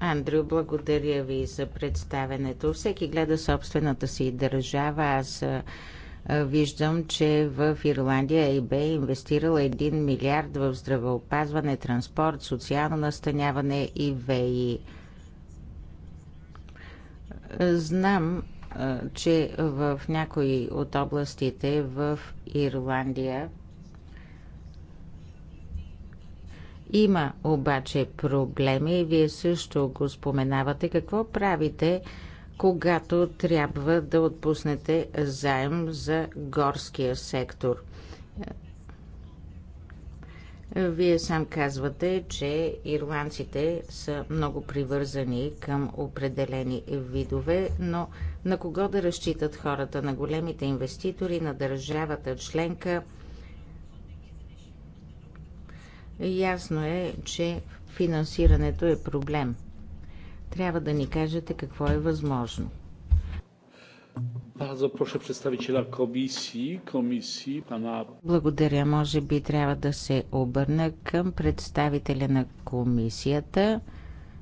Андрю, благодаря ви за представенето. Всеки гледа собствената си държава. Аз е, Виждам, че в Ирландия АИБ е инвестирала 1 милиард в здравеопазване, транспорт, социално настаняване и ВИ. Знам, че в някои от областите в Ирландия има обаче проблеми. Вие също го споменавате. Какво правите? когато трябва да отпуснете заем за горския сектор. Вие сам казвате, че ирландците са много привързани към определени видове, но на кого да разчитат хората? На големите инвеститори, на държавата членка? Ясно е, че финансирането е проблем – трябва да ни кажете какво е възможно. Bardzo proszę przedstawiciela Благодаря. Може би трябва да се обърна към представителя на комисията.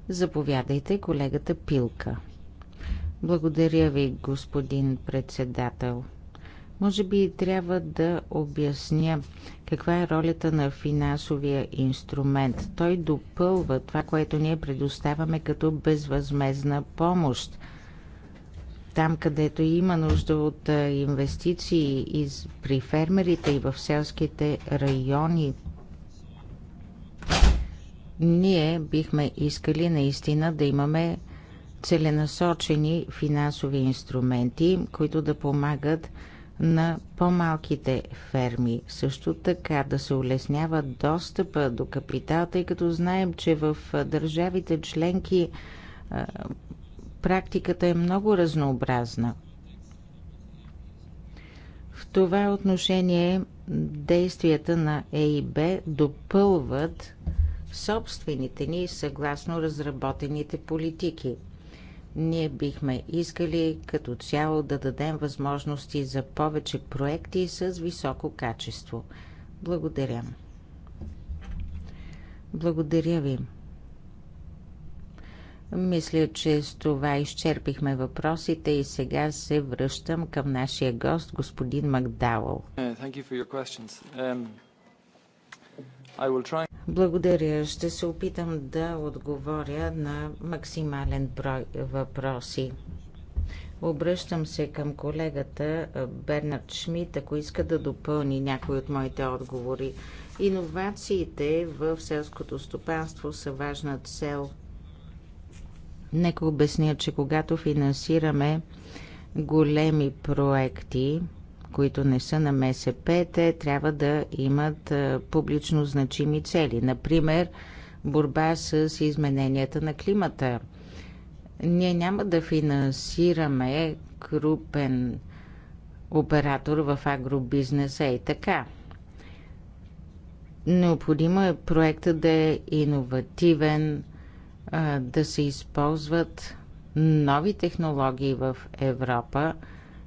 Заповядайте, колегата Пилка. Благодаря ви, господин председател. Може би трябва да обясня каква е ролята на финансовия инструмент. Той допълва това, което ние предоставяме като безвъзмезна помощ. Там, където има нужда от инвестиции и при фермерите и в селските райони, ние бихме искали наистина да имаме целенасочени финансови инструменти, които да помагат на по-малките ферми. Също така да се улеснява достъпа до капитал, тъй като знаем, че в държавите членки практиката е много разнообразна. В това отношение действията на ЕИБ допълват собствените ни съгласно разработените политики – ние бихме искали като цяло да дадем възможности за повече проекти с високо качество. Благодаря. Благодаря ви. Мисля, че с това изчерпихме въпросите и сега се връщам към нашия гост, господин Макдауъл. Благодаря. Ще се опитам да отговоря на максимален брой въпроси. Обръщам се към колегата Бернард Шмидт, ако иска да допълни някои от моите отговори. Иновациите в селското стопанство са важна цел. Нека обясня, че когато финансираме големи проекти, които не са на МСП, те трябва да имат публично значими цели. Например, борба с измененията на климата. Ние няма да финансираме крупен оператор в агробизнеса и така. Необходимо е проекта да е иновативен, да се използват нови технологии в Европа –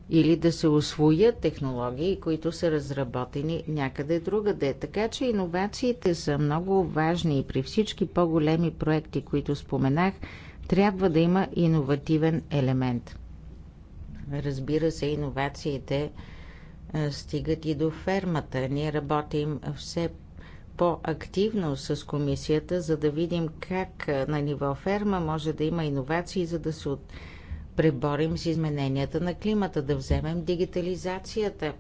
или да се освоят технологии, които са разработени някъде другаде. Така че иновациите са много важни и при всички по-големи проекти, които споменах, трябва да има иновативен елемент. Разбира се, иновациите стигат и до фермата. Ние работим все по-активно с комисията, за да видим как на ниво ферма може да има иновации, за да се от преборим с измененията на климата, да вземем дигитализацията.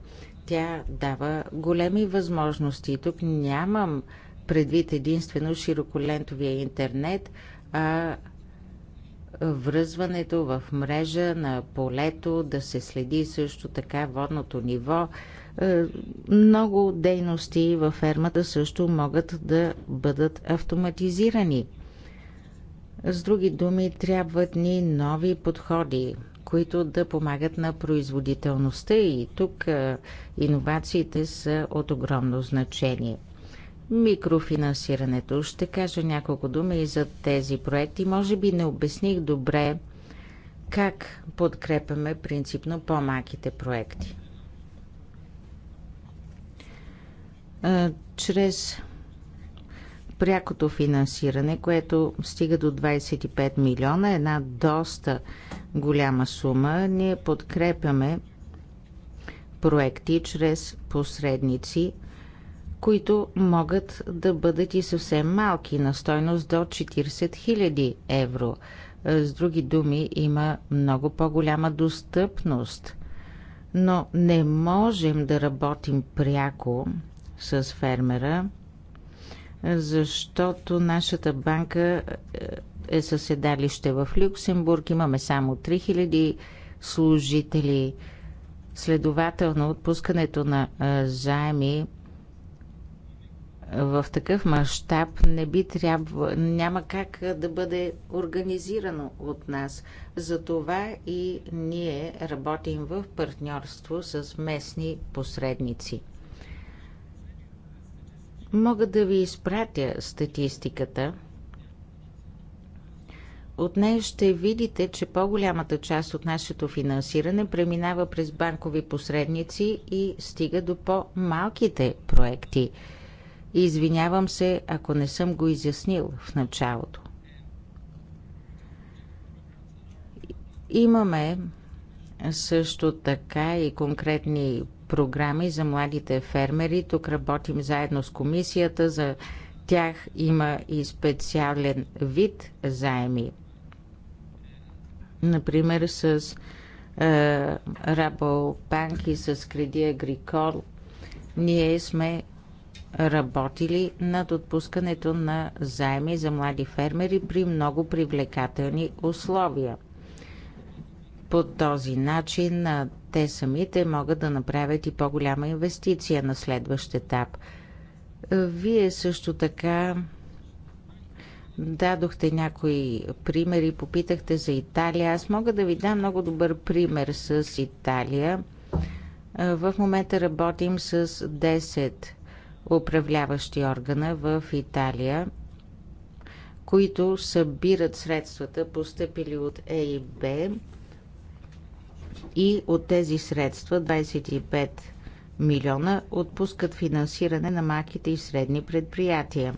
Тя дава големи възможности. Тук нямам предвид единствено широколентовия интернет, а връзването в мрежа на полето, да се следи също така водното ниво. Е, много дейности във фермата също могат да бъдат автоматизирани. С други думи, трябват ни нови подходи, които да помагат на производителността и тук иновациите са от огромно значение. Микрофинансирането. Ще кажа няколко думи и за тези проекти. Може би не обясних добре как подкрепяме принципно по-малките проекти. Чрез прякото финансиране, което стига до 25 милиона, една доста голяма сума. Ние подкрепяме проекти чрез посредници, които могат да бъдат и съвсем малки, на стойност до 40 000 евро. С други думи, има много по-голяма достъпност. Но не можем да работим пряко с фермера, защото нашата банка е, е със седалище в Люксембург. Имаме само 3000 служители. Следователно, отпускането на заеми в такъв мащаб не би трябва, няма как да бъде организирано от нас. Затова и ние работим в партньорство с местни посредници. Мога да ви изпратя статистиката. От нея ще видите, че по-голямата част от нашето финансиране преминава през банкови посредници и стига до по-малките проекти. Извинявам се, ако не съм го изяснил в началото. Имаме също така и конкретни програми за младите фермери. Тук работим заедно с комисията. За тях има и специален вид заеми. Например, с е, Рабобанк и с Креди Агрикол ние сме работили над отпускането на заеми за млади фермери при много привлекателни условия. По този начин те самите могат да направят и по-голяма инвестиция на следващ етап. Вие също така дадохте някои примери, попитахте за Италия. Аз мога да ви дам много добър пример с Италия. В момента работим с 10 управляващи органа в Италия, които събират средствата, постъпили от ЕИБ и от тези средства 25 милиона отпускат финансиране на малките и средни предприятия.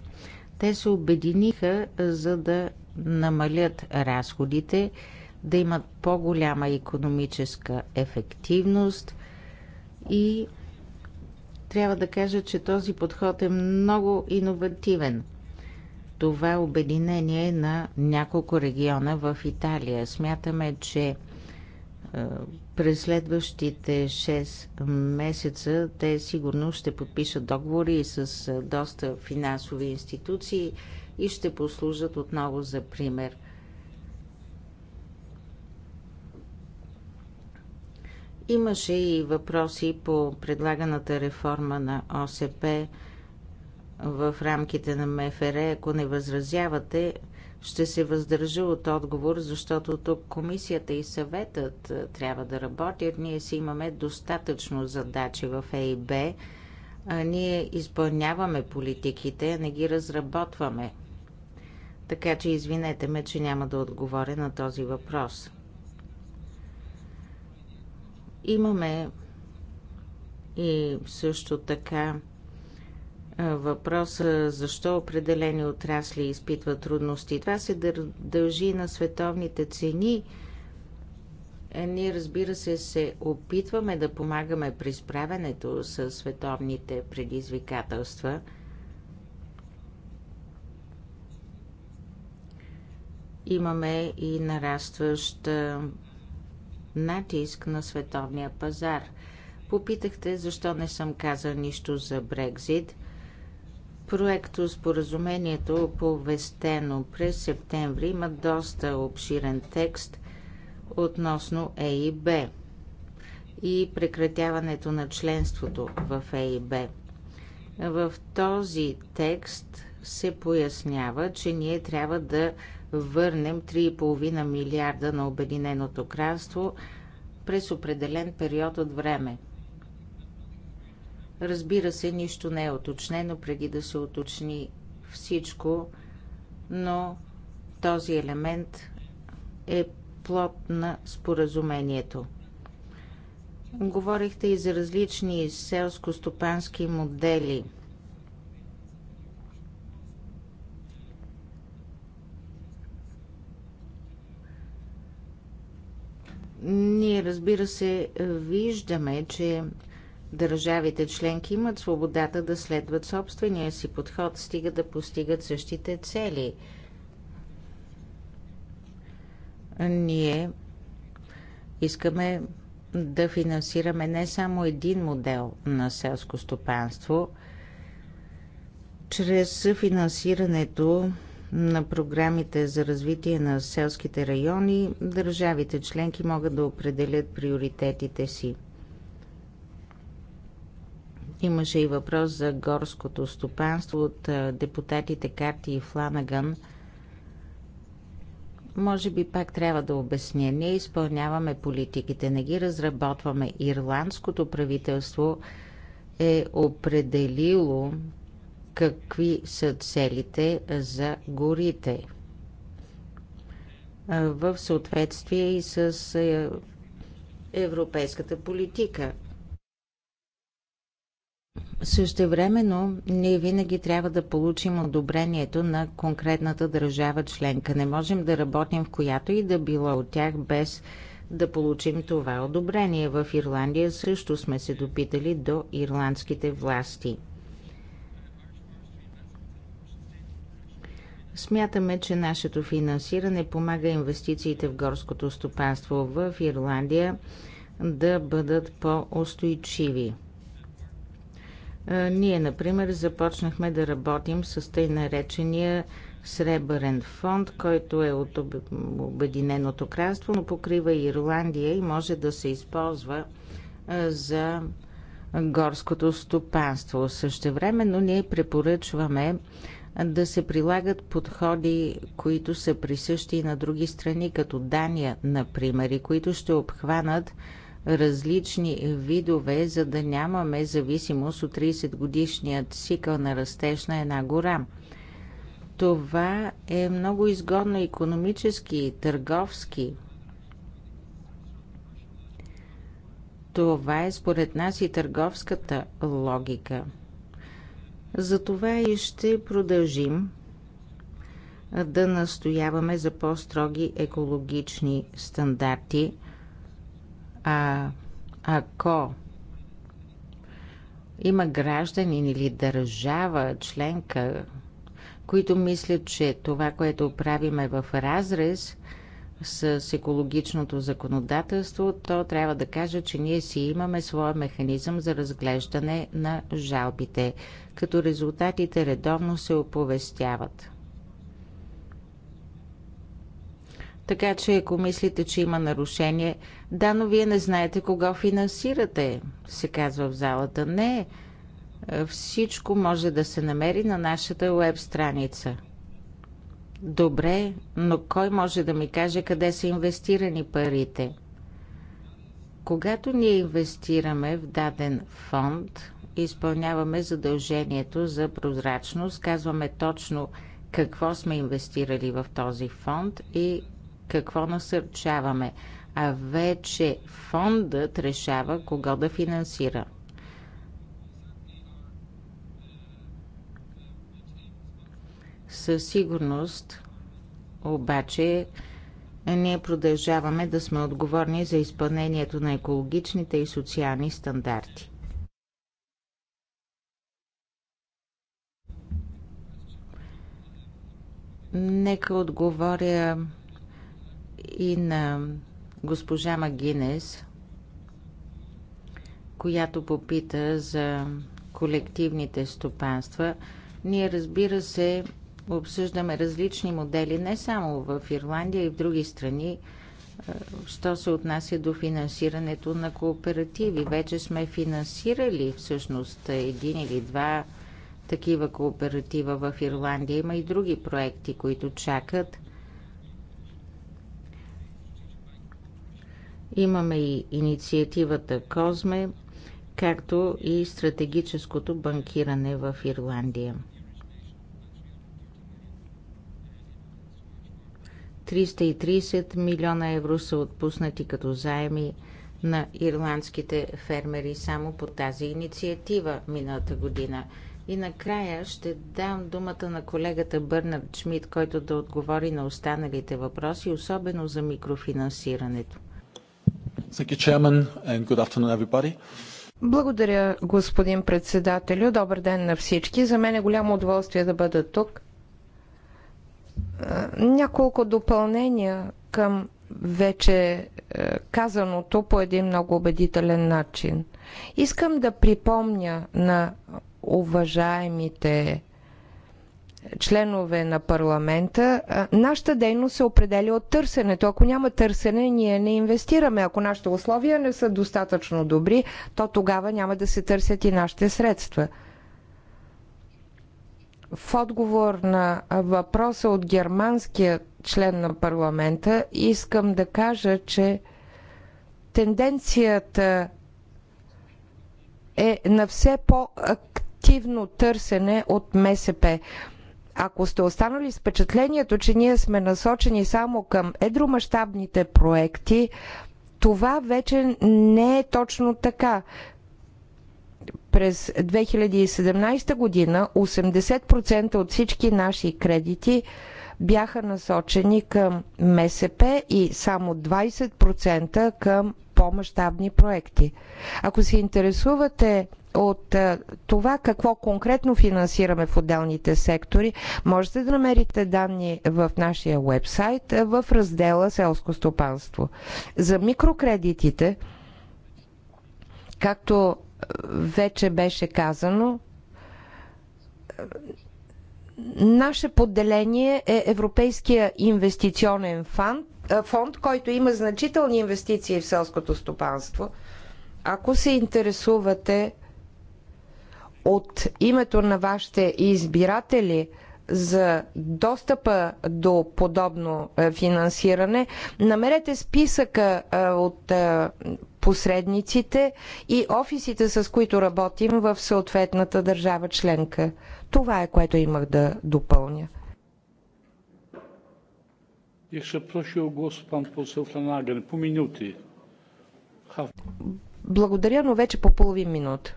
Те се обединиха за да намалят разходите, да имат по-голяма економическа ефективност и трябва да кажа, че този подход е много иновативен. Това обединение е на няколко региона в Италия. Смятаме, че е, през следващите 6 месеца те сигурно ще подпишат договори с е, доста финансови институции и ще послужат отново за пример. Имаше и въпроси по предлаганата реформа на ОСП в рамките на МФР. Ако не възразявате, ще се въздържа от отговор, защото тук комисията и съветът е, трябва да работят. Ние си имаме достатъчно задачи в ЕИБ. Ние изпълняваме политиките, не ги разработваме. Така че извинете ме, че няма да отговоря на този въпрос. Имаме и също така въпроса защо определени отрасли изпитват трудности. Това се дължи на световните цени. Е, ние, разбира се, се опитваме да помагаме при справянето с световните предизвикателства. Имаме и нарастващ натиск на световния пазар. Попитахте защо не съм казал нищо за Брекзит. Проекто споразумението оповестено през септември има доста обширен текст относно ЕИБ и прекратяването на членството в ЕИБ. В този текст се пояснява, че ние трябва да върнем 3,5 милиарда на Обединеното кралство през определен период от време – Разбира се, нищо не е оточнено преди да се оточни всичко, но този елемент е плод на споразумението. Говорихте и за различни селско-стопански модели. Ние, разбира се, виждаме, че Държавите членки имат свободата да следват собствения си подход, стига да постигат същите цели. Ние искаме да финансираме не само един модел на селско стопанство, чрез финансирането на програмите за развитие на селските райони, държавите членки могат да определят приоритетите си – Имаше и въпрос за горското стопанство от депутатите Карти и Фланаган. Може би пак трябва да обясня. Ние изпълняваме политиките, не ги разработваме. Ирландското правителство е определило какви са целите за горите в съответствие и с европейската политика също времено, ние винаги трябва да получим одобрението на конкретната държава членка. Не можем да работим в която и да било от тях без да получим това одобрение. В Ирландия също сме се допитали до ирландските власти. Смятаме, че нашето финансиране помага инвестициите в горското стопанство в Ирландия да бъдат по-устойчиви. Ние, например, започнахме да работим с тъй наречения Сребърен фонд, който е от Обединеното кралство, но покрива Ирландия и може да се използва за горското стопанство. но ние препоръчваме да се прилагат подходи, които са присъщи и на други страни, като Дания, например, и които ще обхванат различни видове, за да нямаме зависимост от 30-годишният цикъл на растеж на една гора. Това е много изгодно економически, търговски. Това е според нас и търговската логика. Затова и ще продължим да настояваме за по-строги екологични стандарти – а ако има гражданин или държава членка, които мислят, че това, което правим е в разрез с екологичното законодателство, то трябва да кажа, че ние си имаме своя механизъм за разглеждане на жалбите, като резултатите редовно се оповестяват. Така че ако мислите, че има нарушение, да, но вие не знаете кого финансирате, се казва в залата. Не, всичко може да се намери на нашата веб страница. Добре, но кой може да ми каже къде са инвестирани парите? Когато ние инвестираме в даден фонд, изпълняваме задължението за прозрачност, казваме точно какво сме инвестирали в този фонд и какво насърчаваме а вече фондът решава кого да финансира. Със сигурност обаче ние продължаваме да сме отговорни за изпълнението на екологичните и социални стандарти. Нека отговоря и на госпожа Магинес, която попита за колективните стопанства. Ние, разбира се, обсъждаме различни модели, не само в Ирландия и в други страни, що се отнася до финансирането на кооперативи. Вече сме финансирали всъщност един или два такива кооператива в Ирландия. Има и други проекти, които чакат – Имаме и инициативата Козме, както и стратегическото банкиране в Ирландия. 330 милиона евро са отпуснати като заеми на ирландските фермери само по тази инициатива миналата година. И накрая ще дам думата на колегата Бърнард Шмидт, който да отговори на останалите въпроси, особено за микрофинансирането. Благодаря, господин председателю. Добър ден на всички. За мен е голямо удоволствие да бъда тук. Е, няколко допълнения към вече е, казаното по един много убедителен начин. Искам да припомня на уважаемите членове на парламента, нашата дейност се определя от търсенето. Ако няма търсене, ние не инвестираме. Ако нашите условия не са достатъчно добри, то тогава няма да се търсят и нашите средства. В отговор на въпроса от германския член на парламента, искам да кажа, че тенденцията е на все по-активно търсене от МСП ако сте останали с впечатлението, че ние сме насочени само към едромащабните проекти, това вече не е точно така. През 2017 година 80% от всички наши кредити бяха насочени към МСП и само 20% към по-масштабни проекти. Ако се интересувате от това какво конкретно финансираме в отделните сектори, можете да намерите данни в нашия вебсайт в раздела Селско стопанство. За микрокредитите, както вече беше казано, наше поделение е Европейския инвестиционен фонд, е, фонд, който има значителни инвестиции в селското стопанство. Ако се интересувате от името на вашите избиратели за достъпа до подобно е, финансиране, намерете списъка е, от посредниците и офисите, с които работим в съответната държава членка. Това е което имах да допълня. Jeszcze prosił o głos pan poseł Flanagan. Pół minuty. Благодаря, но вече по половин минут.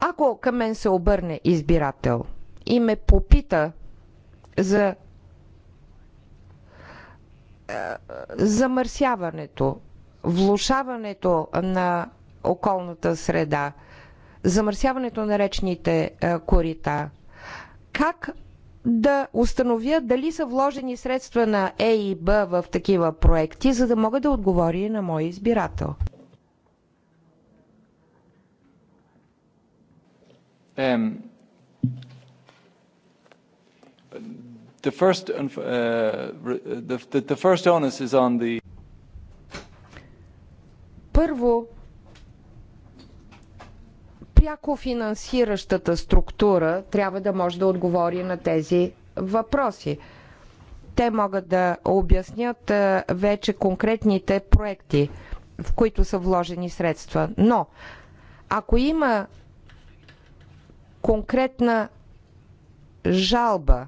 Ако към мен се обърне избирател и ме попита за е, замърсяването, влушаването на околната среда, замърсяването на речните е, корита, как да установя дали са вложени средства на Е и Б в такива проекти, за да мога да отговори на мой избирател. Um, the first, uh, the, the, the first onus is on the... Първо, пряко финансиращата структура трябва да може да отговори на тези въпроси. Те могат да обяснят вече конкретните проекти, в които са вложени средства. Но, ако има конкретна жалба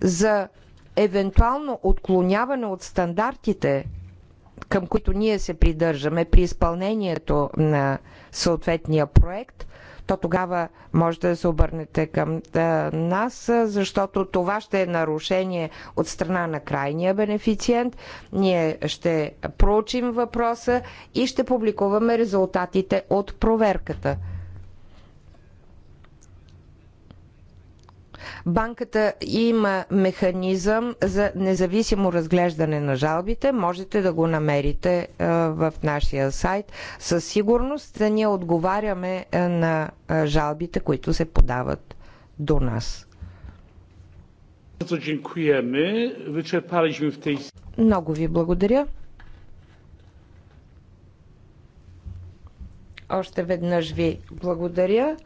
за евентуално отклоняване от стандартите, към които ние се придържаме при изпълнението на съответния проект, то тогава можете да се обърнете към нас, защото това ще е нарушение от страна на крайния бенефициент. Ние ще проучим въпроса и ще публикуваме резултатите от проверката. Банката има механизъм за независимо разглеждане на жалбите. Можете да го намерите е, в нашия сайт. Със сигурност да ние отговаряме е, на е, жалбите, които се подават до нас. Много ви благодаря. Още веднъж ви благодаря.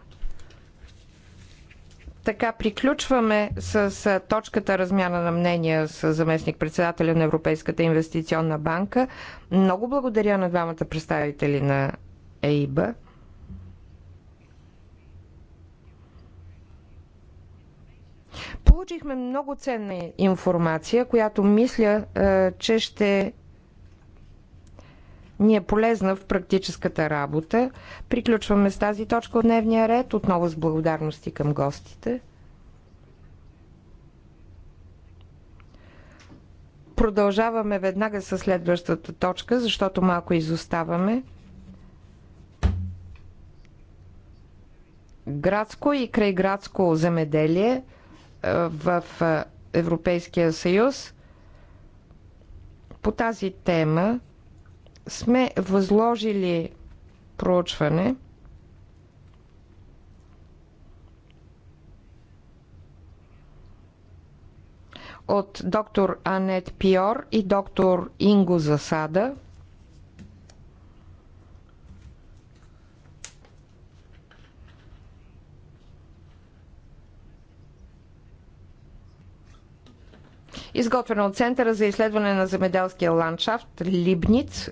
Така приключваме с точката размяна на мнения с заместник председателя на Европейската инвестиционна банка. Много благодаря на двамата представители на ЕИБ. Получихме много ценна информация, която мисля, че ще ни е полезна в практическата работа. Приключваме с тази точка от дневния ред. Отново с благодарности към гостите. Продължаваме веднага с следващата точка, защото малко изоставаме. Градско и крайградско земеделие е, в е, Европейския съюз. По тази тема сме възложили проучване от доктор Анет Пиор и доктор Инго Засада – изготвена от Центъра за изследване на земеделския ландшафт Либниц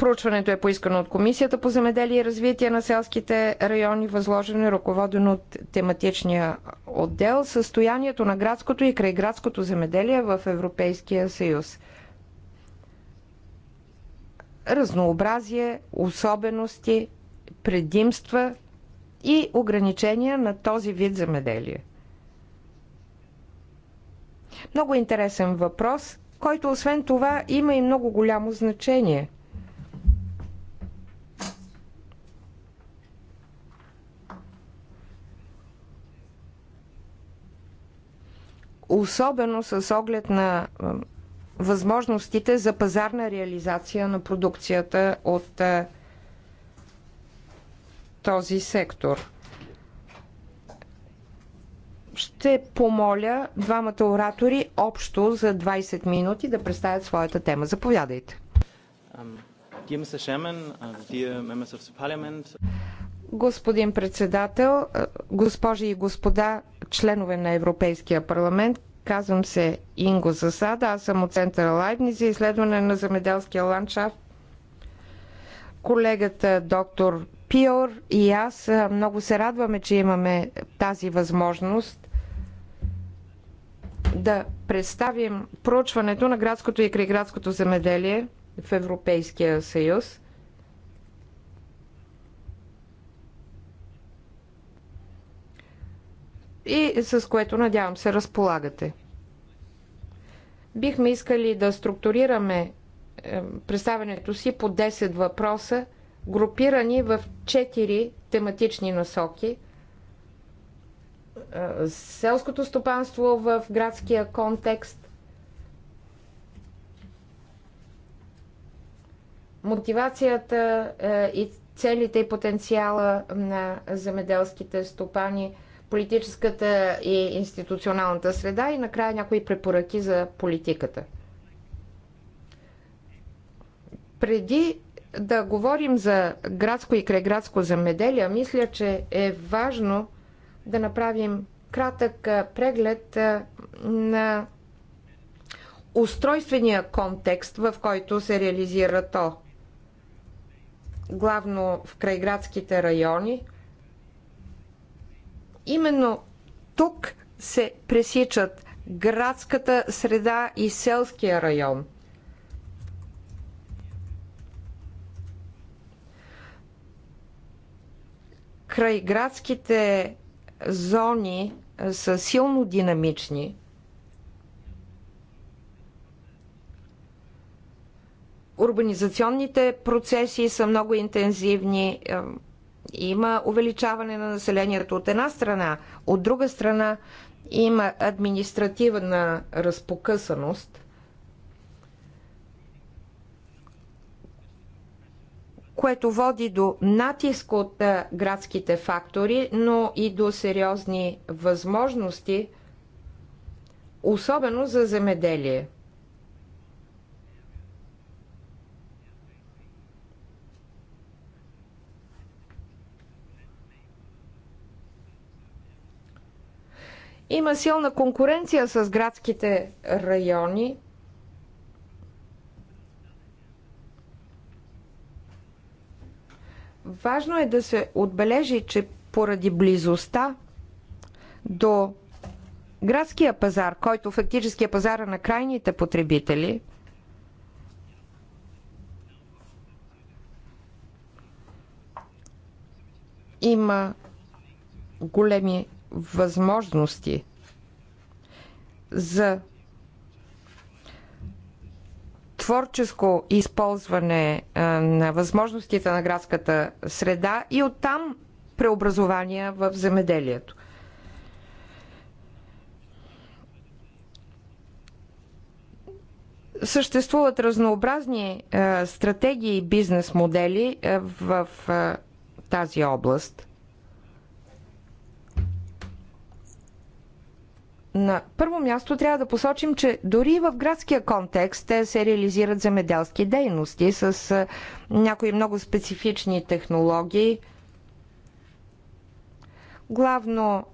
Проучването е поискано от Комисията по земеделие и развитие на селските райони, възложено и ръководено от тематичния отдел Състоянието на градското и крайградското земеделие в Европейския съюз. Разнообразие, особености, предимства и ограничения на този вид земеделие. Много интересен въпрос, който освен това има и много голямо значение – особено с оглед на възможностите за пазарна реализация на продукцията от този сектор. Ще помоля двамата оратори общо за 20 минути да представят своята тема. Заповядайте. Um, Господин председател, е, госпожи и господа, членове на Европейския парламент, казвам се Инго Засада, аз съм от центъра Лайбни за изследване на земеделския ландшафт. Колегата доктор Пиор и аз е, много се радваме, че имаме тази възможност да представим проучването на градското и крайградското земеделие в Европейския съюз. и с което, надявам се, разполагате. Бихме искали да структурираме е, представянето си по 10 въпроса, групирани в 4 тематични насоки. Е, селското стопанство в градския контекст, мотивацията е, и целите и потенциала на земеделските стопани – политическата и институционалната среда и накрая някои препоръки за политиката. Преди да говорим за градско и крайградско земеделие, мисля, че е важно да направим кратък преглед на устройствения контекст, в който се реализира то. Главно в крайградските райони – Именно тук се пресичат градската среда и селския район. Крайградските зони е, са силно динамични. Урбанизационните процеси са много интензивни. Има увеличаване на населението от една страна, от друга страна има административна разпокъсаност, което води до натиск от градските фактори, но и до сериозни възможности, особено за земеделие. Има силна конкуренция с градските райони. Важно е да се отбележи, че поради близостта до градския пазар, който фактически е пазара на крайните потребители, има големи възможности за творческо използване на възможностите на градската среда и оттам преобразования в земеделието. Съществуват разнообразни стратегии и бизнес модели в тази област – На първо място трябва да посочим, че дори в градския контекст те се реализират земеделски дейности с някои много специфични технологии, главно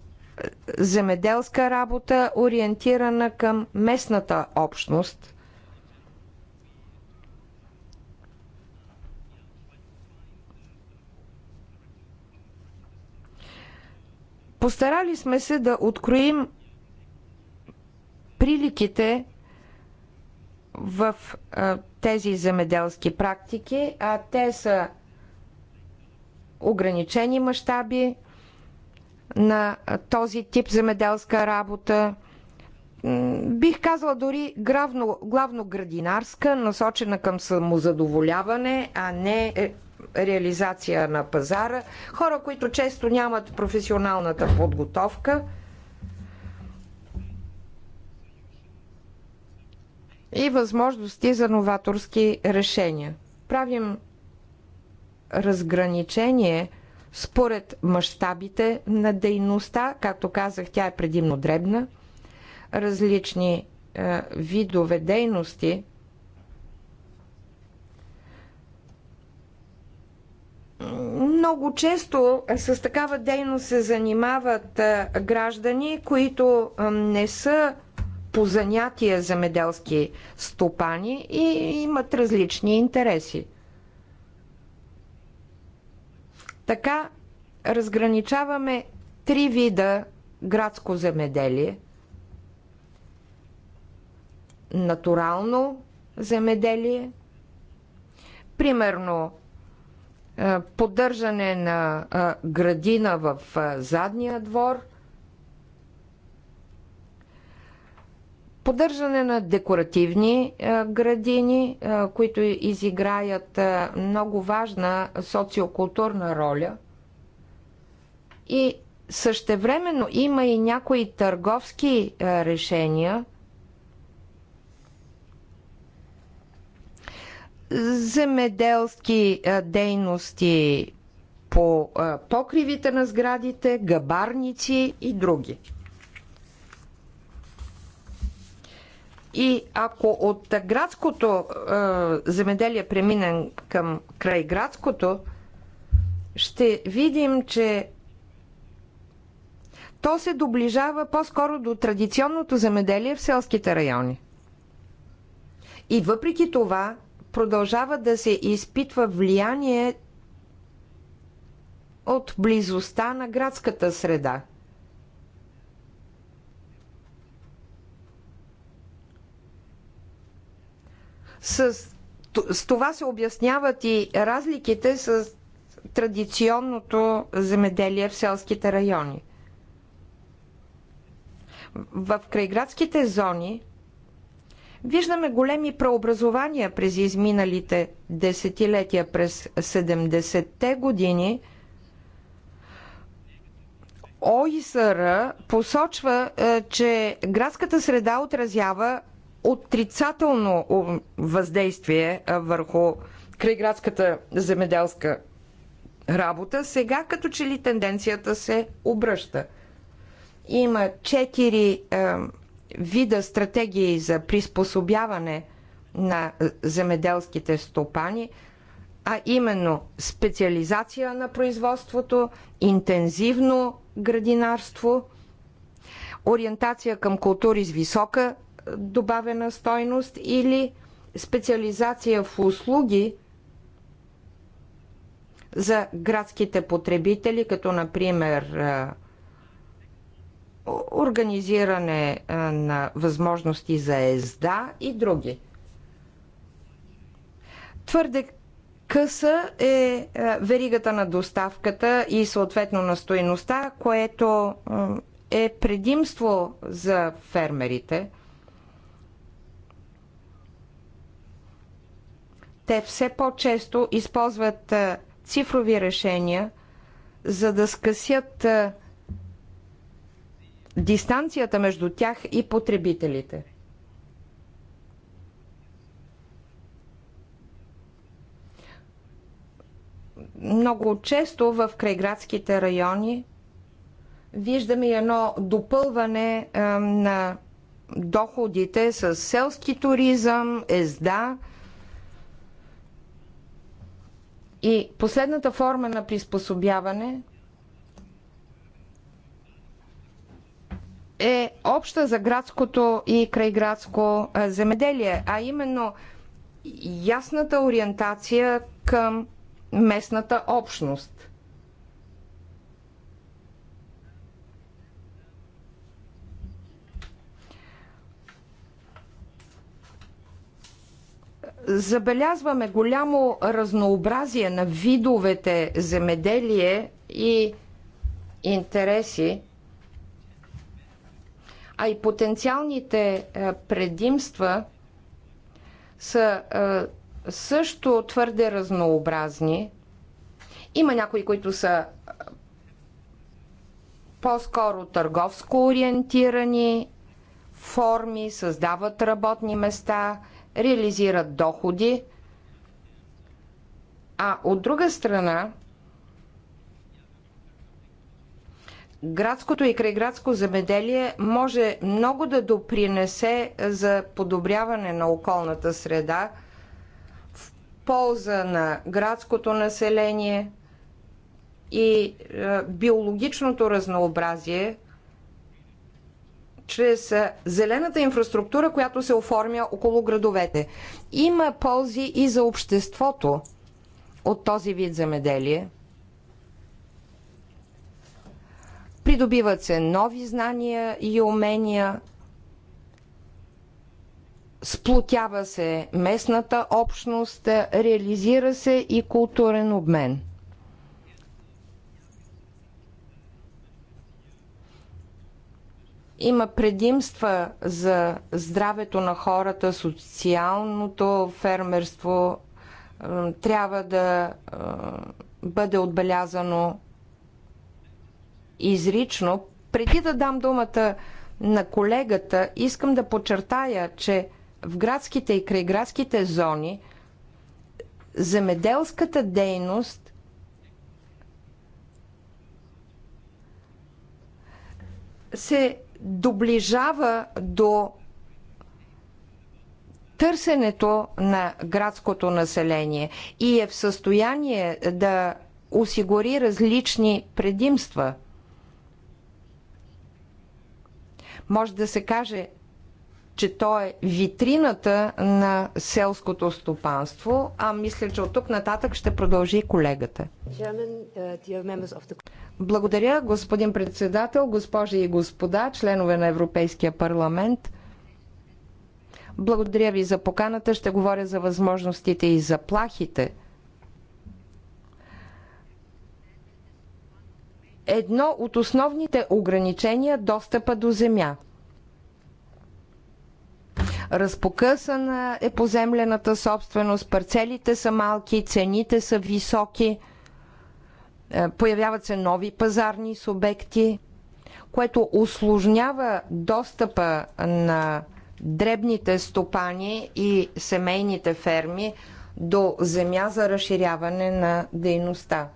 земеделска работа, ориентирана към местната общност. Постарали сме се да откроим приликите в а, тези земеделски практики, а те са ограничени мащаби на този тип земеделска работа. Бих казала дори главно, главно градинарска, насочена към самозадоволяване, а не е, реализация на пазара. Хора, които често нямат професионалната подготовка – и възможности за новаторски решения. Правим разграничение според мащабите на дейността. Както казах, тя е предимно дребна. Различни е, видове дейности много често с такава дейност се занимават е, граждани, които е, не са по занятия земеделски стопани и имат различни интереси. Така разграничаваме три вида градско земеделие. Натурално земеделие, примерно е, поддържане на е, градина в е, задния двор – поддържане на декоративни е, градини, е, които изиграят е, много важна социокултурна роля. И същевременно има и някои търговски решения, земеделски дейности по покривите на сградите, габарници и други. И ако от градското е, земеделие преминем към крайградското, ще видим, че то се доближава по-скоро до традиционното земеделие в селските райони. И въпреки това продължава да се изпитва влияние от близостта на градската среда – С, с това се обясняват и разликите с традиционното земеделие в селските райони. В крайградските зони виждаме големи преобразования през изминалите десетилетия, през 70-те години. ОИСР посочва, е, че градската среда отразява отрицателно въздействие върху крайградската земеделска работа, сега като че ли тенденцията се обръща. Има четири е, вида стратегии за приспособяване на земеделските стопани, а именно специализация на производството, интензивно градинарство, ориентация към култури с висока добавена стойност или специализация в услуги за градските потребители, като например организиране на възможности за езда и други. Твърде къса е веригата на доставката и съответно на стоеността, което е предимство за фермерите – те все по-често използват цифрови решения, за да скъсят дистанцията между тях и потребителите. Много често в крайградските райони виждаме едно допълване на доходите с селски туризъм, езда, И последната форма на приспособяване е обща за градското и крайградско земеделие, а именно ясната ориентация към местната общност. Забелязваме голямо разнообразие на видовете земеделие и интереси, а и потенциалните е, предимства са е, също твърде разнообразни. Има някои, които са е, по-скоро търговско ориентирани форми, създават работни места – реализират доходи, а от друга страна градското и крайградско земеделие може много да допринесе за подобряване на околната среда в полза на градското население и е, биологичното разнообразие, чрез зелената инфраструктура, която се оформя около градовете. Има ползи и за обществото от този вид земеделие. Придобиват се нови знания и умения, сплотява се местната общност, реализира се и културен обмен. има предимства за здравето на хората, социалното фермерство трябва да бъде отбелязано изрично. Преди да дам думата на колегата, искам да подчертая, че в градските и крайградските зони земеделската дейност се доближава до търсенето на градското население и е в състояние да осигури различни предимства. Може да се каже, че то е витрината на селското стопанство, а мисля, че от тук нататък ще продължи колегата. Uh, благодаря, господин председател, госпожи и господа, членове на Европейския парламент. Благодаря ви за поканата. Ще говоря за възможностите и заплахите. Едно от основните ограничения е достъпа до земя. Разпокъсана е поземлената собственост, парцелите са малки, цените са високи – е, появяват се нови пазарни субекти, което усложнява достъпа на дребните стопани и семейните ферми до земя за разширяване на дейността.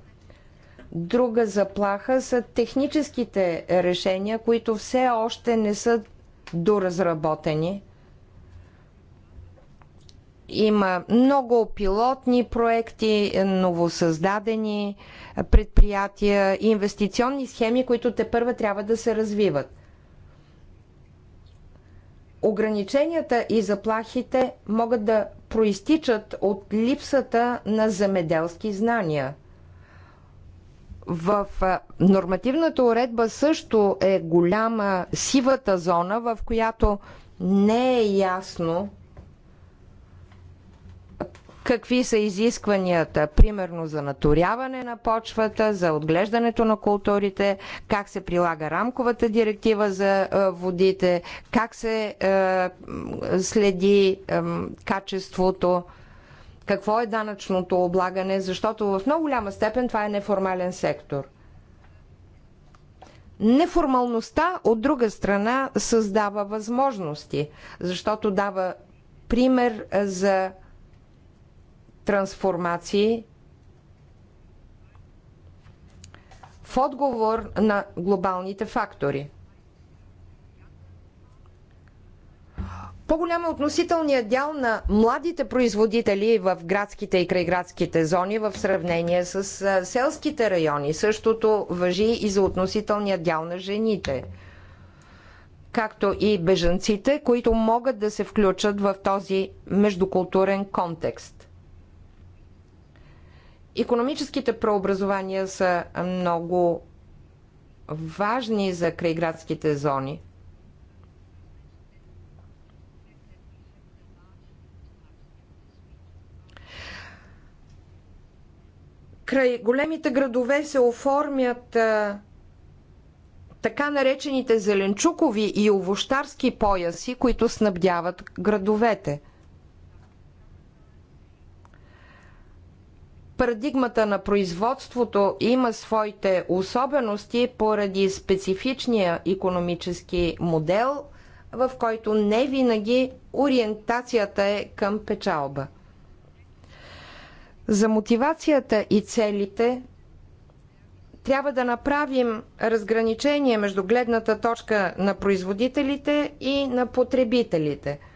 Друга заплаха са техническите решения, които все още не са доразработени има много пилотни проекти, новосъздадени предприятия, инвестиционни схеми, които те първа трябва да се развиват. Ограниченията и заплахите могат да проистичат от липсата на земеделски знания. В нормативната уредба също е голяма сивата зона, в която не е ясно какви са изискванията, примерно за наторяване на почвата, за отглеждането на културите, как се прилага рамковата директива за е, водите, как се е, следи е, качеството, какво е данъчното облагане, защото в много голяма степен това е неформален сектор. Неформалността, от друга страна, създава възможности, защото дава пример за трансформации в отговор на глобалните фактори. По-голям е относителният дял на младите производители в градските и крайградските зони в сравнение с селските райони. Същото въжи и за относителния дял на жените, както и бежанците, които могат да се включат в този междукултурен контекст. Економическите преобразования са много важни за крайградските зони. Край големите градове се оформят а, така наречените зеленчукови и овощарски пояси, които снабдяват градовете – Парадигмата на производството има своите особености поради специфичния економически модел, в който не винаги ориентацията е към печалба. За мотивацията и целите трябва да направим разграничение между гледната точка на производителите и на потребителите –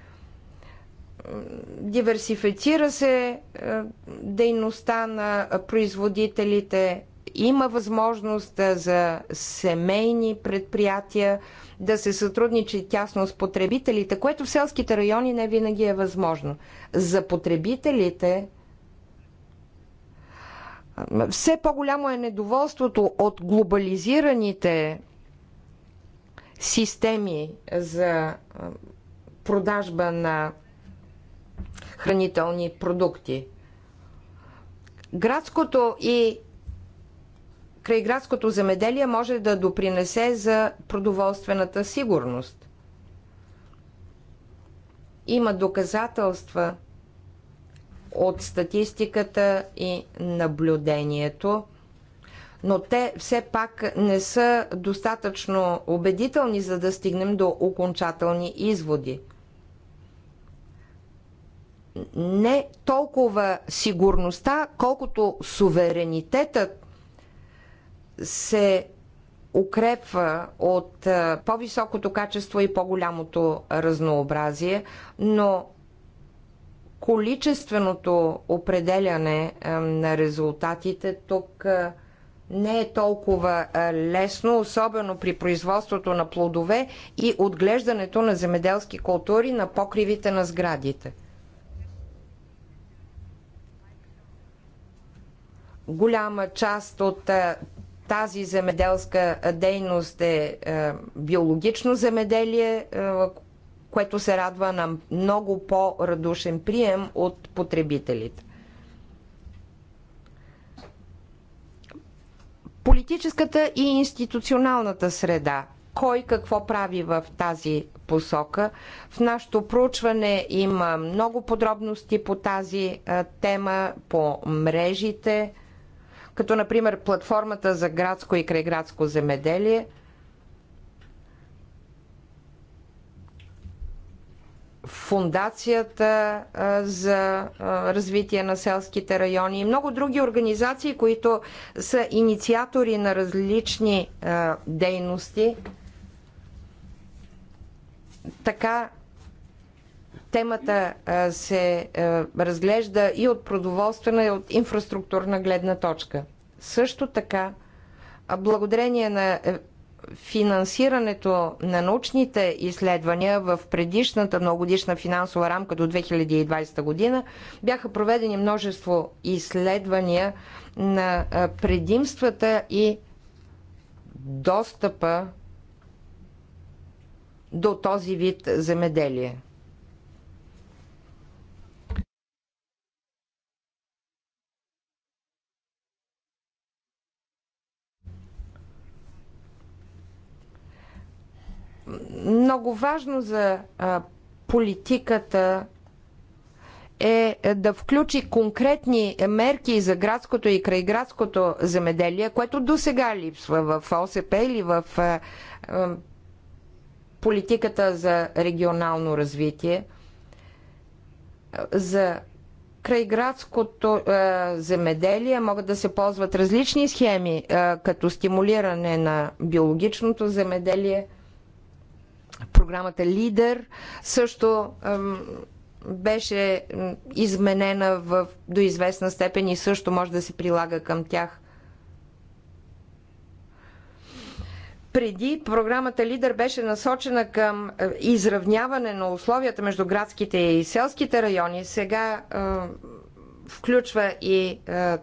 диверсифицира се е, дейността на производителите, има възможност е, за семейни предприятия да се сътрудничи тясно с потребителите, което в селските райони не винаги е възможно. За потребителите е, все по-голямо е недоволството от глобализираните системи за продажба на хранителни продукти. Градското и крайградското земеделие може да допринесе за продоволствената сигурност. Има доказателства от статистиката и наблюдението, но те все пак не са достатъчно убедителни, за да стигнем до окончателни изводи – не толкова сигурността, колкото суверенитетът се укрепва от по-високото качество и по-голямото разнообразие, но количественото определяне на резултатите тук не е толкова лесно, особено при производството на плодове и отглеждането на земеделски култури на покривите на сградите. Голяма част от е, тази земеделска дейност е, е биологично земеделие, е, което се радва на много по-радушен прием от потребителите. Политическата и институционалната среда. Кой какво прави в тази посока? В нашето проучване има много подробности по тази тема, по мрежите, като например платформата за градско и крайградско земеделие, Фундацията за развитие на селските райони и много други организации, които са инициатори на различни дейности. Така темата се разглежда и от продоволствена, и от инфраструктурна гледна точка. Също така, благодарение на е, финансирането на научните изследвания в предишната многодишна финансова рамка до 2020 година бяха проведени множество изследвания на предимствата и достъпа до този вид земеделие. много важно за политиката е, е да включи конкретни мерки за градското и крайградското земеделие, което до сега липсва в ОСП или в политиката за регионално развитие. За крайградското а, земеделие могат да се ползват различни схеми, а, като стимулиране на биологичното земеделие, Програмата Лидер също беше изменена в, до известна степен и също може да се прилага към тях. Преди програмата Лидер беше насочена към е, изравняване на условията между градските и селските райони. Сега е, включва и е,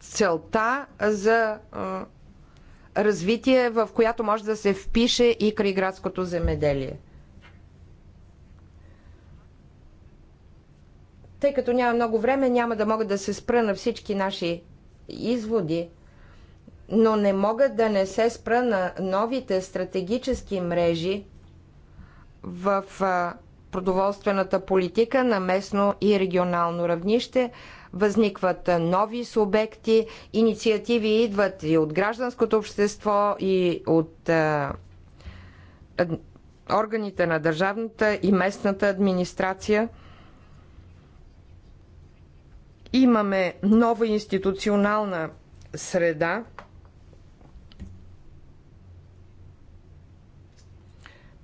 целта за е, развитие, в която може да се впише и крайградското земеделие. Тъй като няма много време, няма да мога да се спра на всички наши изводи, но не мога да не се спра на новите стратегически мрежи в продоволствената политика на местно и регионално равнище – възникват нови субекти, инициативи идват и от гражданското общество, и от а, ад, органите на държавната и местната администрация. Имаме нова институционална среда,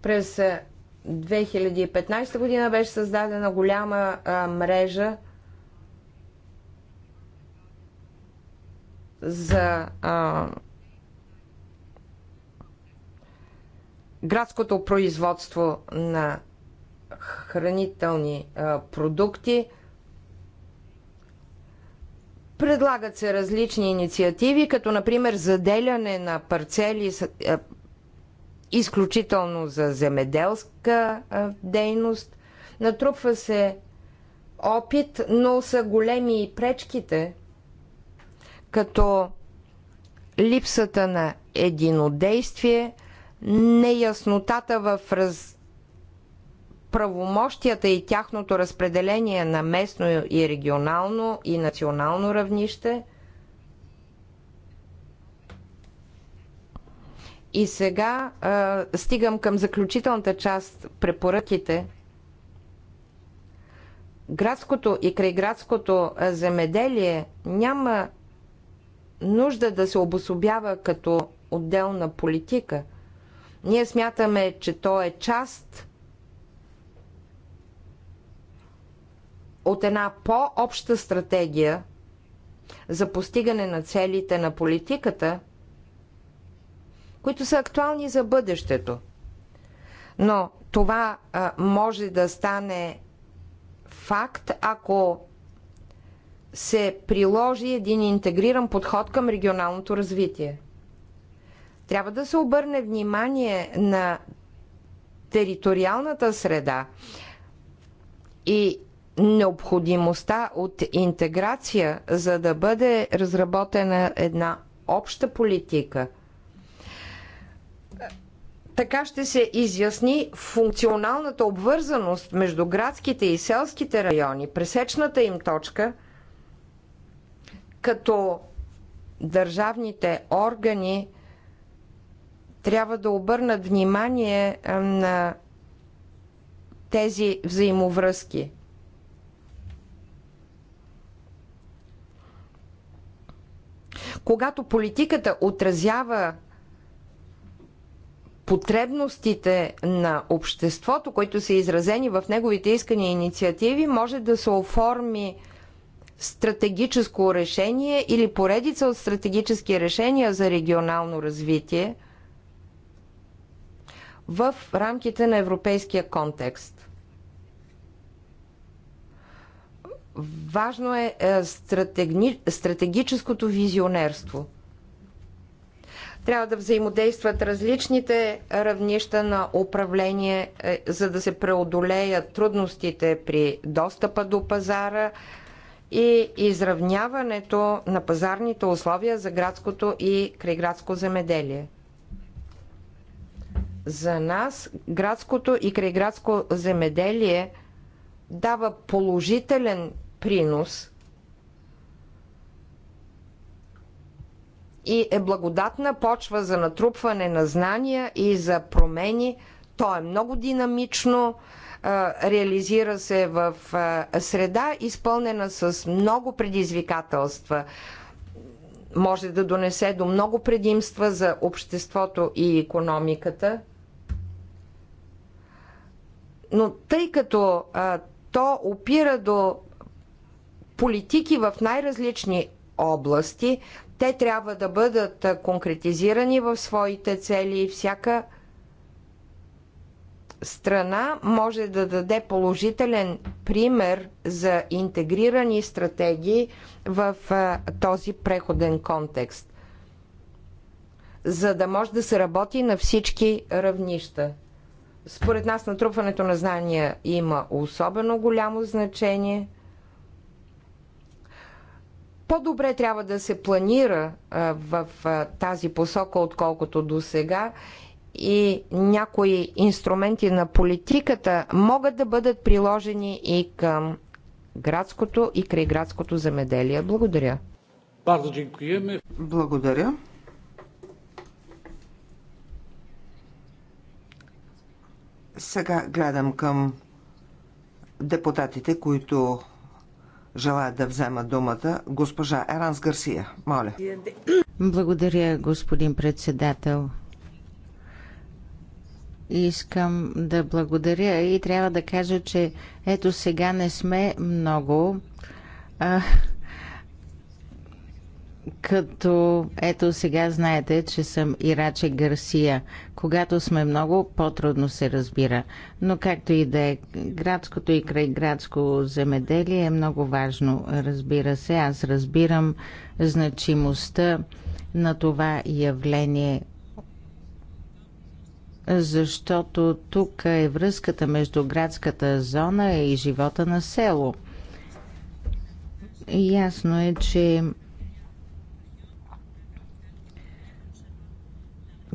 през 2015 година беше създадена голяма а, мрежа за а, градското производство на хранителни а, продукти. Предлагат се различни инициативи, като например заделяне на парцели а, изключително за земеделска а, дейност. Натрупва се опит, но са големи и пречките – като липсата на единодействие, неяснотата в раз... правомощията и тяхното разпределение на местно и регионално и национално равнище. И сега а, стигам към заключителната част препоръките. Градското и крайградското земеделие няма нужда да се обособява като отделна политика. Ние смятаме, че то е част от една по-обща стратегия за постигане на целите на политиката, които са актуални за бъдещето. Но това а, може да стане факт, ако се приложи един интегриран подход към регионалното развитие. Трябва да се обърне внимание на териториалната среда и необходимостта от интеграция, за да бъде разработена една обща политика. Така ще се изясни функционалната обвързаност между градските и селските райони, пресечната им точка – като държавните органи трябва да обърнат внимание на тези взаимовръзки. Когато политиката отразява потребностите на обществото, които са изразени в неговите искани и инициативи, може да се оформи стратегическо решение или поредица от стратегически решения за регионално развитие в рамките на европейския контекст. Важно е, е стратегическото визионерство. Трябва да взаимодействат различните равнища на управление, е, за да се преодолеят трудностите при достъпа до пазара, и изравняването на пазарните условия за градското и крайградско земеделие. За нас градското и крайградско земеделие дава положителен принос и е благодатна почва за натрупване на знания и за промени. То е много динамично, реализира се в среда, изпълнена с много предизвикателства. Може да донесе до много предимства за обществото и економиката. Но тъй като а, то опира до политики в най-различни области, те трябва да бъдат конкретизирани в своите цели и всяка страна може да даде положителен пример за интегрирани стратегии в този преходен контекст, за да може да се работи на всички равнища. Според нас натрупването на знания има особено голямо значение. По-добре трябва да се планира в тази посока, отколкото до сега и някои инструменти на политиката могат да бъдат приложени и към градското и крайградското земеделие. Благодаря. Благодаря. Сега гледам към депутатите, които желаят да вземат думата. Госпожа Еранс Гарсия, моля. Благодаря, господин председател. Искам да благодаря и трябва да кажа, че ето сега не сме много. А, като ето сега знаете, че съм Ираче Гарсия. Когато сме много, по-трудно се разбира. Но както и да е, градското и крайградско земеделие е много важно. Разбира се, аз разбирам значимостта на това явление защото тук е връзката между градската зона и живота на село. Ясно е, че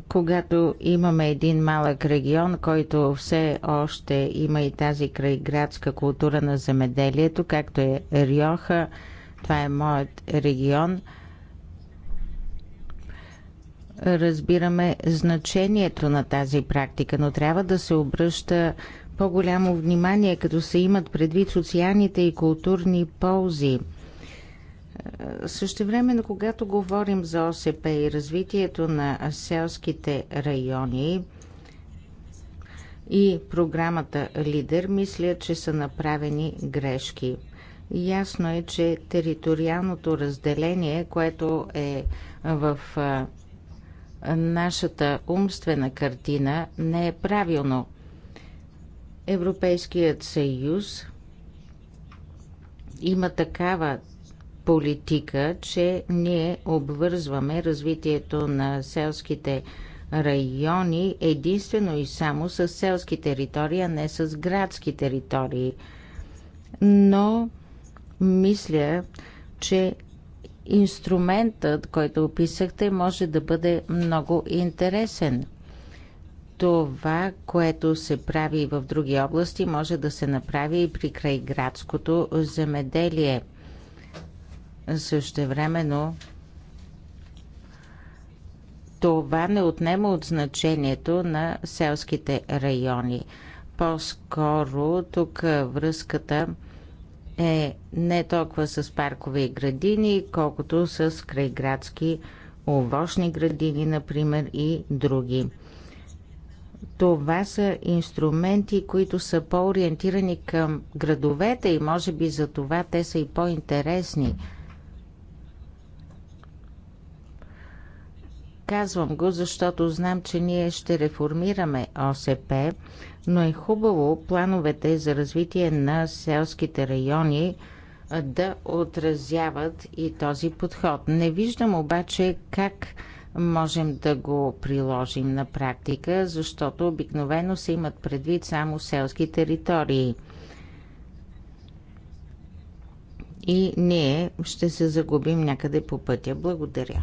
когато имаме един малък регион, който все още има и тази крайградска култура на земеделието, както е Риоха, това е моят регион – разбираме значението на тази практика, но трябва да се обръща по-голямо внимание, като се имат предвид социалните и културни ползи. Е, Също време, когато говорим за ОСП и развитието на селските райони и програмата Лидер, мисля, че са направени грешки. Ясно е, че териториалното разделение, което е в е, нашата умствена картина не е правилно. Европейският съюз има такава политика, че ние обвързваме развитието на селските райони единствено и само с селски територии, а не с градски територии. Но мисля, че инструментът, който описахте, може да бъде много интересен. Това, което се прави и в други области, може да се направи и при крайградското земеделие. Същевременно, това не отнема от значението на селските райони. По-скоро тук връзката е не толкова с паркове и градини, колкото с крайградски овощни градини, например, и други. Това са инструменти, които са по-ориентирани към градовете и може би за това те са и по-интересни. Казвам го, защото знам, че ние ще реформираме ОСП, но е хубаво плановете за развитие на селските райони да отразяват и този подход. Не виждам обаче как можем да го приложим на практика, защото обикновено се имат предвид само селски територии. И ние ще се загубим някъде по пътя. Благодаря.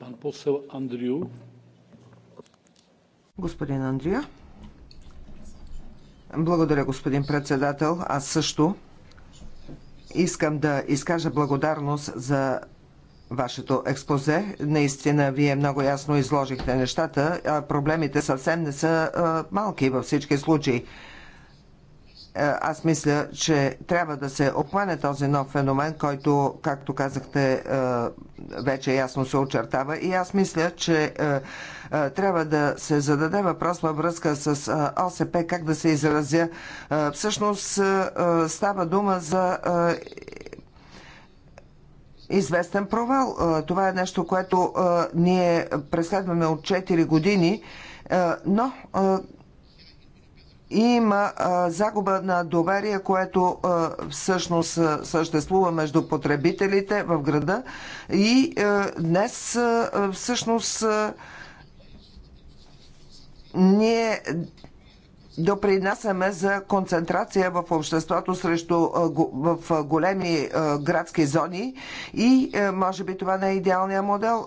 Пан посел Андрю. Господин Андрия. Благодаря, господин председател. Аз също искам да изкажа благодарност за вашето експозе. Наистина, вие много ясно изложихте нещата. А проблемите съвсем не са а, малки във всички случаи. Е, аз мисля, че трябва да се обхване този нов феномен, който, както казахте, е, вече ясно се очертава. И аз мисля, че е, трябва да се зададе въпрос във връзка с ОСП, как да се изразя. Всъщност става дума за известен провал. Това е нещо, което ние преследваме от 4 години, но има загуба на доверие, което всъщност съществува между потребителите в града и днес всъщност ние допринасяме за концентрация в обществото срещу, в големи градски зони и може би това не е идеалният модел.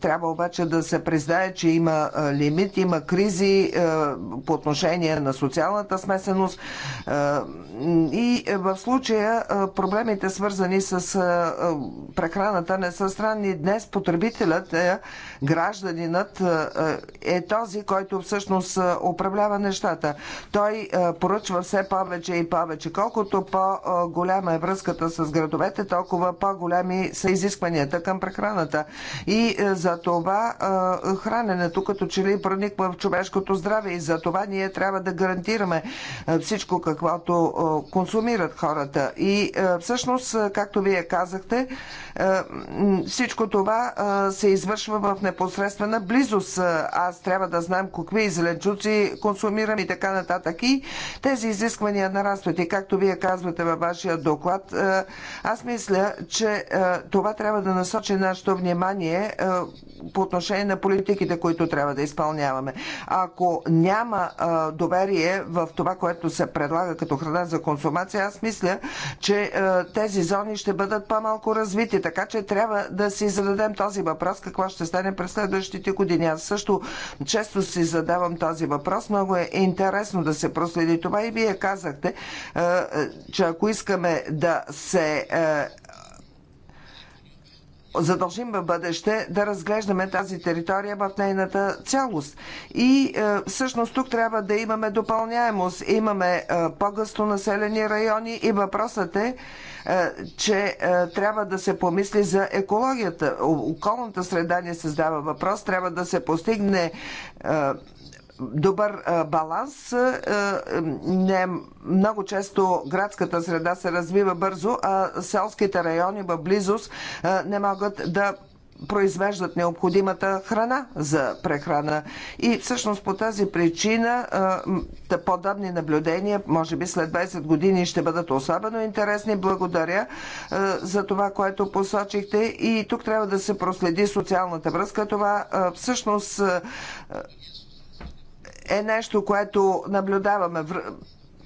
Трябва обаче да се признае, че има лимит, има кризи по отношение на социалната смесеност и в случая проблемите свързани с прехраната не са странни. Днес потребителят, е гражданинът е този, който всъщност управлява нещата нещата. Той е, поръчва все повече и повече. Колкото по-голяма е връзката с градовете, толкова по-големи са изискванията към прехраната. И е, за това е, храненето като че ли прониква в човешкото здраве и за това ние трябва да гарантираме всичко каквото консумират хората. И всъщност, както вие казахте, всичко това се извършва в непосредствена близост. Аз трябва да знам какви зеленчуци консумирам и така така нататък. И тези изисквания нарастват и както вие казвате във вашия доклад, е, аз мисля, че е, това трябва да насочи нашето внимание е, по отношение на политиките, които трябва да изпълняваме. Ако няма доверие в това, което се предлага като храна за консумация, аз мисля, че тези зони ще бъдат по-малко развити. Така че трябва да си зададем този въпрос, какво ще стане през следващите години. Аз също често си задавам този въпрос. Много е интересно интересно да се проследи това и вие казахте, е, е, че ако искаме да се е, задължим в бъдеще да разглеждаме тази територия в нейната цялост. И е, всъщност тук трябва да имаме допълняемост. Имаме е, по-гъсто населени райони и въпросът е, че е, трябва да се помисли за екологията. Околната среда ни създава въпрос. Трябва да се постигне е, добър баланс. Не, много често градската среда се развива бързо, а селските райони в близост не могат да произвеждат необходимата храна за прехрана. И всъщност по тази причина подобни наблюдения, може би след 20 години, ще бъдат особено интересни. Благодаря за това, което посочихте. И тук трябва да се проследи социалната връзка. Това всъщност е нещо, което наблюдаваме.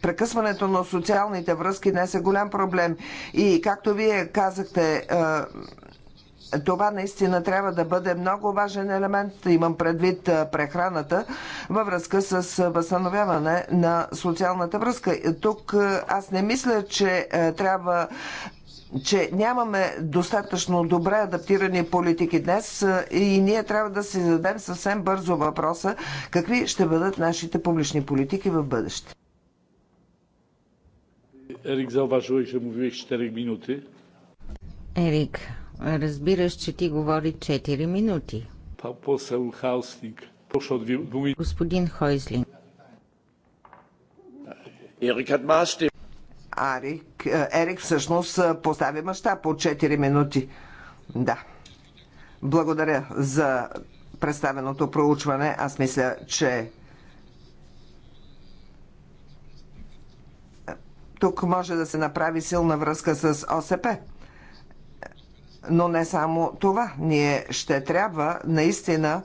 Прекъсването на социалните връзки днес е голям проблем. И както вие казахте, е, това наистина трябва да бъде много важен елемент, имам предвид е, прехраната, във връзка с е, възстановяване на социалната връзка. Тук аз не мисля, че трябва че нямаме достатъчно добре адаптирани политики днес е, и ние трябва да си зададем съвсем бързо въпроса какви ще бъдат нашите публични политики в бъдеще. Ерик, заобачувай, че мових 4 минути. Ерик, разбираш, че ти говори 4 минути. Посел Хаустинг. Господин Хойзлинг. Ерик hat Арик, Ерик всъщност постави мащаб от 4 минути. Да. Благодаря за представеното проучване. Аз мисля, че тук може да се направи силна връзка с ОСП. Но не само това. Ние ще трябва наистина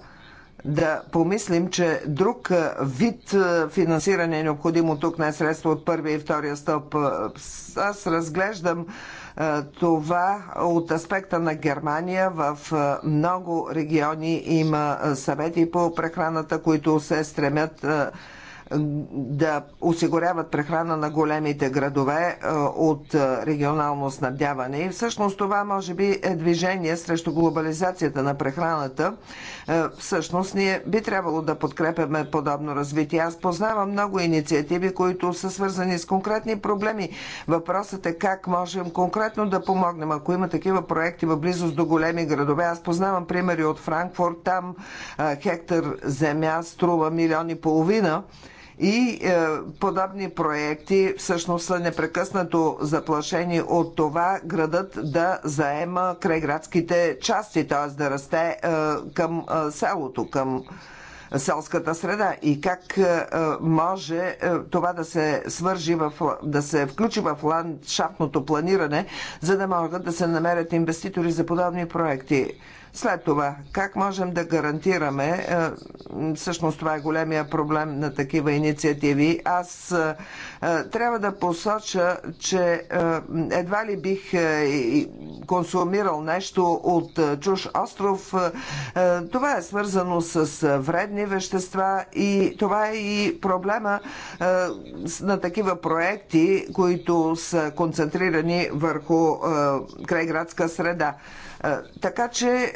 да помислим, че друг вид финансиране е необходимо тук, не е средство от първия и втория стълб. Аз разглеждам това от аспекта на Германия в много региони има съвети по прехраната, които се стремят да осигуряват прехрана на големите градове е, от е, регионално снабдяване. И всъщност това може би е движение срещу глобализацията на прехраната. Е, всъщност ние би трябвало да подкрепяме подобно развитие. Аз познавам много инициативи, които са свързани с конкретни проблеми. Въпросът е как можем конкретно да помогнем. Ако има такива проекти в близост до големи градове, аз познавам примери от Франкфурт, там хектар земя струва милион и половина. И е, подобни проекти всъщност са непрекъснато заплашени от това градът да заема крайградските части, т.е. да расте е, към е, селото, към селската среда и как е, е, може е, това да се свържи в, да се включи в ландшафтното планиране, за да могат да се намерят инвеститори за подобни проекти. След това, как можем да гарантираме, е, всъщност това е големия проблем на такива инициативи, аз е, е, трябва да посоча, че едва ли бих консумирал нещо от чуш остров. Това е свързано с вредни вещества и това е и проблема на такива проекти, които са концентрирани върху крайградска среда. Е, така че, е,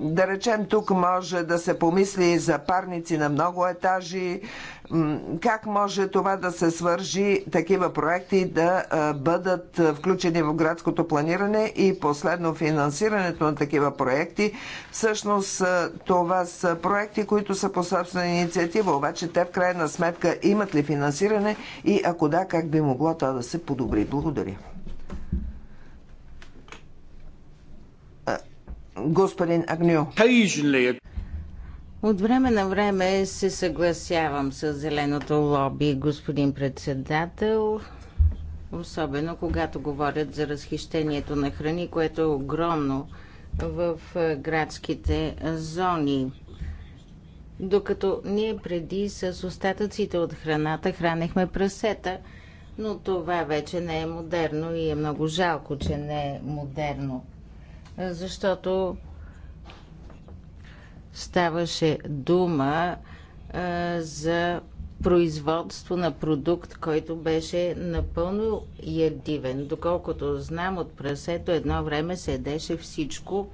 да речем, тук може да се помисли за парници на много етажи, как може това да се свържи, такива проекти да е, бъдат включени в градското планиране и последно финансирането на такива проекти. Всъщност това са проекти, които са по собствена инициатива, обаче те в крайна сметка имат ли финансиране и ако да, как би могло това да се подобри. Благодаря. господин Агню. От време на време се съгласявам с зеленото лоби, господин председател, особено когато говорят за разхищението на храни, което е огромно в е, градските зони. Докато ние преди с остатъците от храната хранехме прасета, но това вече не е модерно и е много жалко, че не е модерно защото ставаше дума а, за производство на продукт, който беше напълно ядивен. Доколкото знам, от прасето едно време се едеше всичко,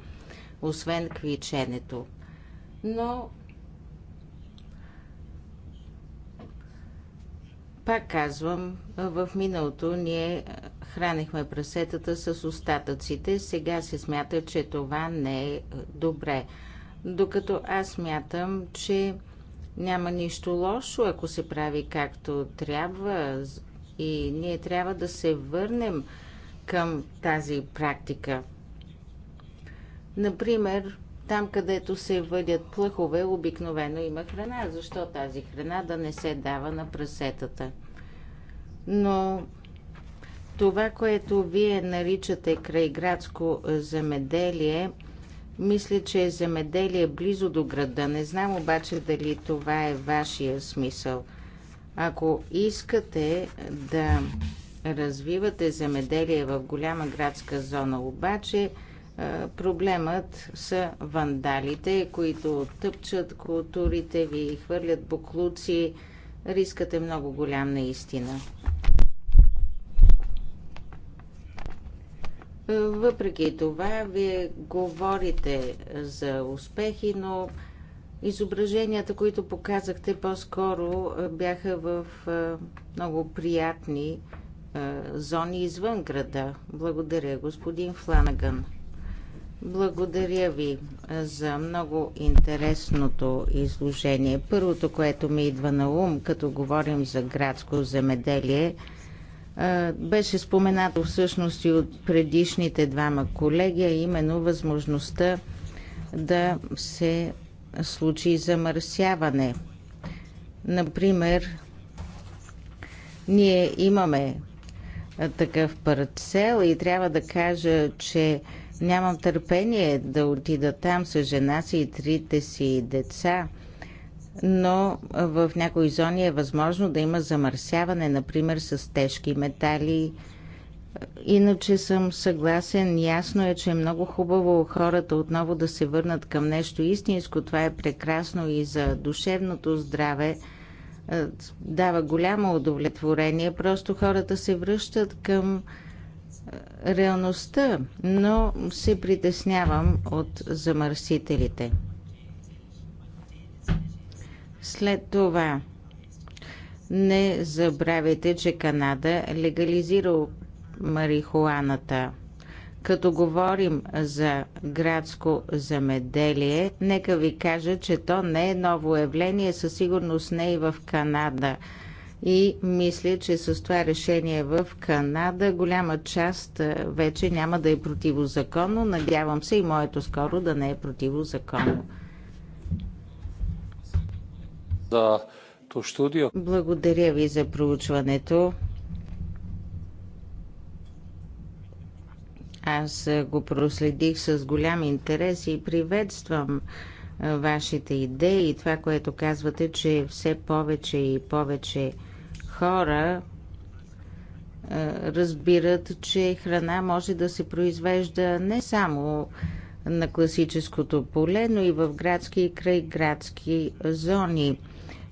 освен квиченето. Но Пак казвам, в миналото ние хранихме прасетата с остатъците, сега се смята, че това не е добре. Докато аз смятам, че няма нищо лошо, ако се прави както трябва и ние трябва да се върнем към тази практика. Например, там, където се въдят плъхове, обикновено има храна. Защо тази храна да не се дава на прасетата? Но това, което вие наричате крайградско земеделие, мисля, че е земеделие близо до града. Не знам обаче дали това е вашия смисъл. Ако искате да развивате земеделие в голяма градска зона, обаче, Проблемът са вандалите, които тъпчат културите ви, хвърлят буклуци. Рискът е много голям наистина. Въпреки това, вие говорите за успехи, но изображенията, които показахте по-скоро, бяха в много приятни зони извън града. Благодаря, господин Фланаган. Благодаря ви за много интересното изложение. Първото, което ми идва на ум, като говорим за градско земеделие, беше споменато всъщност и от предишните двама колеги, а именно възможността да се случи замърсяване. Например, ние имаме такъв парцел и трябва да кажа, че Нямам търпение да отида там с жена си и трите си деца, но в някои зони е възможно да има замърсяване, например с тежки метали. Иначе съм съгласен. Ясно е, че е много хубаво хората отново да се върнат към нещо истинско. Това е прекрасно и за душевното здраве. Е, дава голямо удовлетворение. Просто хората се връщат към реалността, но се притеснявам от замърсителите. След това, не забравяйте, че Канада легализира марихуаната. Като говорим за градско замеделие, нека ви кажа, че то не е ново явление, със сигурност не и в Канада – и мисля, че с това решение в Канада голяма част вече няма да е противозаконно. Надявам се и моето скоро да не е противозаконно. Да, то студио. Благодаря ви за проучването. Аз го проследих с голям интерес и приветствам вашите идеи и това, което казвате, че все повече и повече хора е, разбират, че храна може да се произвежда не само на класическото поле, но и в градски и крайградски зони.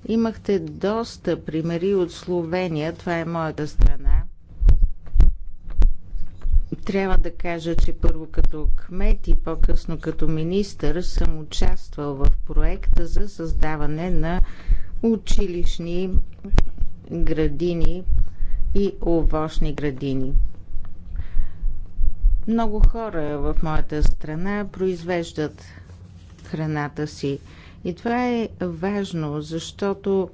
Имахте доста примери от Словения, това е моята страна. Трябва да кажа, че първо като кмет и по-късно като министър съм участвал в проекта за създаване на училищни градини и овощни градини. Много хора в моята страна произвеждат храната си. И това е важно, защото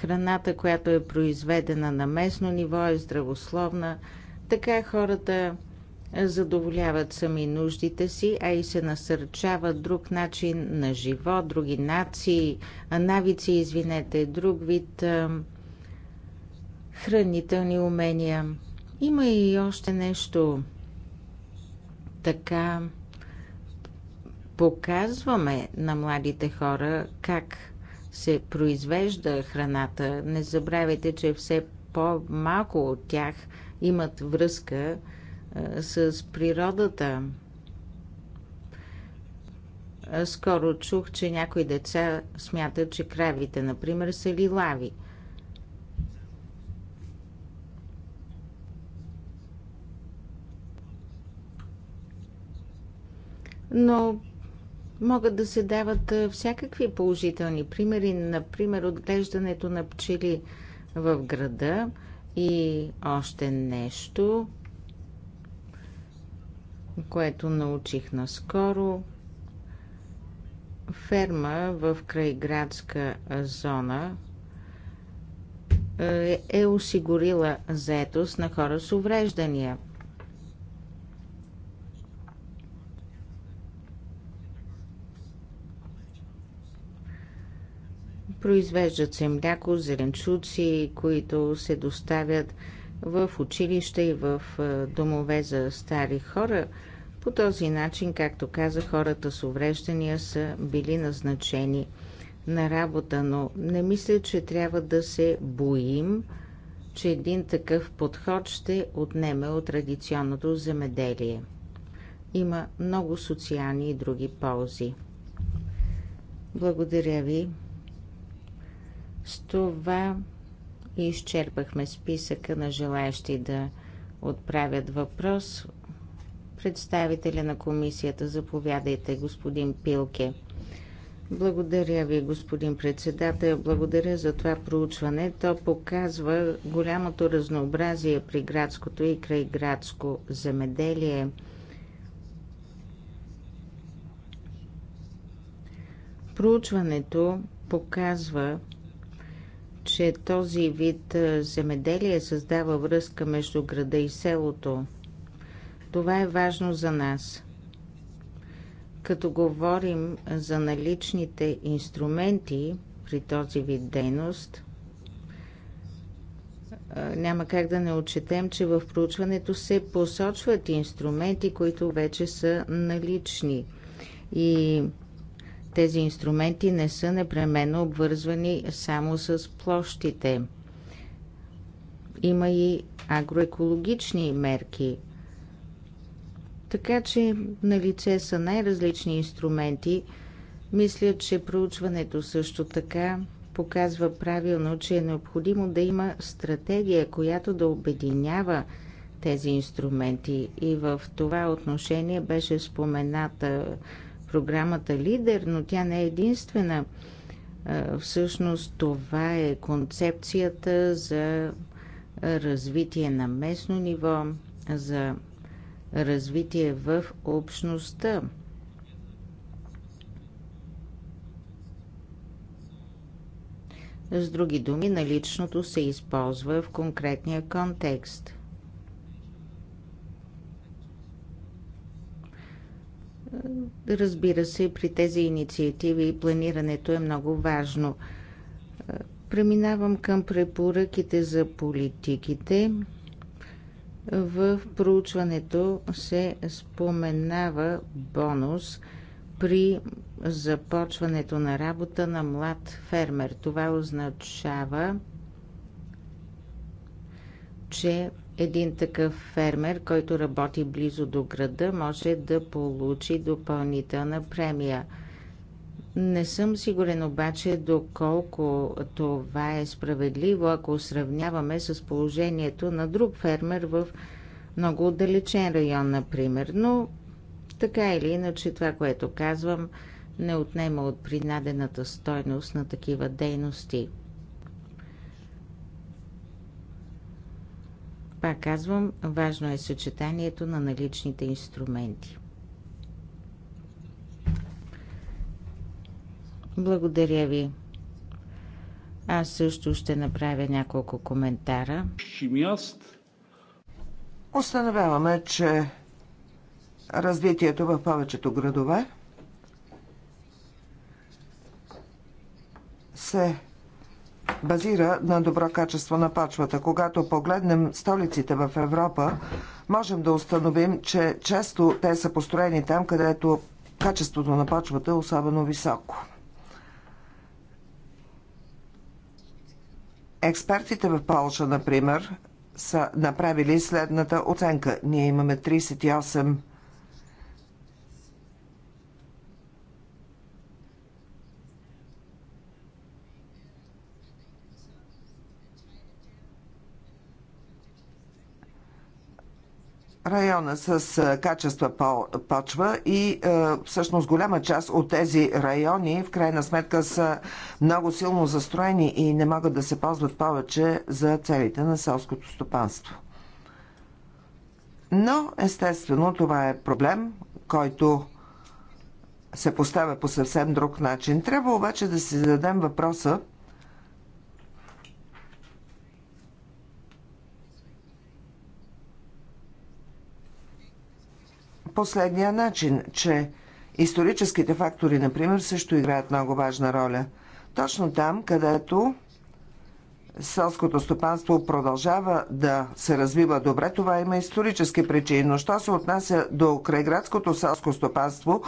храната, която е произведена на местно ниво, е здравословна. Така хората задоволяват сами нуждите си, а и се насърчават друг начин на живот, други нации, навици, извинете, друг вид ам, хранителни умения. Има и още нещо. Така показваме на младите хора как се произвежда храната. Не забравяйте, че все по-малко от тях имат връзка с природата. Скоро чух, че някои деца смятат, че кравите, например, са лилави – но могат да се дават всякакви положителни примери, например отглеждането на пчели в града и още нещо, което научих наскоро. Ферма в крайградска зона е, е осигурила заетост на хора с увреждания – Произвеждат се мляко, зеленчуци, които се доставят в училища и в домове за стари хора. По този начин, както каза, хората с увреждания са били назначени на работа, но не мисля, че трябва да се боим, че един такъв подход ще отнеме от традиционното земеделие. Има много социални и други ползи. Благодаря ви. С това изчерпахме списъка на желаящи да отправят въпрос. Представителя на комисията, заповядайте, господин Пилке. Благодаря ви, господин председател. Благодаря за това проучване. То показва голямото разнообразие при градското и крайградско земеделие. Проучването показва, че този вид земеделие създава връзка между града и селото. Това е важно за нас. Като говорим за наличните инструменти при този вид дейност, няма как да не отчетем, че в проучването се посочват инструменти, които вече са налични. И тези инструменти не са непременно обвързвани само с площите. Има и агроекологични мерки. Така че на лице са най-различни инструменти. Мисля, че проучването също така показва правилно, че е необходимо да има стратегия, която да обединява тези инструменти. И в това отношение беше спомената програмата Лидер, но тя не е единствена. Всъщност това е концепцията за развитие на местно ниво, за развитие в общността. С други думи, наличното се използва в конкретния контекст. Разбира се, при тези инициативи планирането е много важно. Преминавам към препоръките за политиките. В проучването се споменава бонус при започването на работа на млад фермер. Това означава, че един такъв фермер, който работи близо до града, може да получи допълнителна премия. Не съм сигурен обаче доколко това е справедливо, ако сравняваме с положението на друг фермер в много отдалечен район, например. Но така или иначе това, което казвам, не отнема от принадената стойност на такива дейности. Пак казвам, важно е съчетанието на наличните инструменти. Благодаря ви. Аз също ще направя няколко коментара. Установяваме, че развитието в повечето градове се базира на добро качество на почвата. Когато погледнем столиците в Европа, можем да установим, че често те са построени там, където качеството на почвата е особено високо. Експертите в Полша, например, са направили следната оценка. Ние имаме 38 района с качества почва и всъщност голяма част от тези райони в крайна сметка са много силно застроени и не могат да се ползват повече за целите на селското стопанство. Но естествено това е проблем, който се поставя по съвсем друг начин. Трябва обаче да си зададем въпроса – последния начин, че историческите фактори, например, също играят много важна роля. Точно там, където селското стопанство продължава да се развива добре, това има исторически причини. Но що се отнася до крайградското селско стопанство,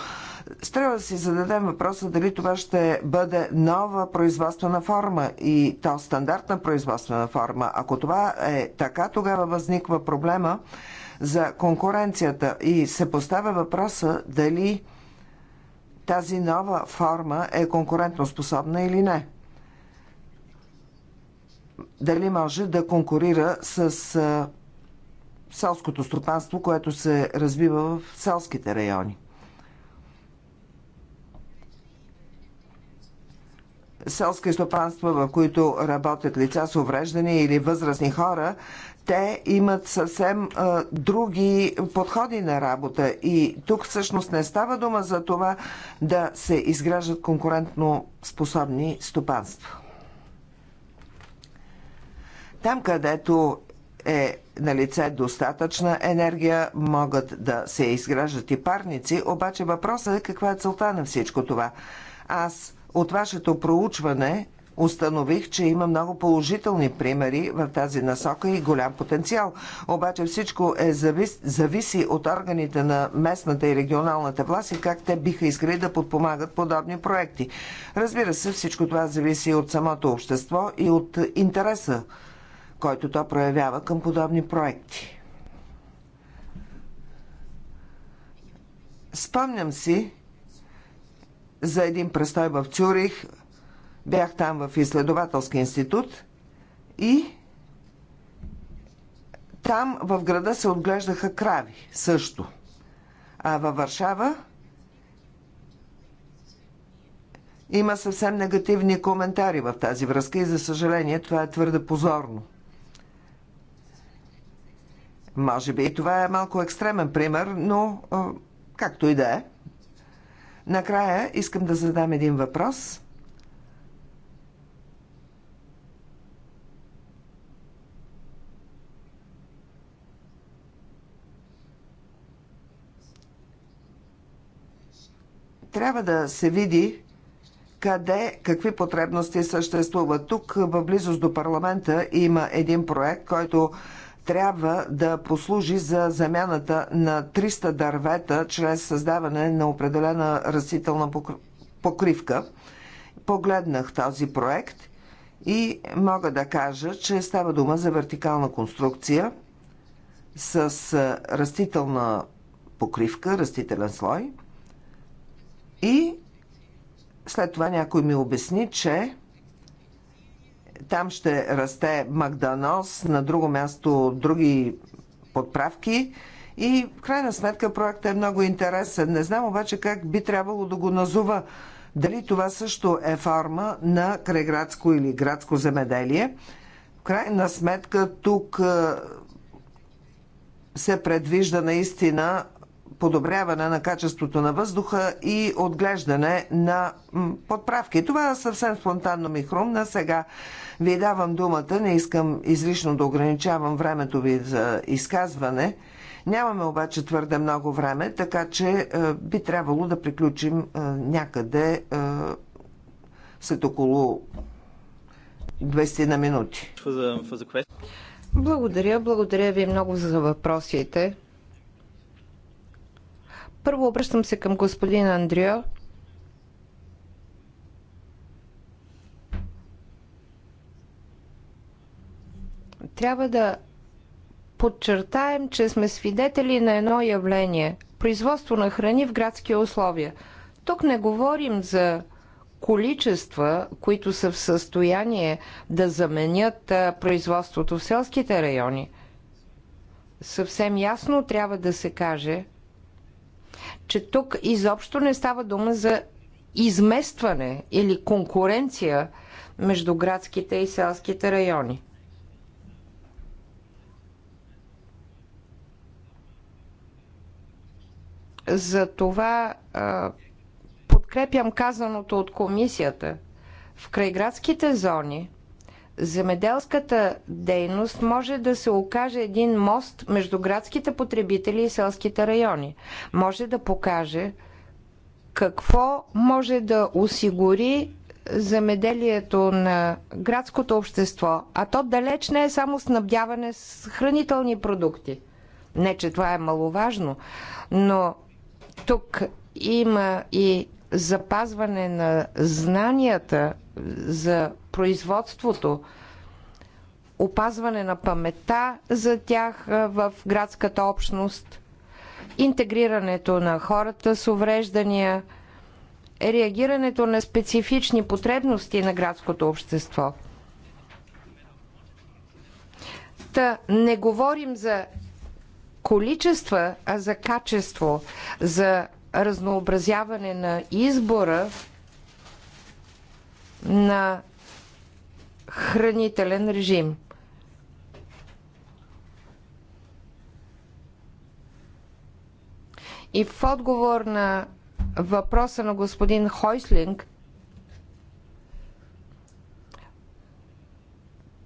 трябва да си зададем въпроса дали това ще бъде нова производствена форма и то стандартна производствена форма. Ако това е така, тогава възниква проблема за конкуренцията и се поставя въпроса дали тази нова форма е конкурентоспособна или не. Дали може да конкурира с селското стопанство, което се развива в селските райони. селски стопанства, в които работят лица с увреждане или възрастни хора, те имат съвсем а, други подходи на работа. И тук всъщност не става дума за това да се изграждат конкурентно способни стопанства. Там, където е на лице достатъчна енергия, могат да се изграждат и парници, обаче въпросът е каква е целта на всичко това. Аз от вашето проучване установих, че има много положителни примери в тази насока и голям потенциал. Обаче всичко е завис, зависи от органите на местната и регионалната власт и как те биха искали да подпомагат подобни проекти. Разбира се, всичко това зависи от самото общество и от интереса, който то проявява към подобни проекти. Спомням си за един престой в Цюрих, Бях там в изследователски институт и там в града се отглеждаха крави също. А във Варшава има съвсем негативни коментари в тази връзка и за съжаление това е твърде позорно. Може би и това е малко екстремен пример, но както и да е. Накрая искам да задам един въпрос – Трябва да се види къде, какви потребности съществуват. Тук в близост до парламента има един проект, който трябва да послужи за замяната на 300 дървета чрез създаване на определена растителна покривка. Погледнах този проект и мога да кажа, че става дума за вертикална конструкция с растителна покривка, растителен слой – и след това някой ми обясни, че там ще расте магданос, на друго място други подправки. И в крайна сметка проектът е много интересен. Не знам обаче как би трябвало да го назова. Дали това също е форма на крайградско или градско земеделие. В крайна сметка тук се предвижда наистина подобряване на качеството на въздуха и отглеждане на подправки. Това е съвсем спонтанно ми хрумна. Сега ви давам думата. Не искам излишно да ограничавам времето ви за изказване. Нямаме обаче твърде много време, така че е, би трябвало да приключим е, някъде е, след около 20 на минути. Благодаря, благодаря ви много за въпросите. Първо обръщам се към господин Андрио. Трябва да подчертаем, че сме свидетели на едно явление – производство на храни в градски условия. Тук не говорим за количества, които са в състояние да заменят производството в селските райони. Съвсем ясно трябва да се каже – че тук изобщо не става дума за изместване или конкуренция между градските и селските райони. За това подкрепям казаното от комисията. В крайградските зони земеделската дейност може да се окаже един мост между градските потребители и селските райони. Може да покаже какво може да осигури земеделието на градското общество, а то далеч не е само снабдяване с хранителни продукти. Не, че това е маловажно, но тук има и запазване на знанията за производството, опазване на памета за тях в градската общност, интегрирането на хората с увреждания, реагирането на специфични потребности на градското общество. Та не говорим за количества, а за качество, за разнообразяване на избора на хранителен режим. И в отговор на въпроса на господин Хойслинг,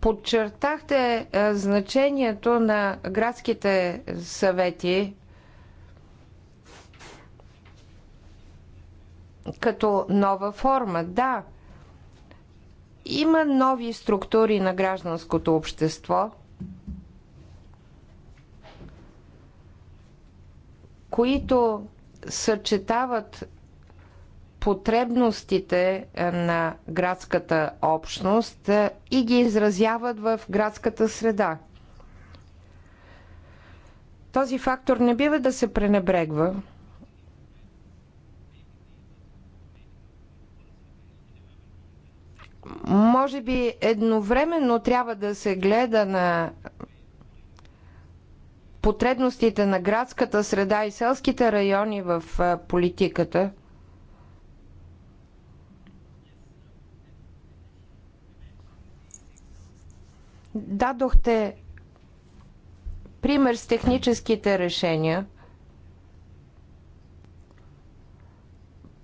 подчертахте е, значението на градските съвети като нова форма. Да, има нови структури на гражданското общество, които съчетават потребностите е, на градската общност е, и ги изразяват в градската среда. Този фактор не бива да се пренебрегва Може би едновременно трябва да се гледа на потребностите на градската среда и селските райони в политиката. Дадохте пример с техническите решения.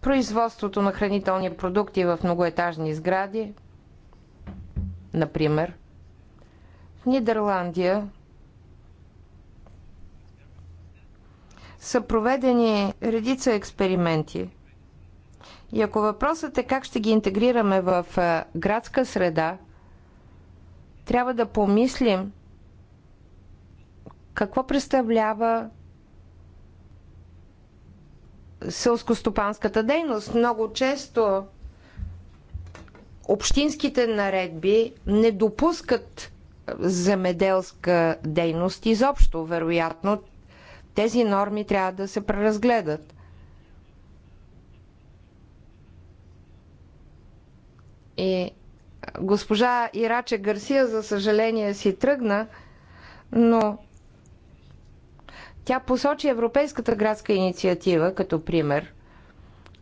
Производството на хранителни продукти в многоетажни сгради – Например, в Нидерландия са проведени редица експерименти. И ако въпросът е как ще ги интегрираме в градска среда, трябва да помислим какво представлява селскостопанската дейност. Много често общинските наредби не допускат земеделска дейност изобщо. Вероятно, тези норми трябва да се преразгледат. И госпожа Ираче Гарсия, за съжаление, си тръгна, но тя посочи Европейската градска инициатива като пример –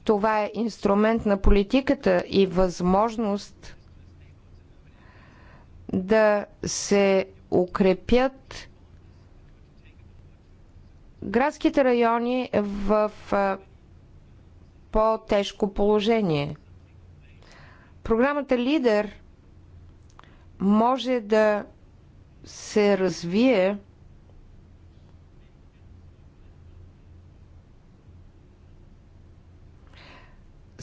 това е инструмент на политиката и възможност да се укрепят градските райони в по-тежко положение. Програмата Лидер може да се развие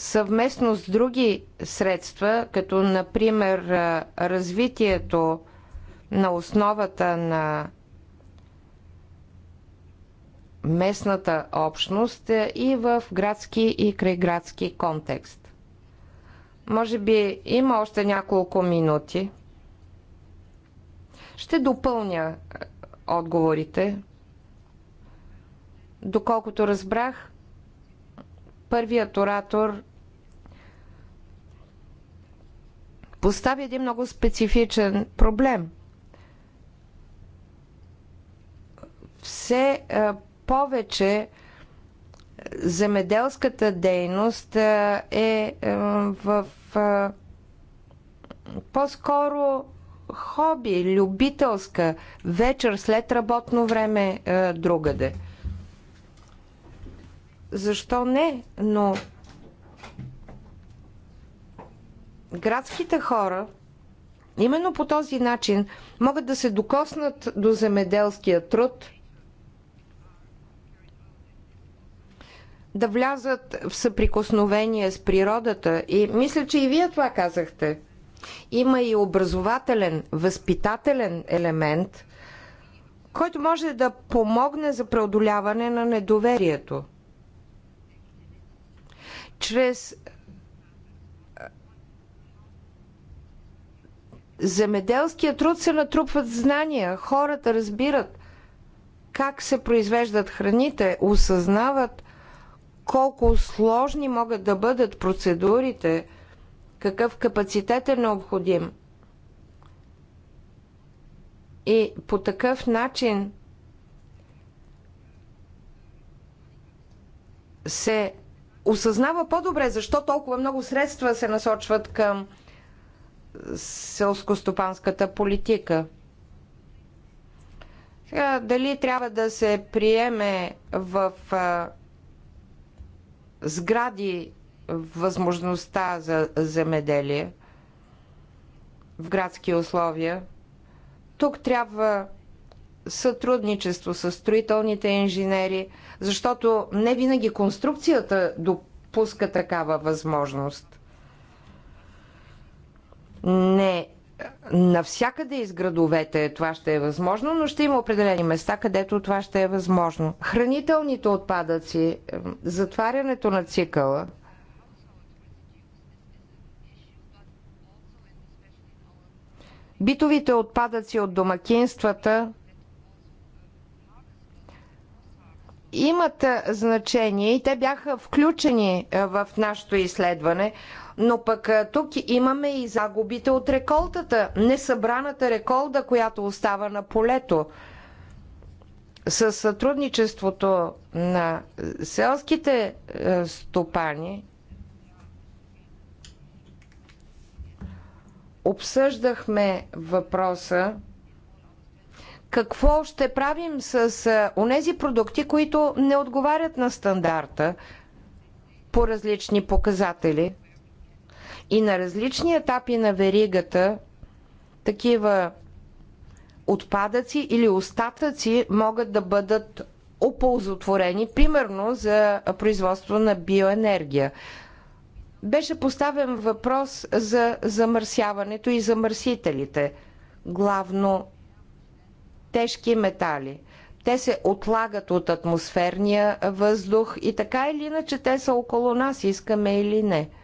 съвместно с други средства, като например развитието на основата на местната общност е, и в градски и крайградски контекст. Може би има още няколко минути. Ще допълня отговорите. Доколкото разбрах, първият оратор поставя един много специфичен проблем. Все е, повече е, земеделската дейност е, е в по-скоро хоби, любителска, вечер след работно време другаде. Защо не? Но градските хора именно по този начин могат да се докоснат до земеделския труд, да влязат в съприкосновение с природата. И мисля, че и вие това казахте. Има и образователен, възпитателен елемент, който може да помогне за преодоляване на недоверието. Чрез земеделския труд се натрупват знания, хората разбират как се произвеждат храните, осъзнават колко сложни могат да бъдат процедурите, какъв капацитет е необходим. И по такъв начин се осъзнава по-добре защо толкова много средства се насочват към селскостопанската политика. Сега, дали трябва да се приеме в а, сгради възможността за земеделие в градски условия? Тук трябва сътрудничество с строителните инженери, защото не винаги конструкцията допуска такава възможност. Не навсякъде из градовете това ще е възможно, но ще има определени места, където това ще е възможно. Хранителните отпадъци, затварянето на цикъла, битовите отпадъци от домакинствата имат е, значение и те бяха включени е, в нашето изследване – но пък тук имаме и загубите от реколтата, несъбраната реколта, която остава на полето. С сътрудничеството на селските е, стопани обсъждахме въпроса какво ще правим с е, онези продукти, които не отговарят на стандарта по различни показатели – и на различни етапи на веригата такива отпадъци или остатъци могат да бъдат оползотворени, примерно за производство на биоенергия. Беше поставен въпрос за замърсяването и замърсителите, главно тежки метали. Те се отлагат от атмосферния въздух и така или иначе те са около нас, искаме или не –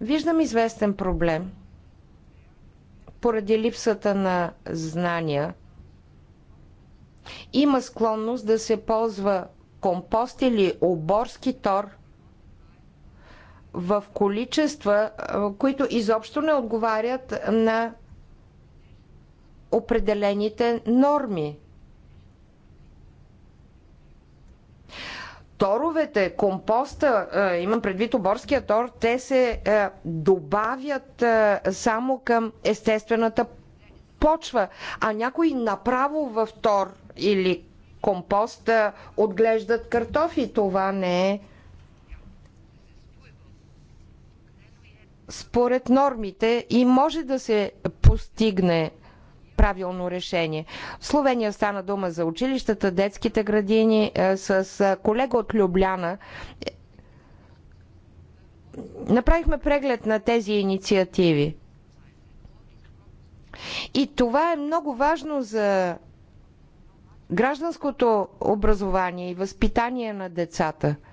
Виждам известен проблем поради липсата на знания. Има склонност да се ползва компост или оборски тор в количества, които изобщо не отговарят на определените норми. торовете, компоста, е, имам предвид оборския тор, те се е, добавят е, само към естествената почва, а някои направо в тор или компост отглеждат картофи. Това не е според нормите и може да се постигне правилно решение. В Словения стана дума за училищата, детските градини. Е, с е, колега от Любляна направихме преглед на тези инициативи. И това е много важно за гражданското образование и възпитание на децата –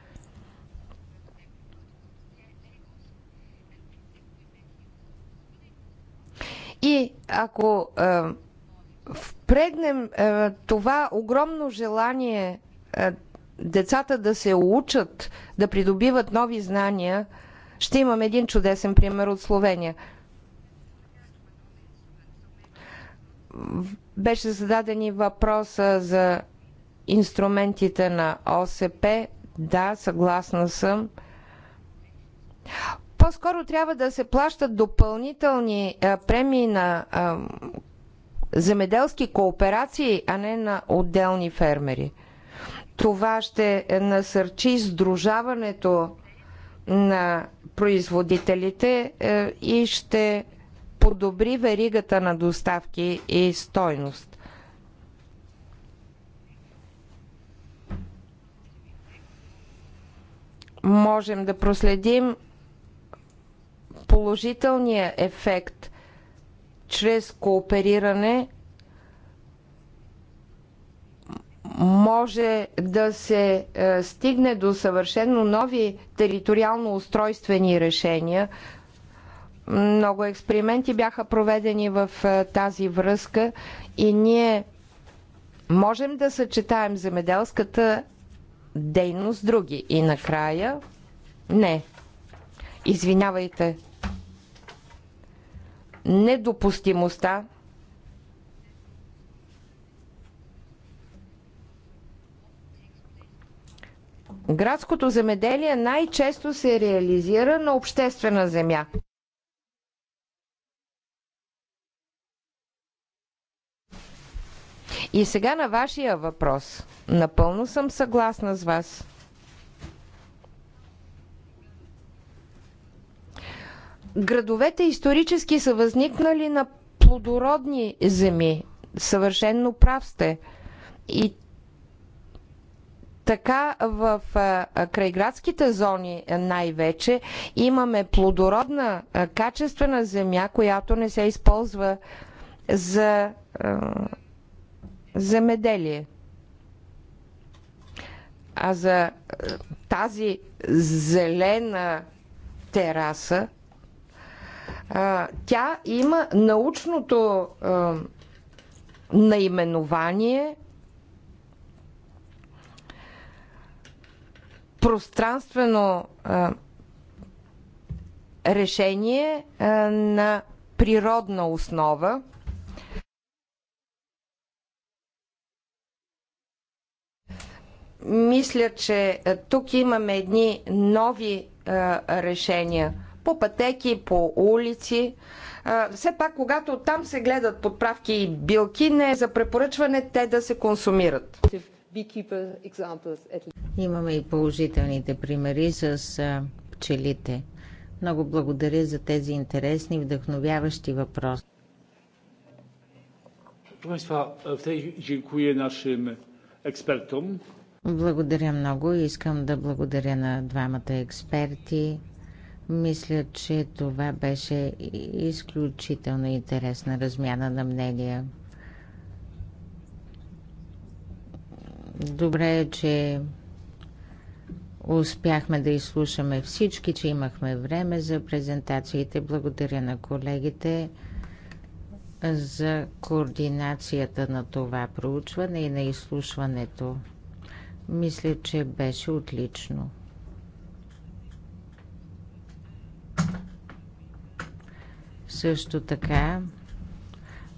И ако е, впрегнем е, това огромно желание е, децата да се учат, да придобиват нови знания, ще имам един чудесен пример от Словения. Беше зададен и въпроса за инструментите на ОСП. Да, съгласна съм по-скоро трябва да се плащат допълнителни премии на земеделски кооперации, а не на отделни фермери. Това ще насърчи сдружаването на производителите е, и ще подобри веригата на доставки и стойност. Можем да проследим положителния ефект чрез коопериране може да се е, стигне до съвършено нови териториално-устройствени решения. Много експерименти бяха проведени в е, тази връзка и ние можем да съчетаем земеделската дейност с други. И накрая, не. Извинявайте, недопустимостта Градското земеделие най-често се реализира на обществена земя. И сега на вашия въпрос. Напълно съм съгласна с вас. Градовете исторически са възникнали на плодородни земи. Съвършенно прав сте. И така в крайградските зони най-вече имаме плодородна, качествена земя, която не се използва за земеделие. А за тази зелена тераса тя има научното наименование пространствено решение на природна основа. Мисля, че тук имаме едни нови решения по пътеки, по улици. Все пак, когато там се гледат подправки и билки, не е за препоръчване те да се консумират. Имаме и положителните примери с пчелите. Много благодаря за тези интересни, вдъхновяващи въпроси. Благодаря много. Искам да благодаря на двамата експерти, мисля, че това беше изключително интересна размяна на мнения. Добре е, че успяхме да изслушаме всички, че имахме време за презентациите. Благодаря на колегите за координацията на това проучване и на изслушването. Мисля, че беше отлично. Също така,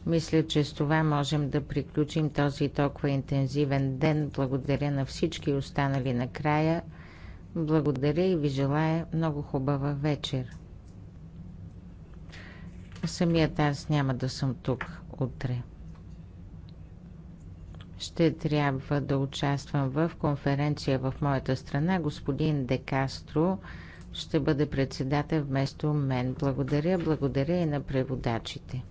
мисля, че с това можем да приключим този толкова интензивен ден. Благодаря на всички останали накрая. Благодаря и ви желая много хубава вечер. Самият аз няма да съм тук утре. Ще трябва да участвам в конференция в моята страна. Господин Декастро Кастро ще бъде председател вместо мен. Благодаря, благодаря и на преводачите.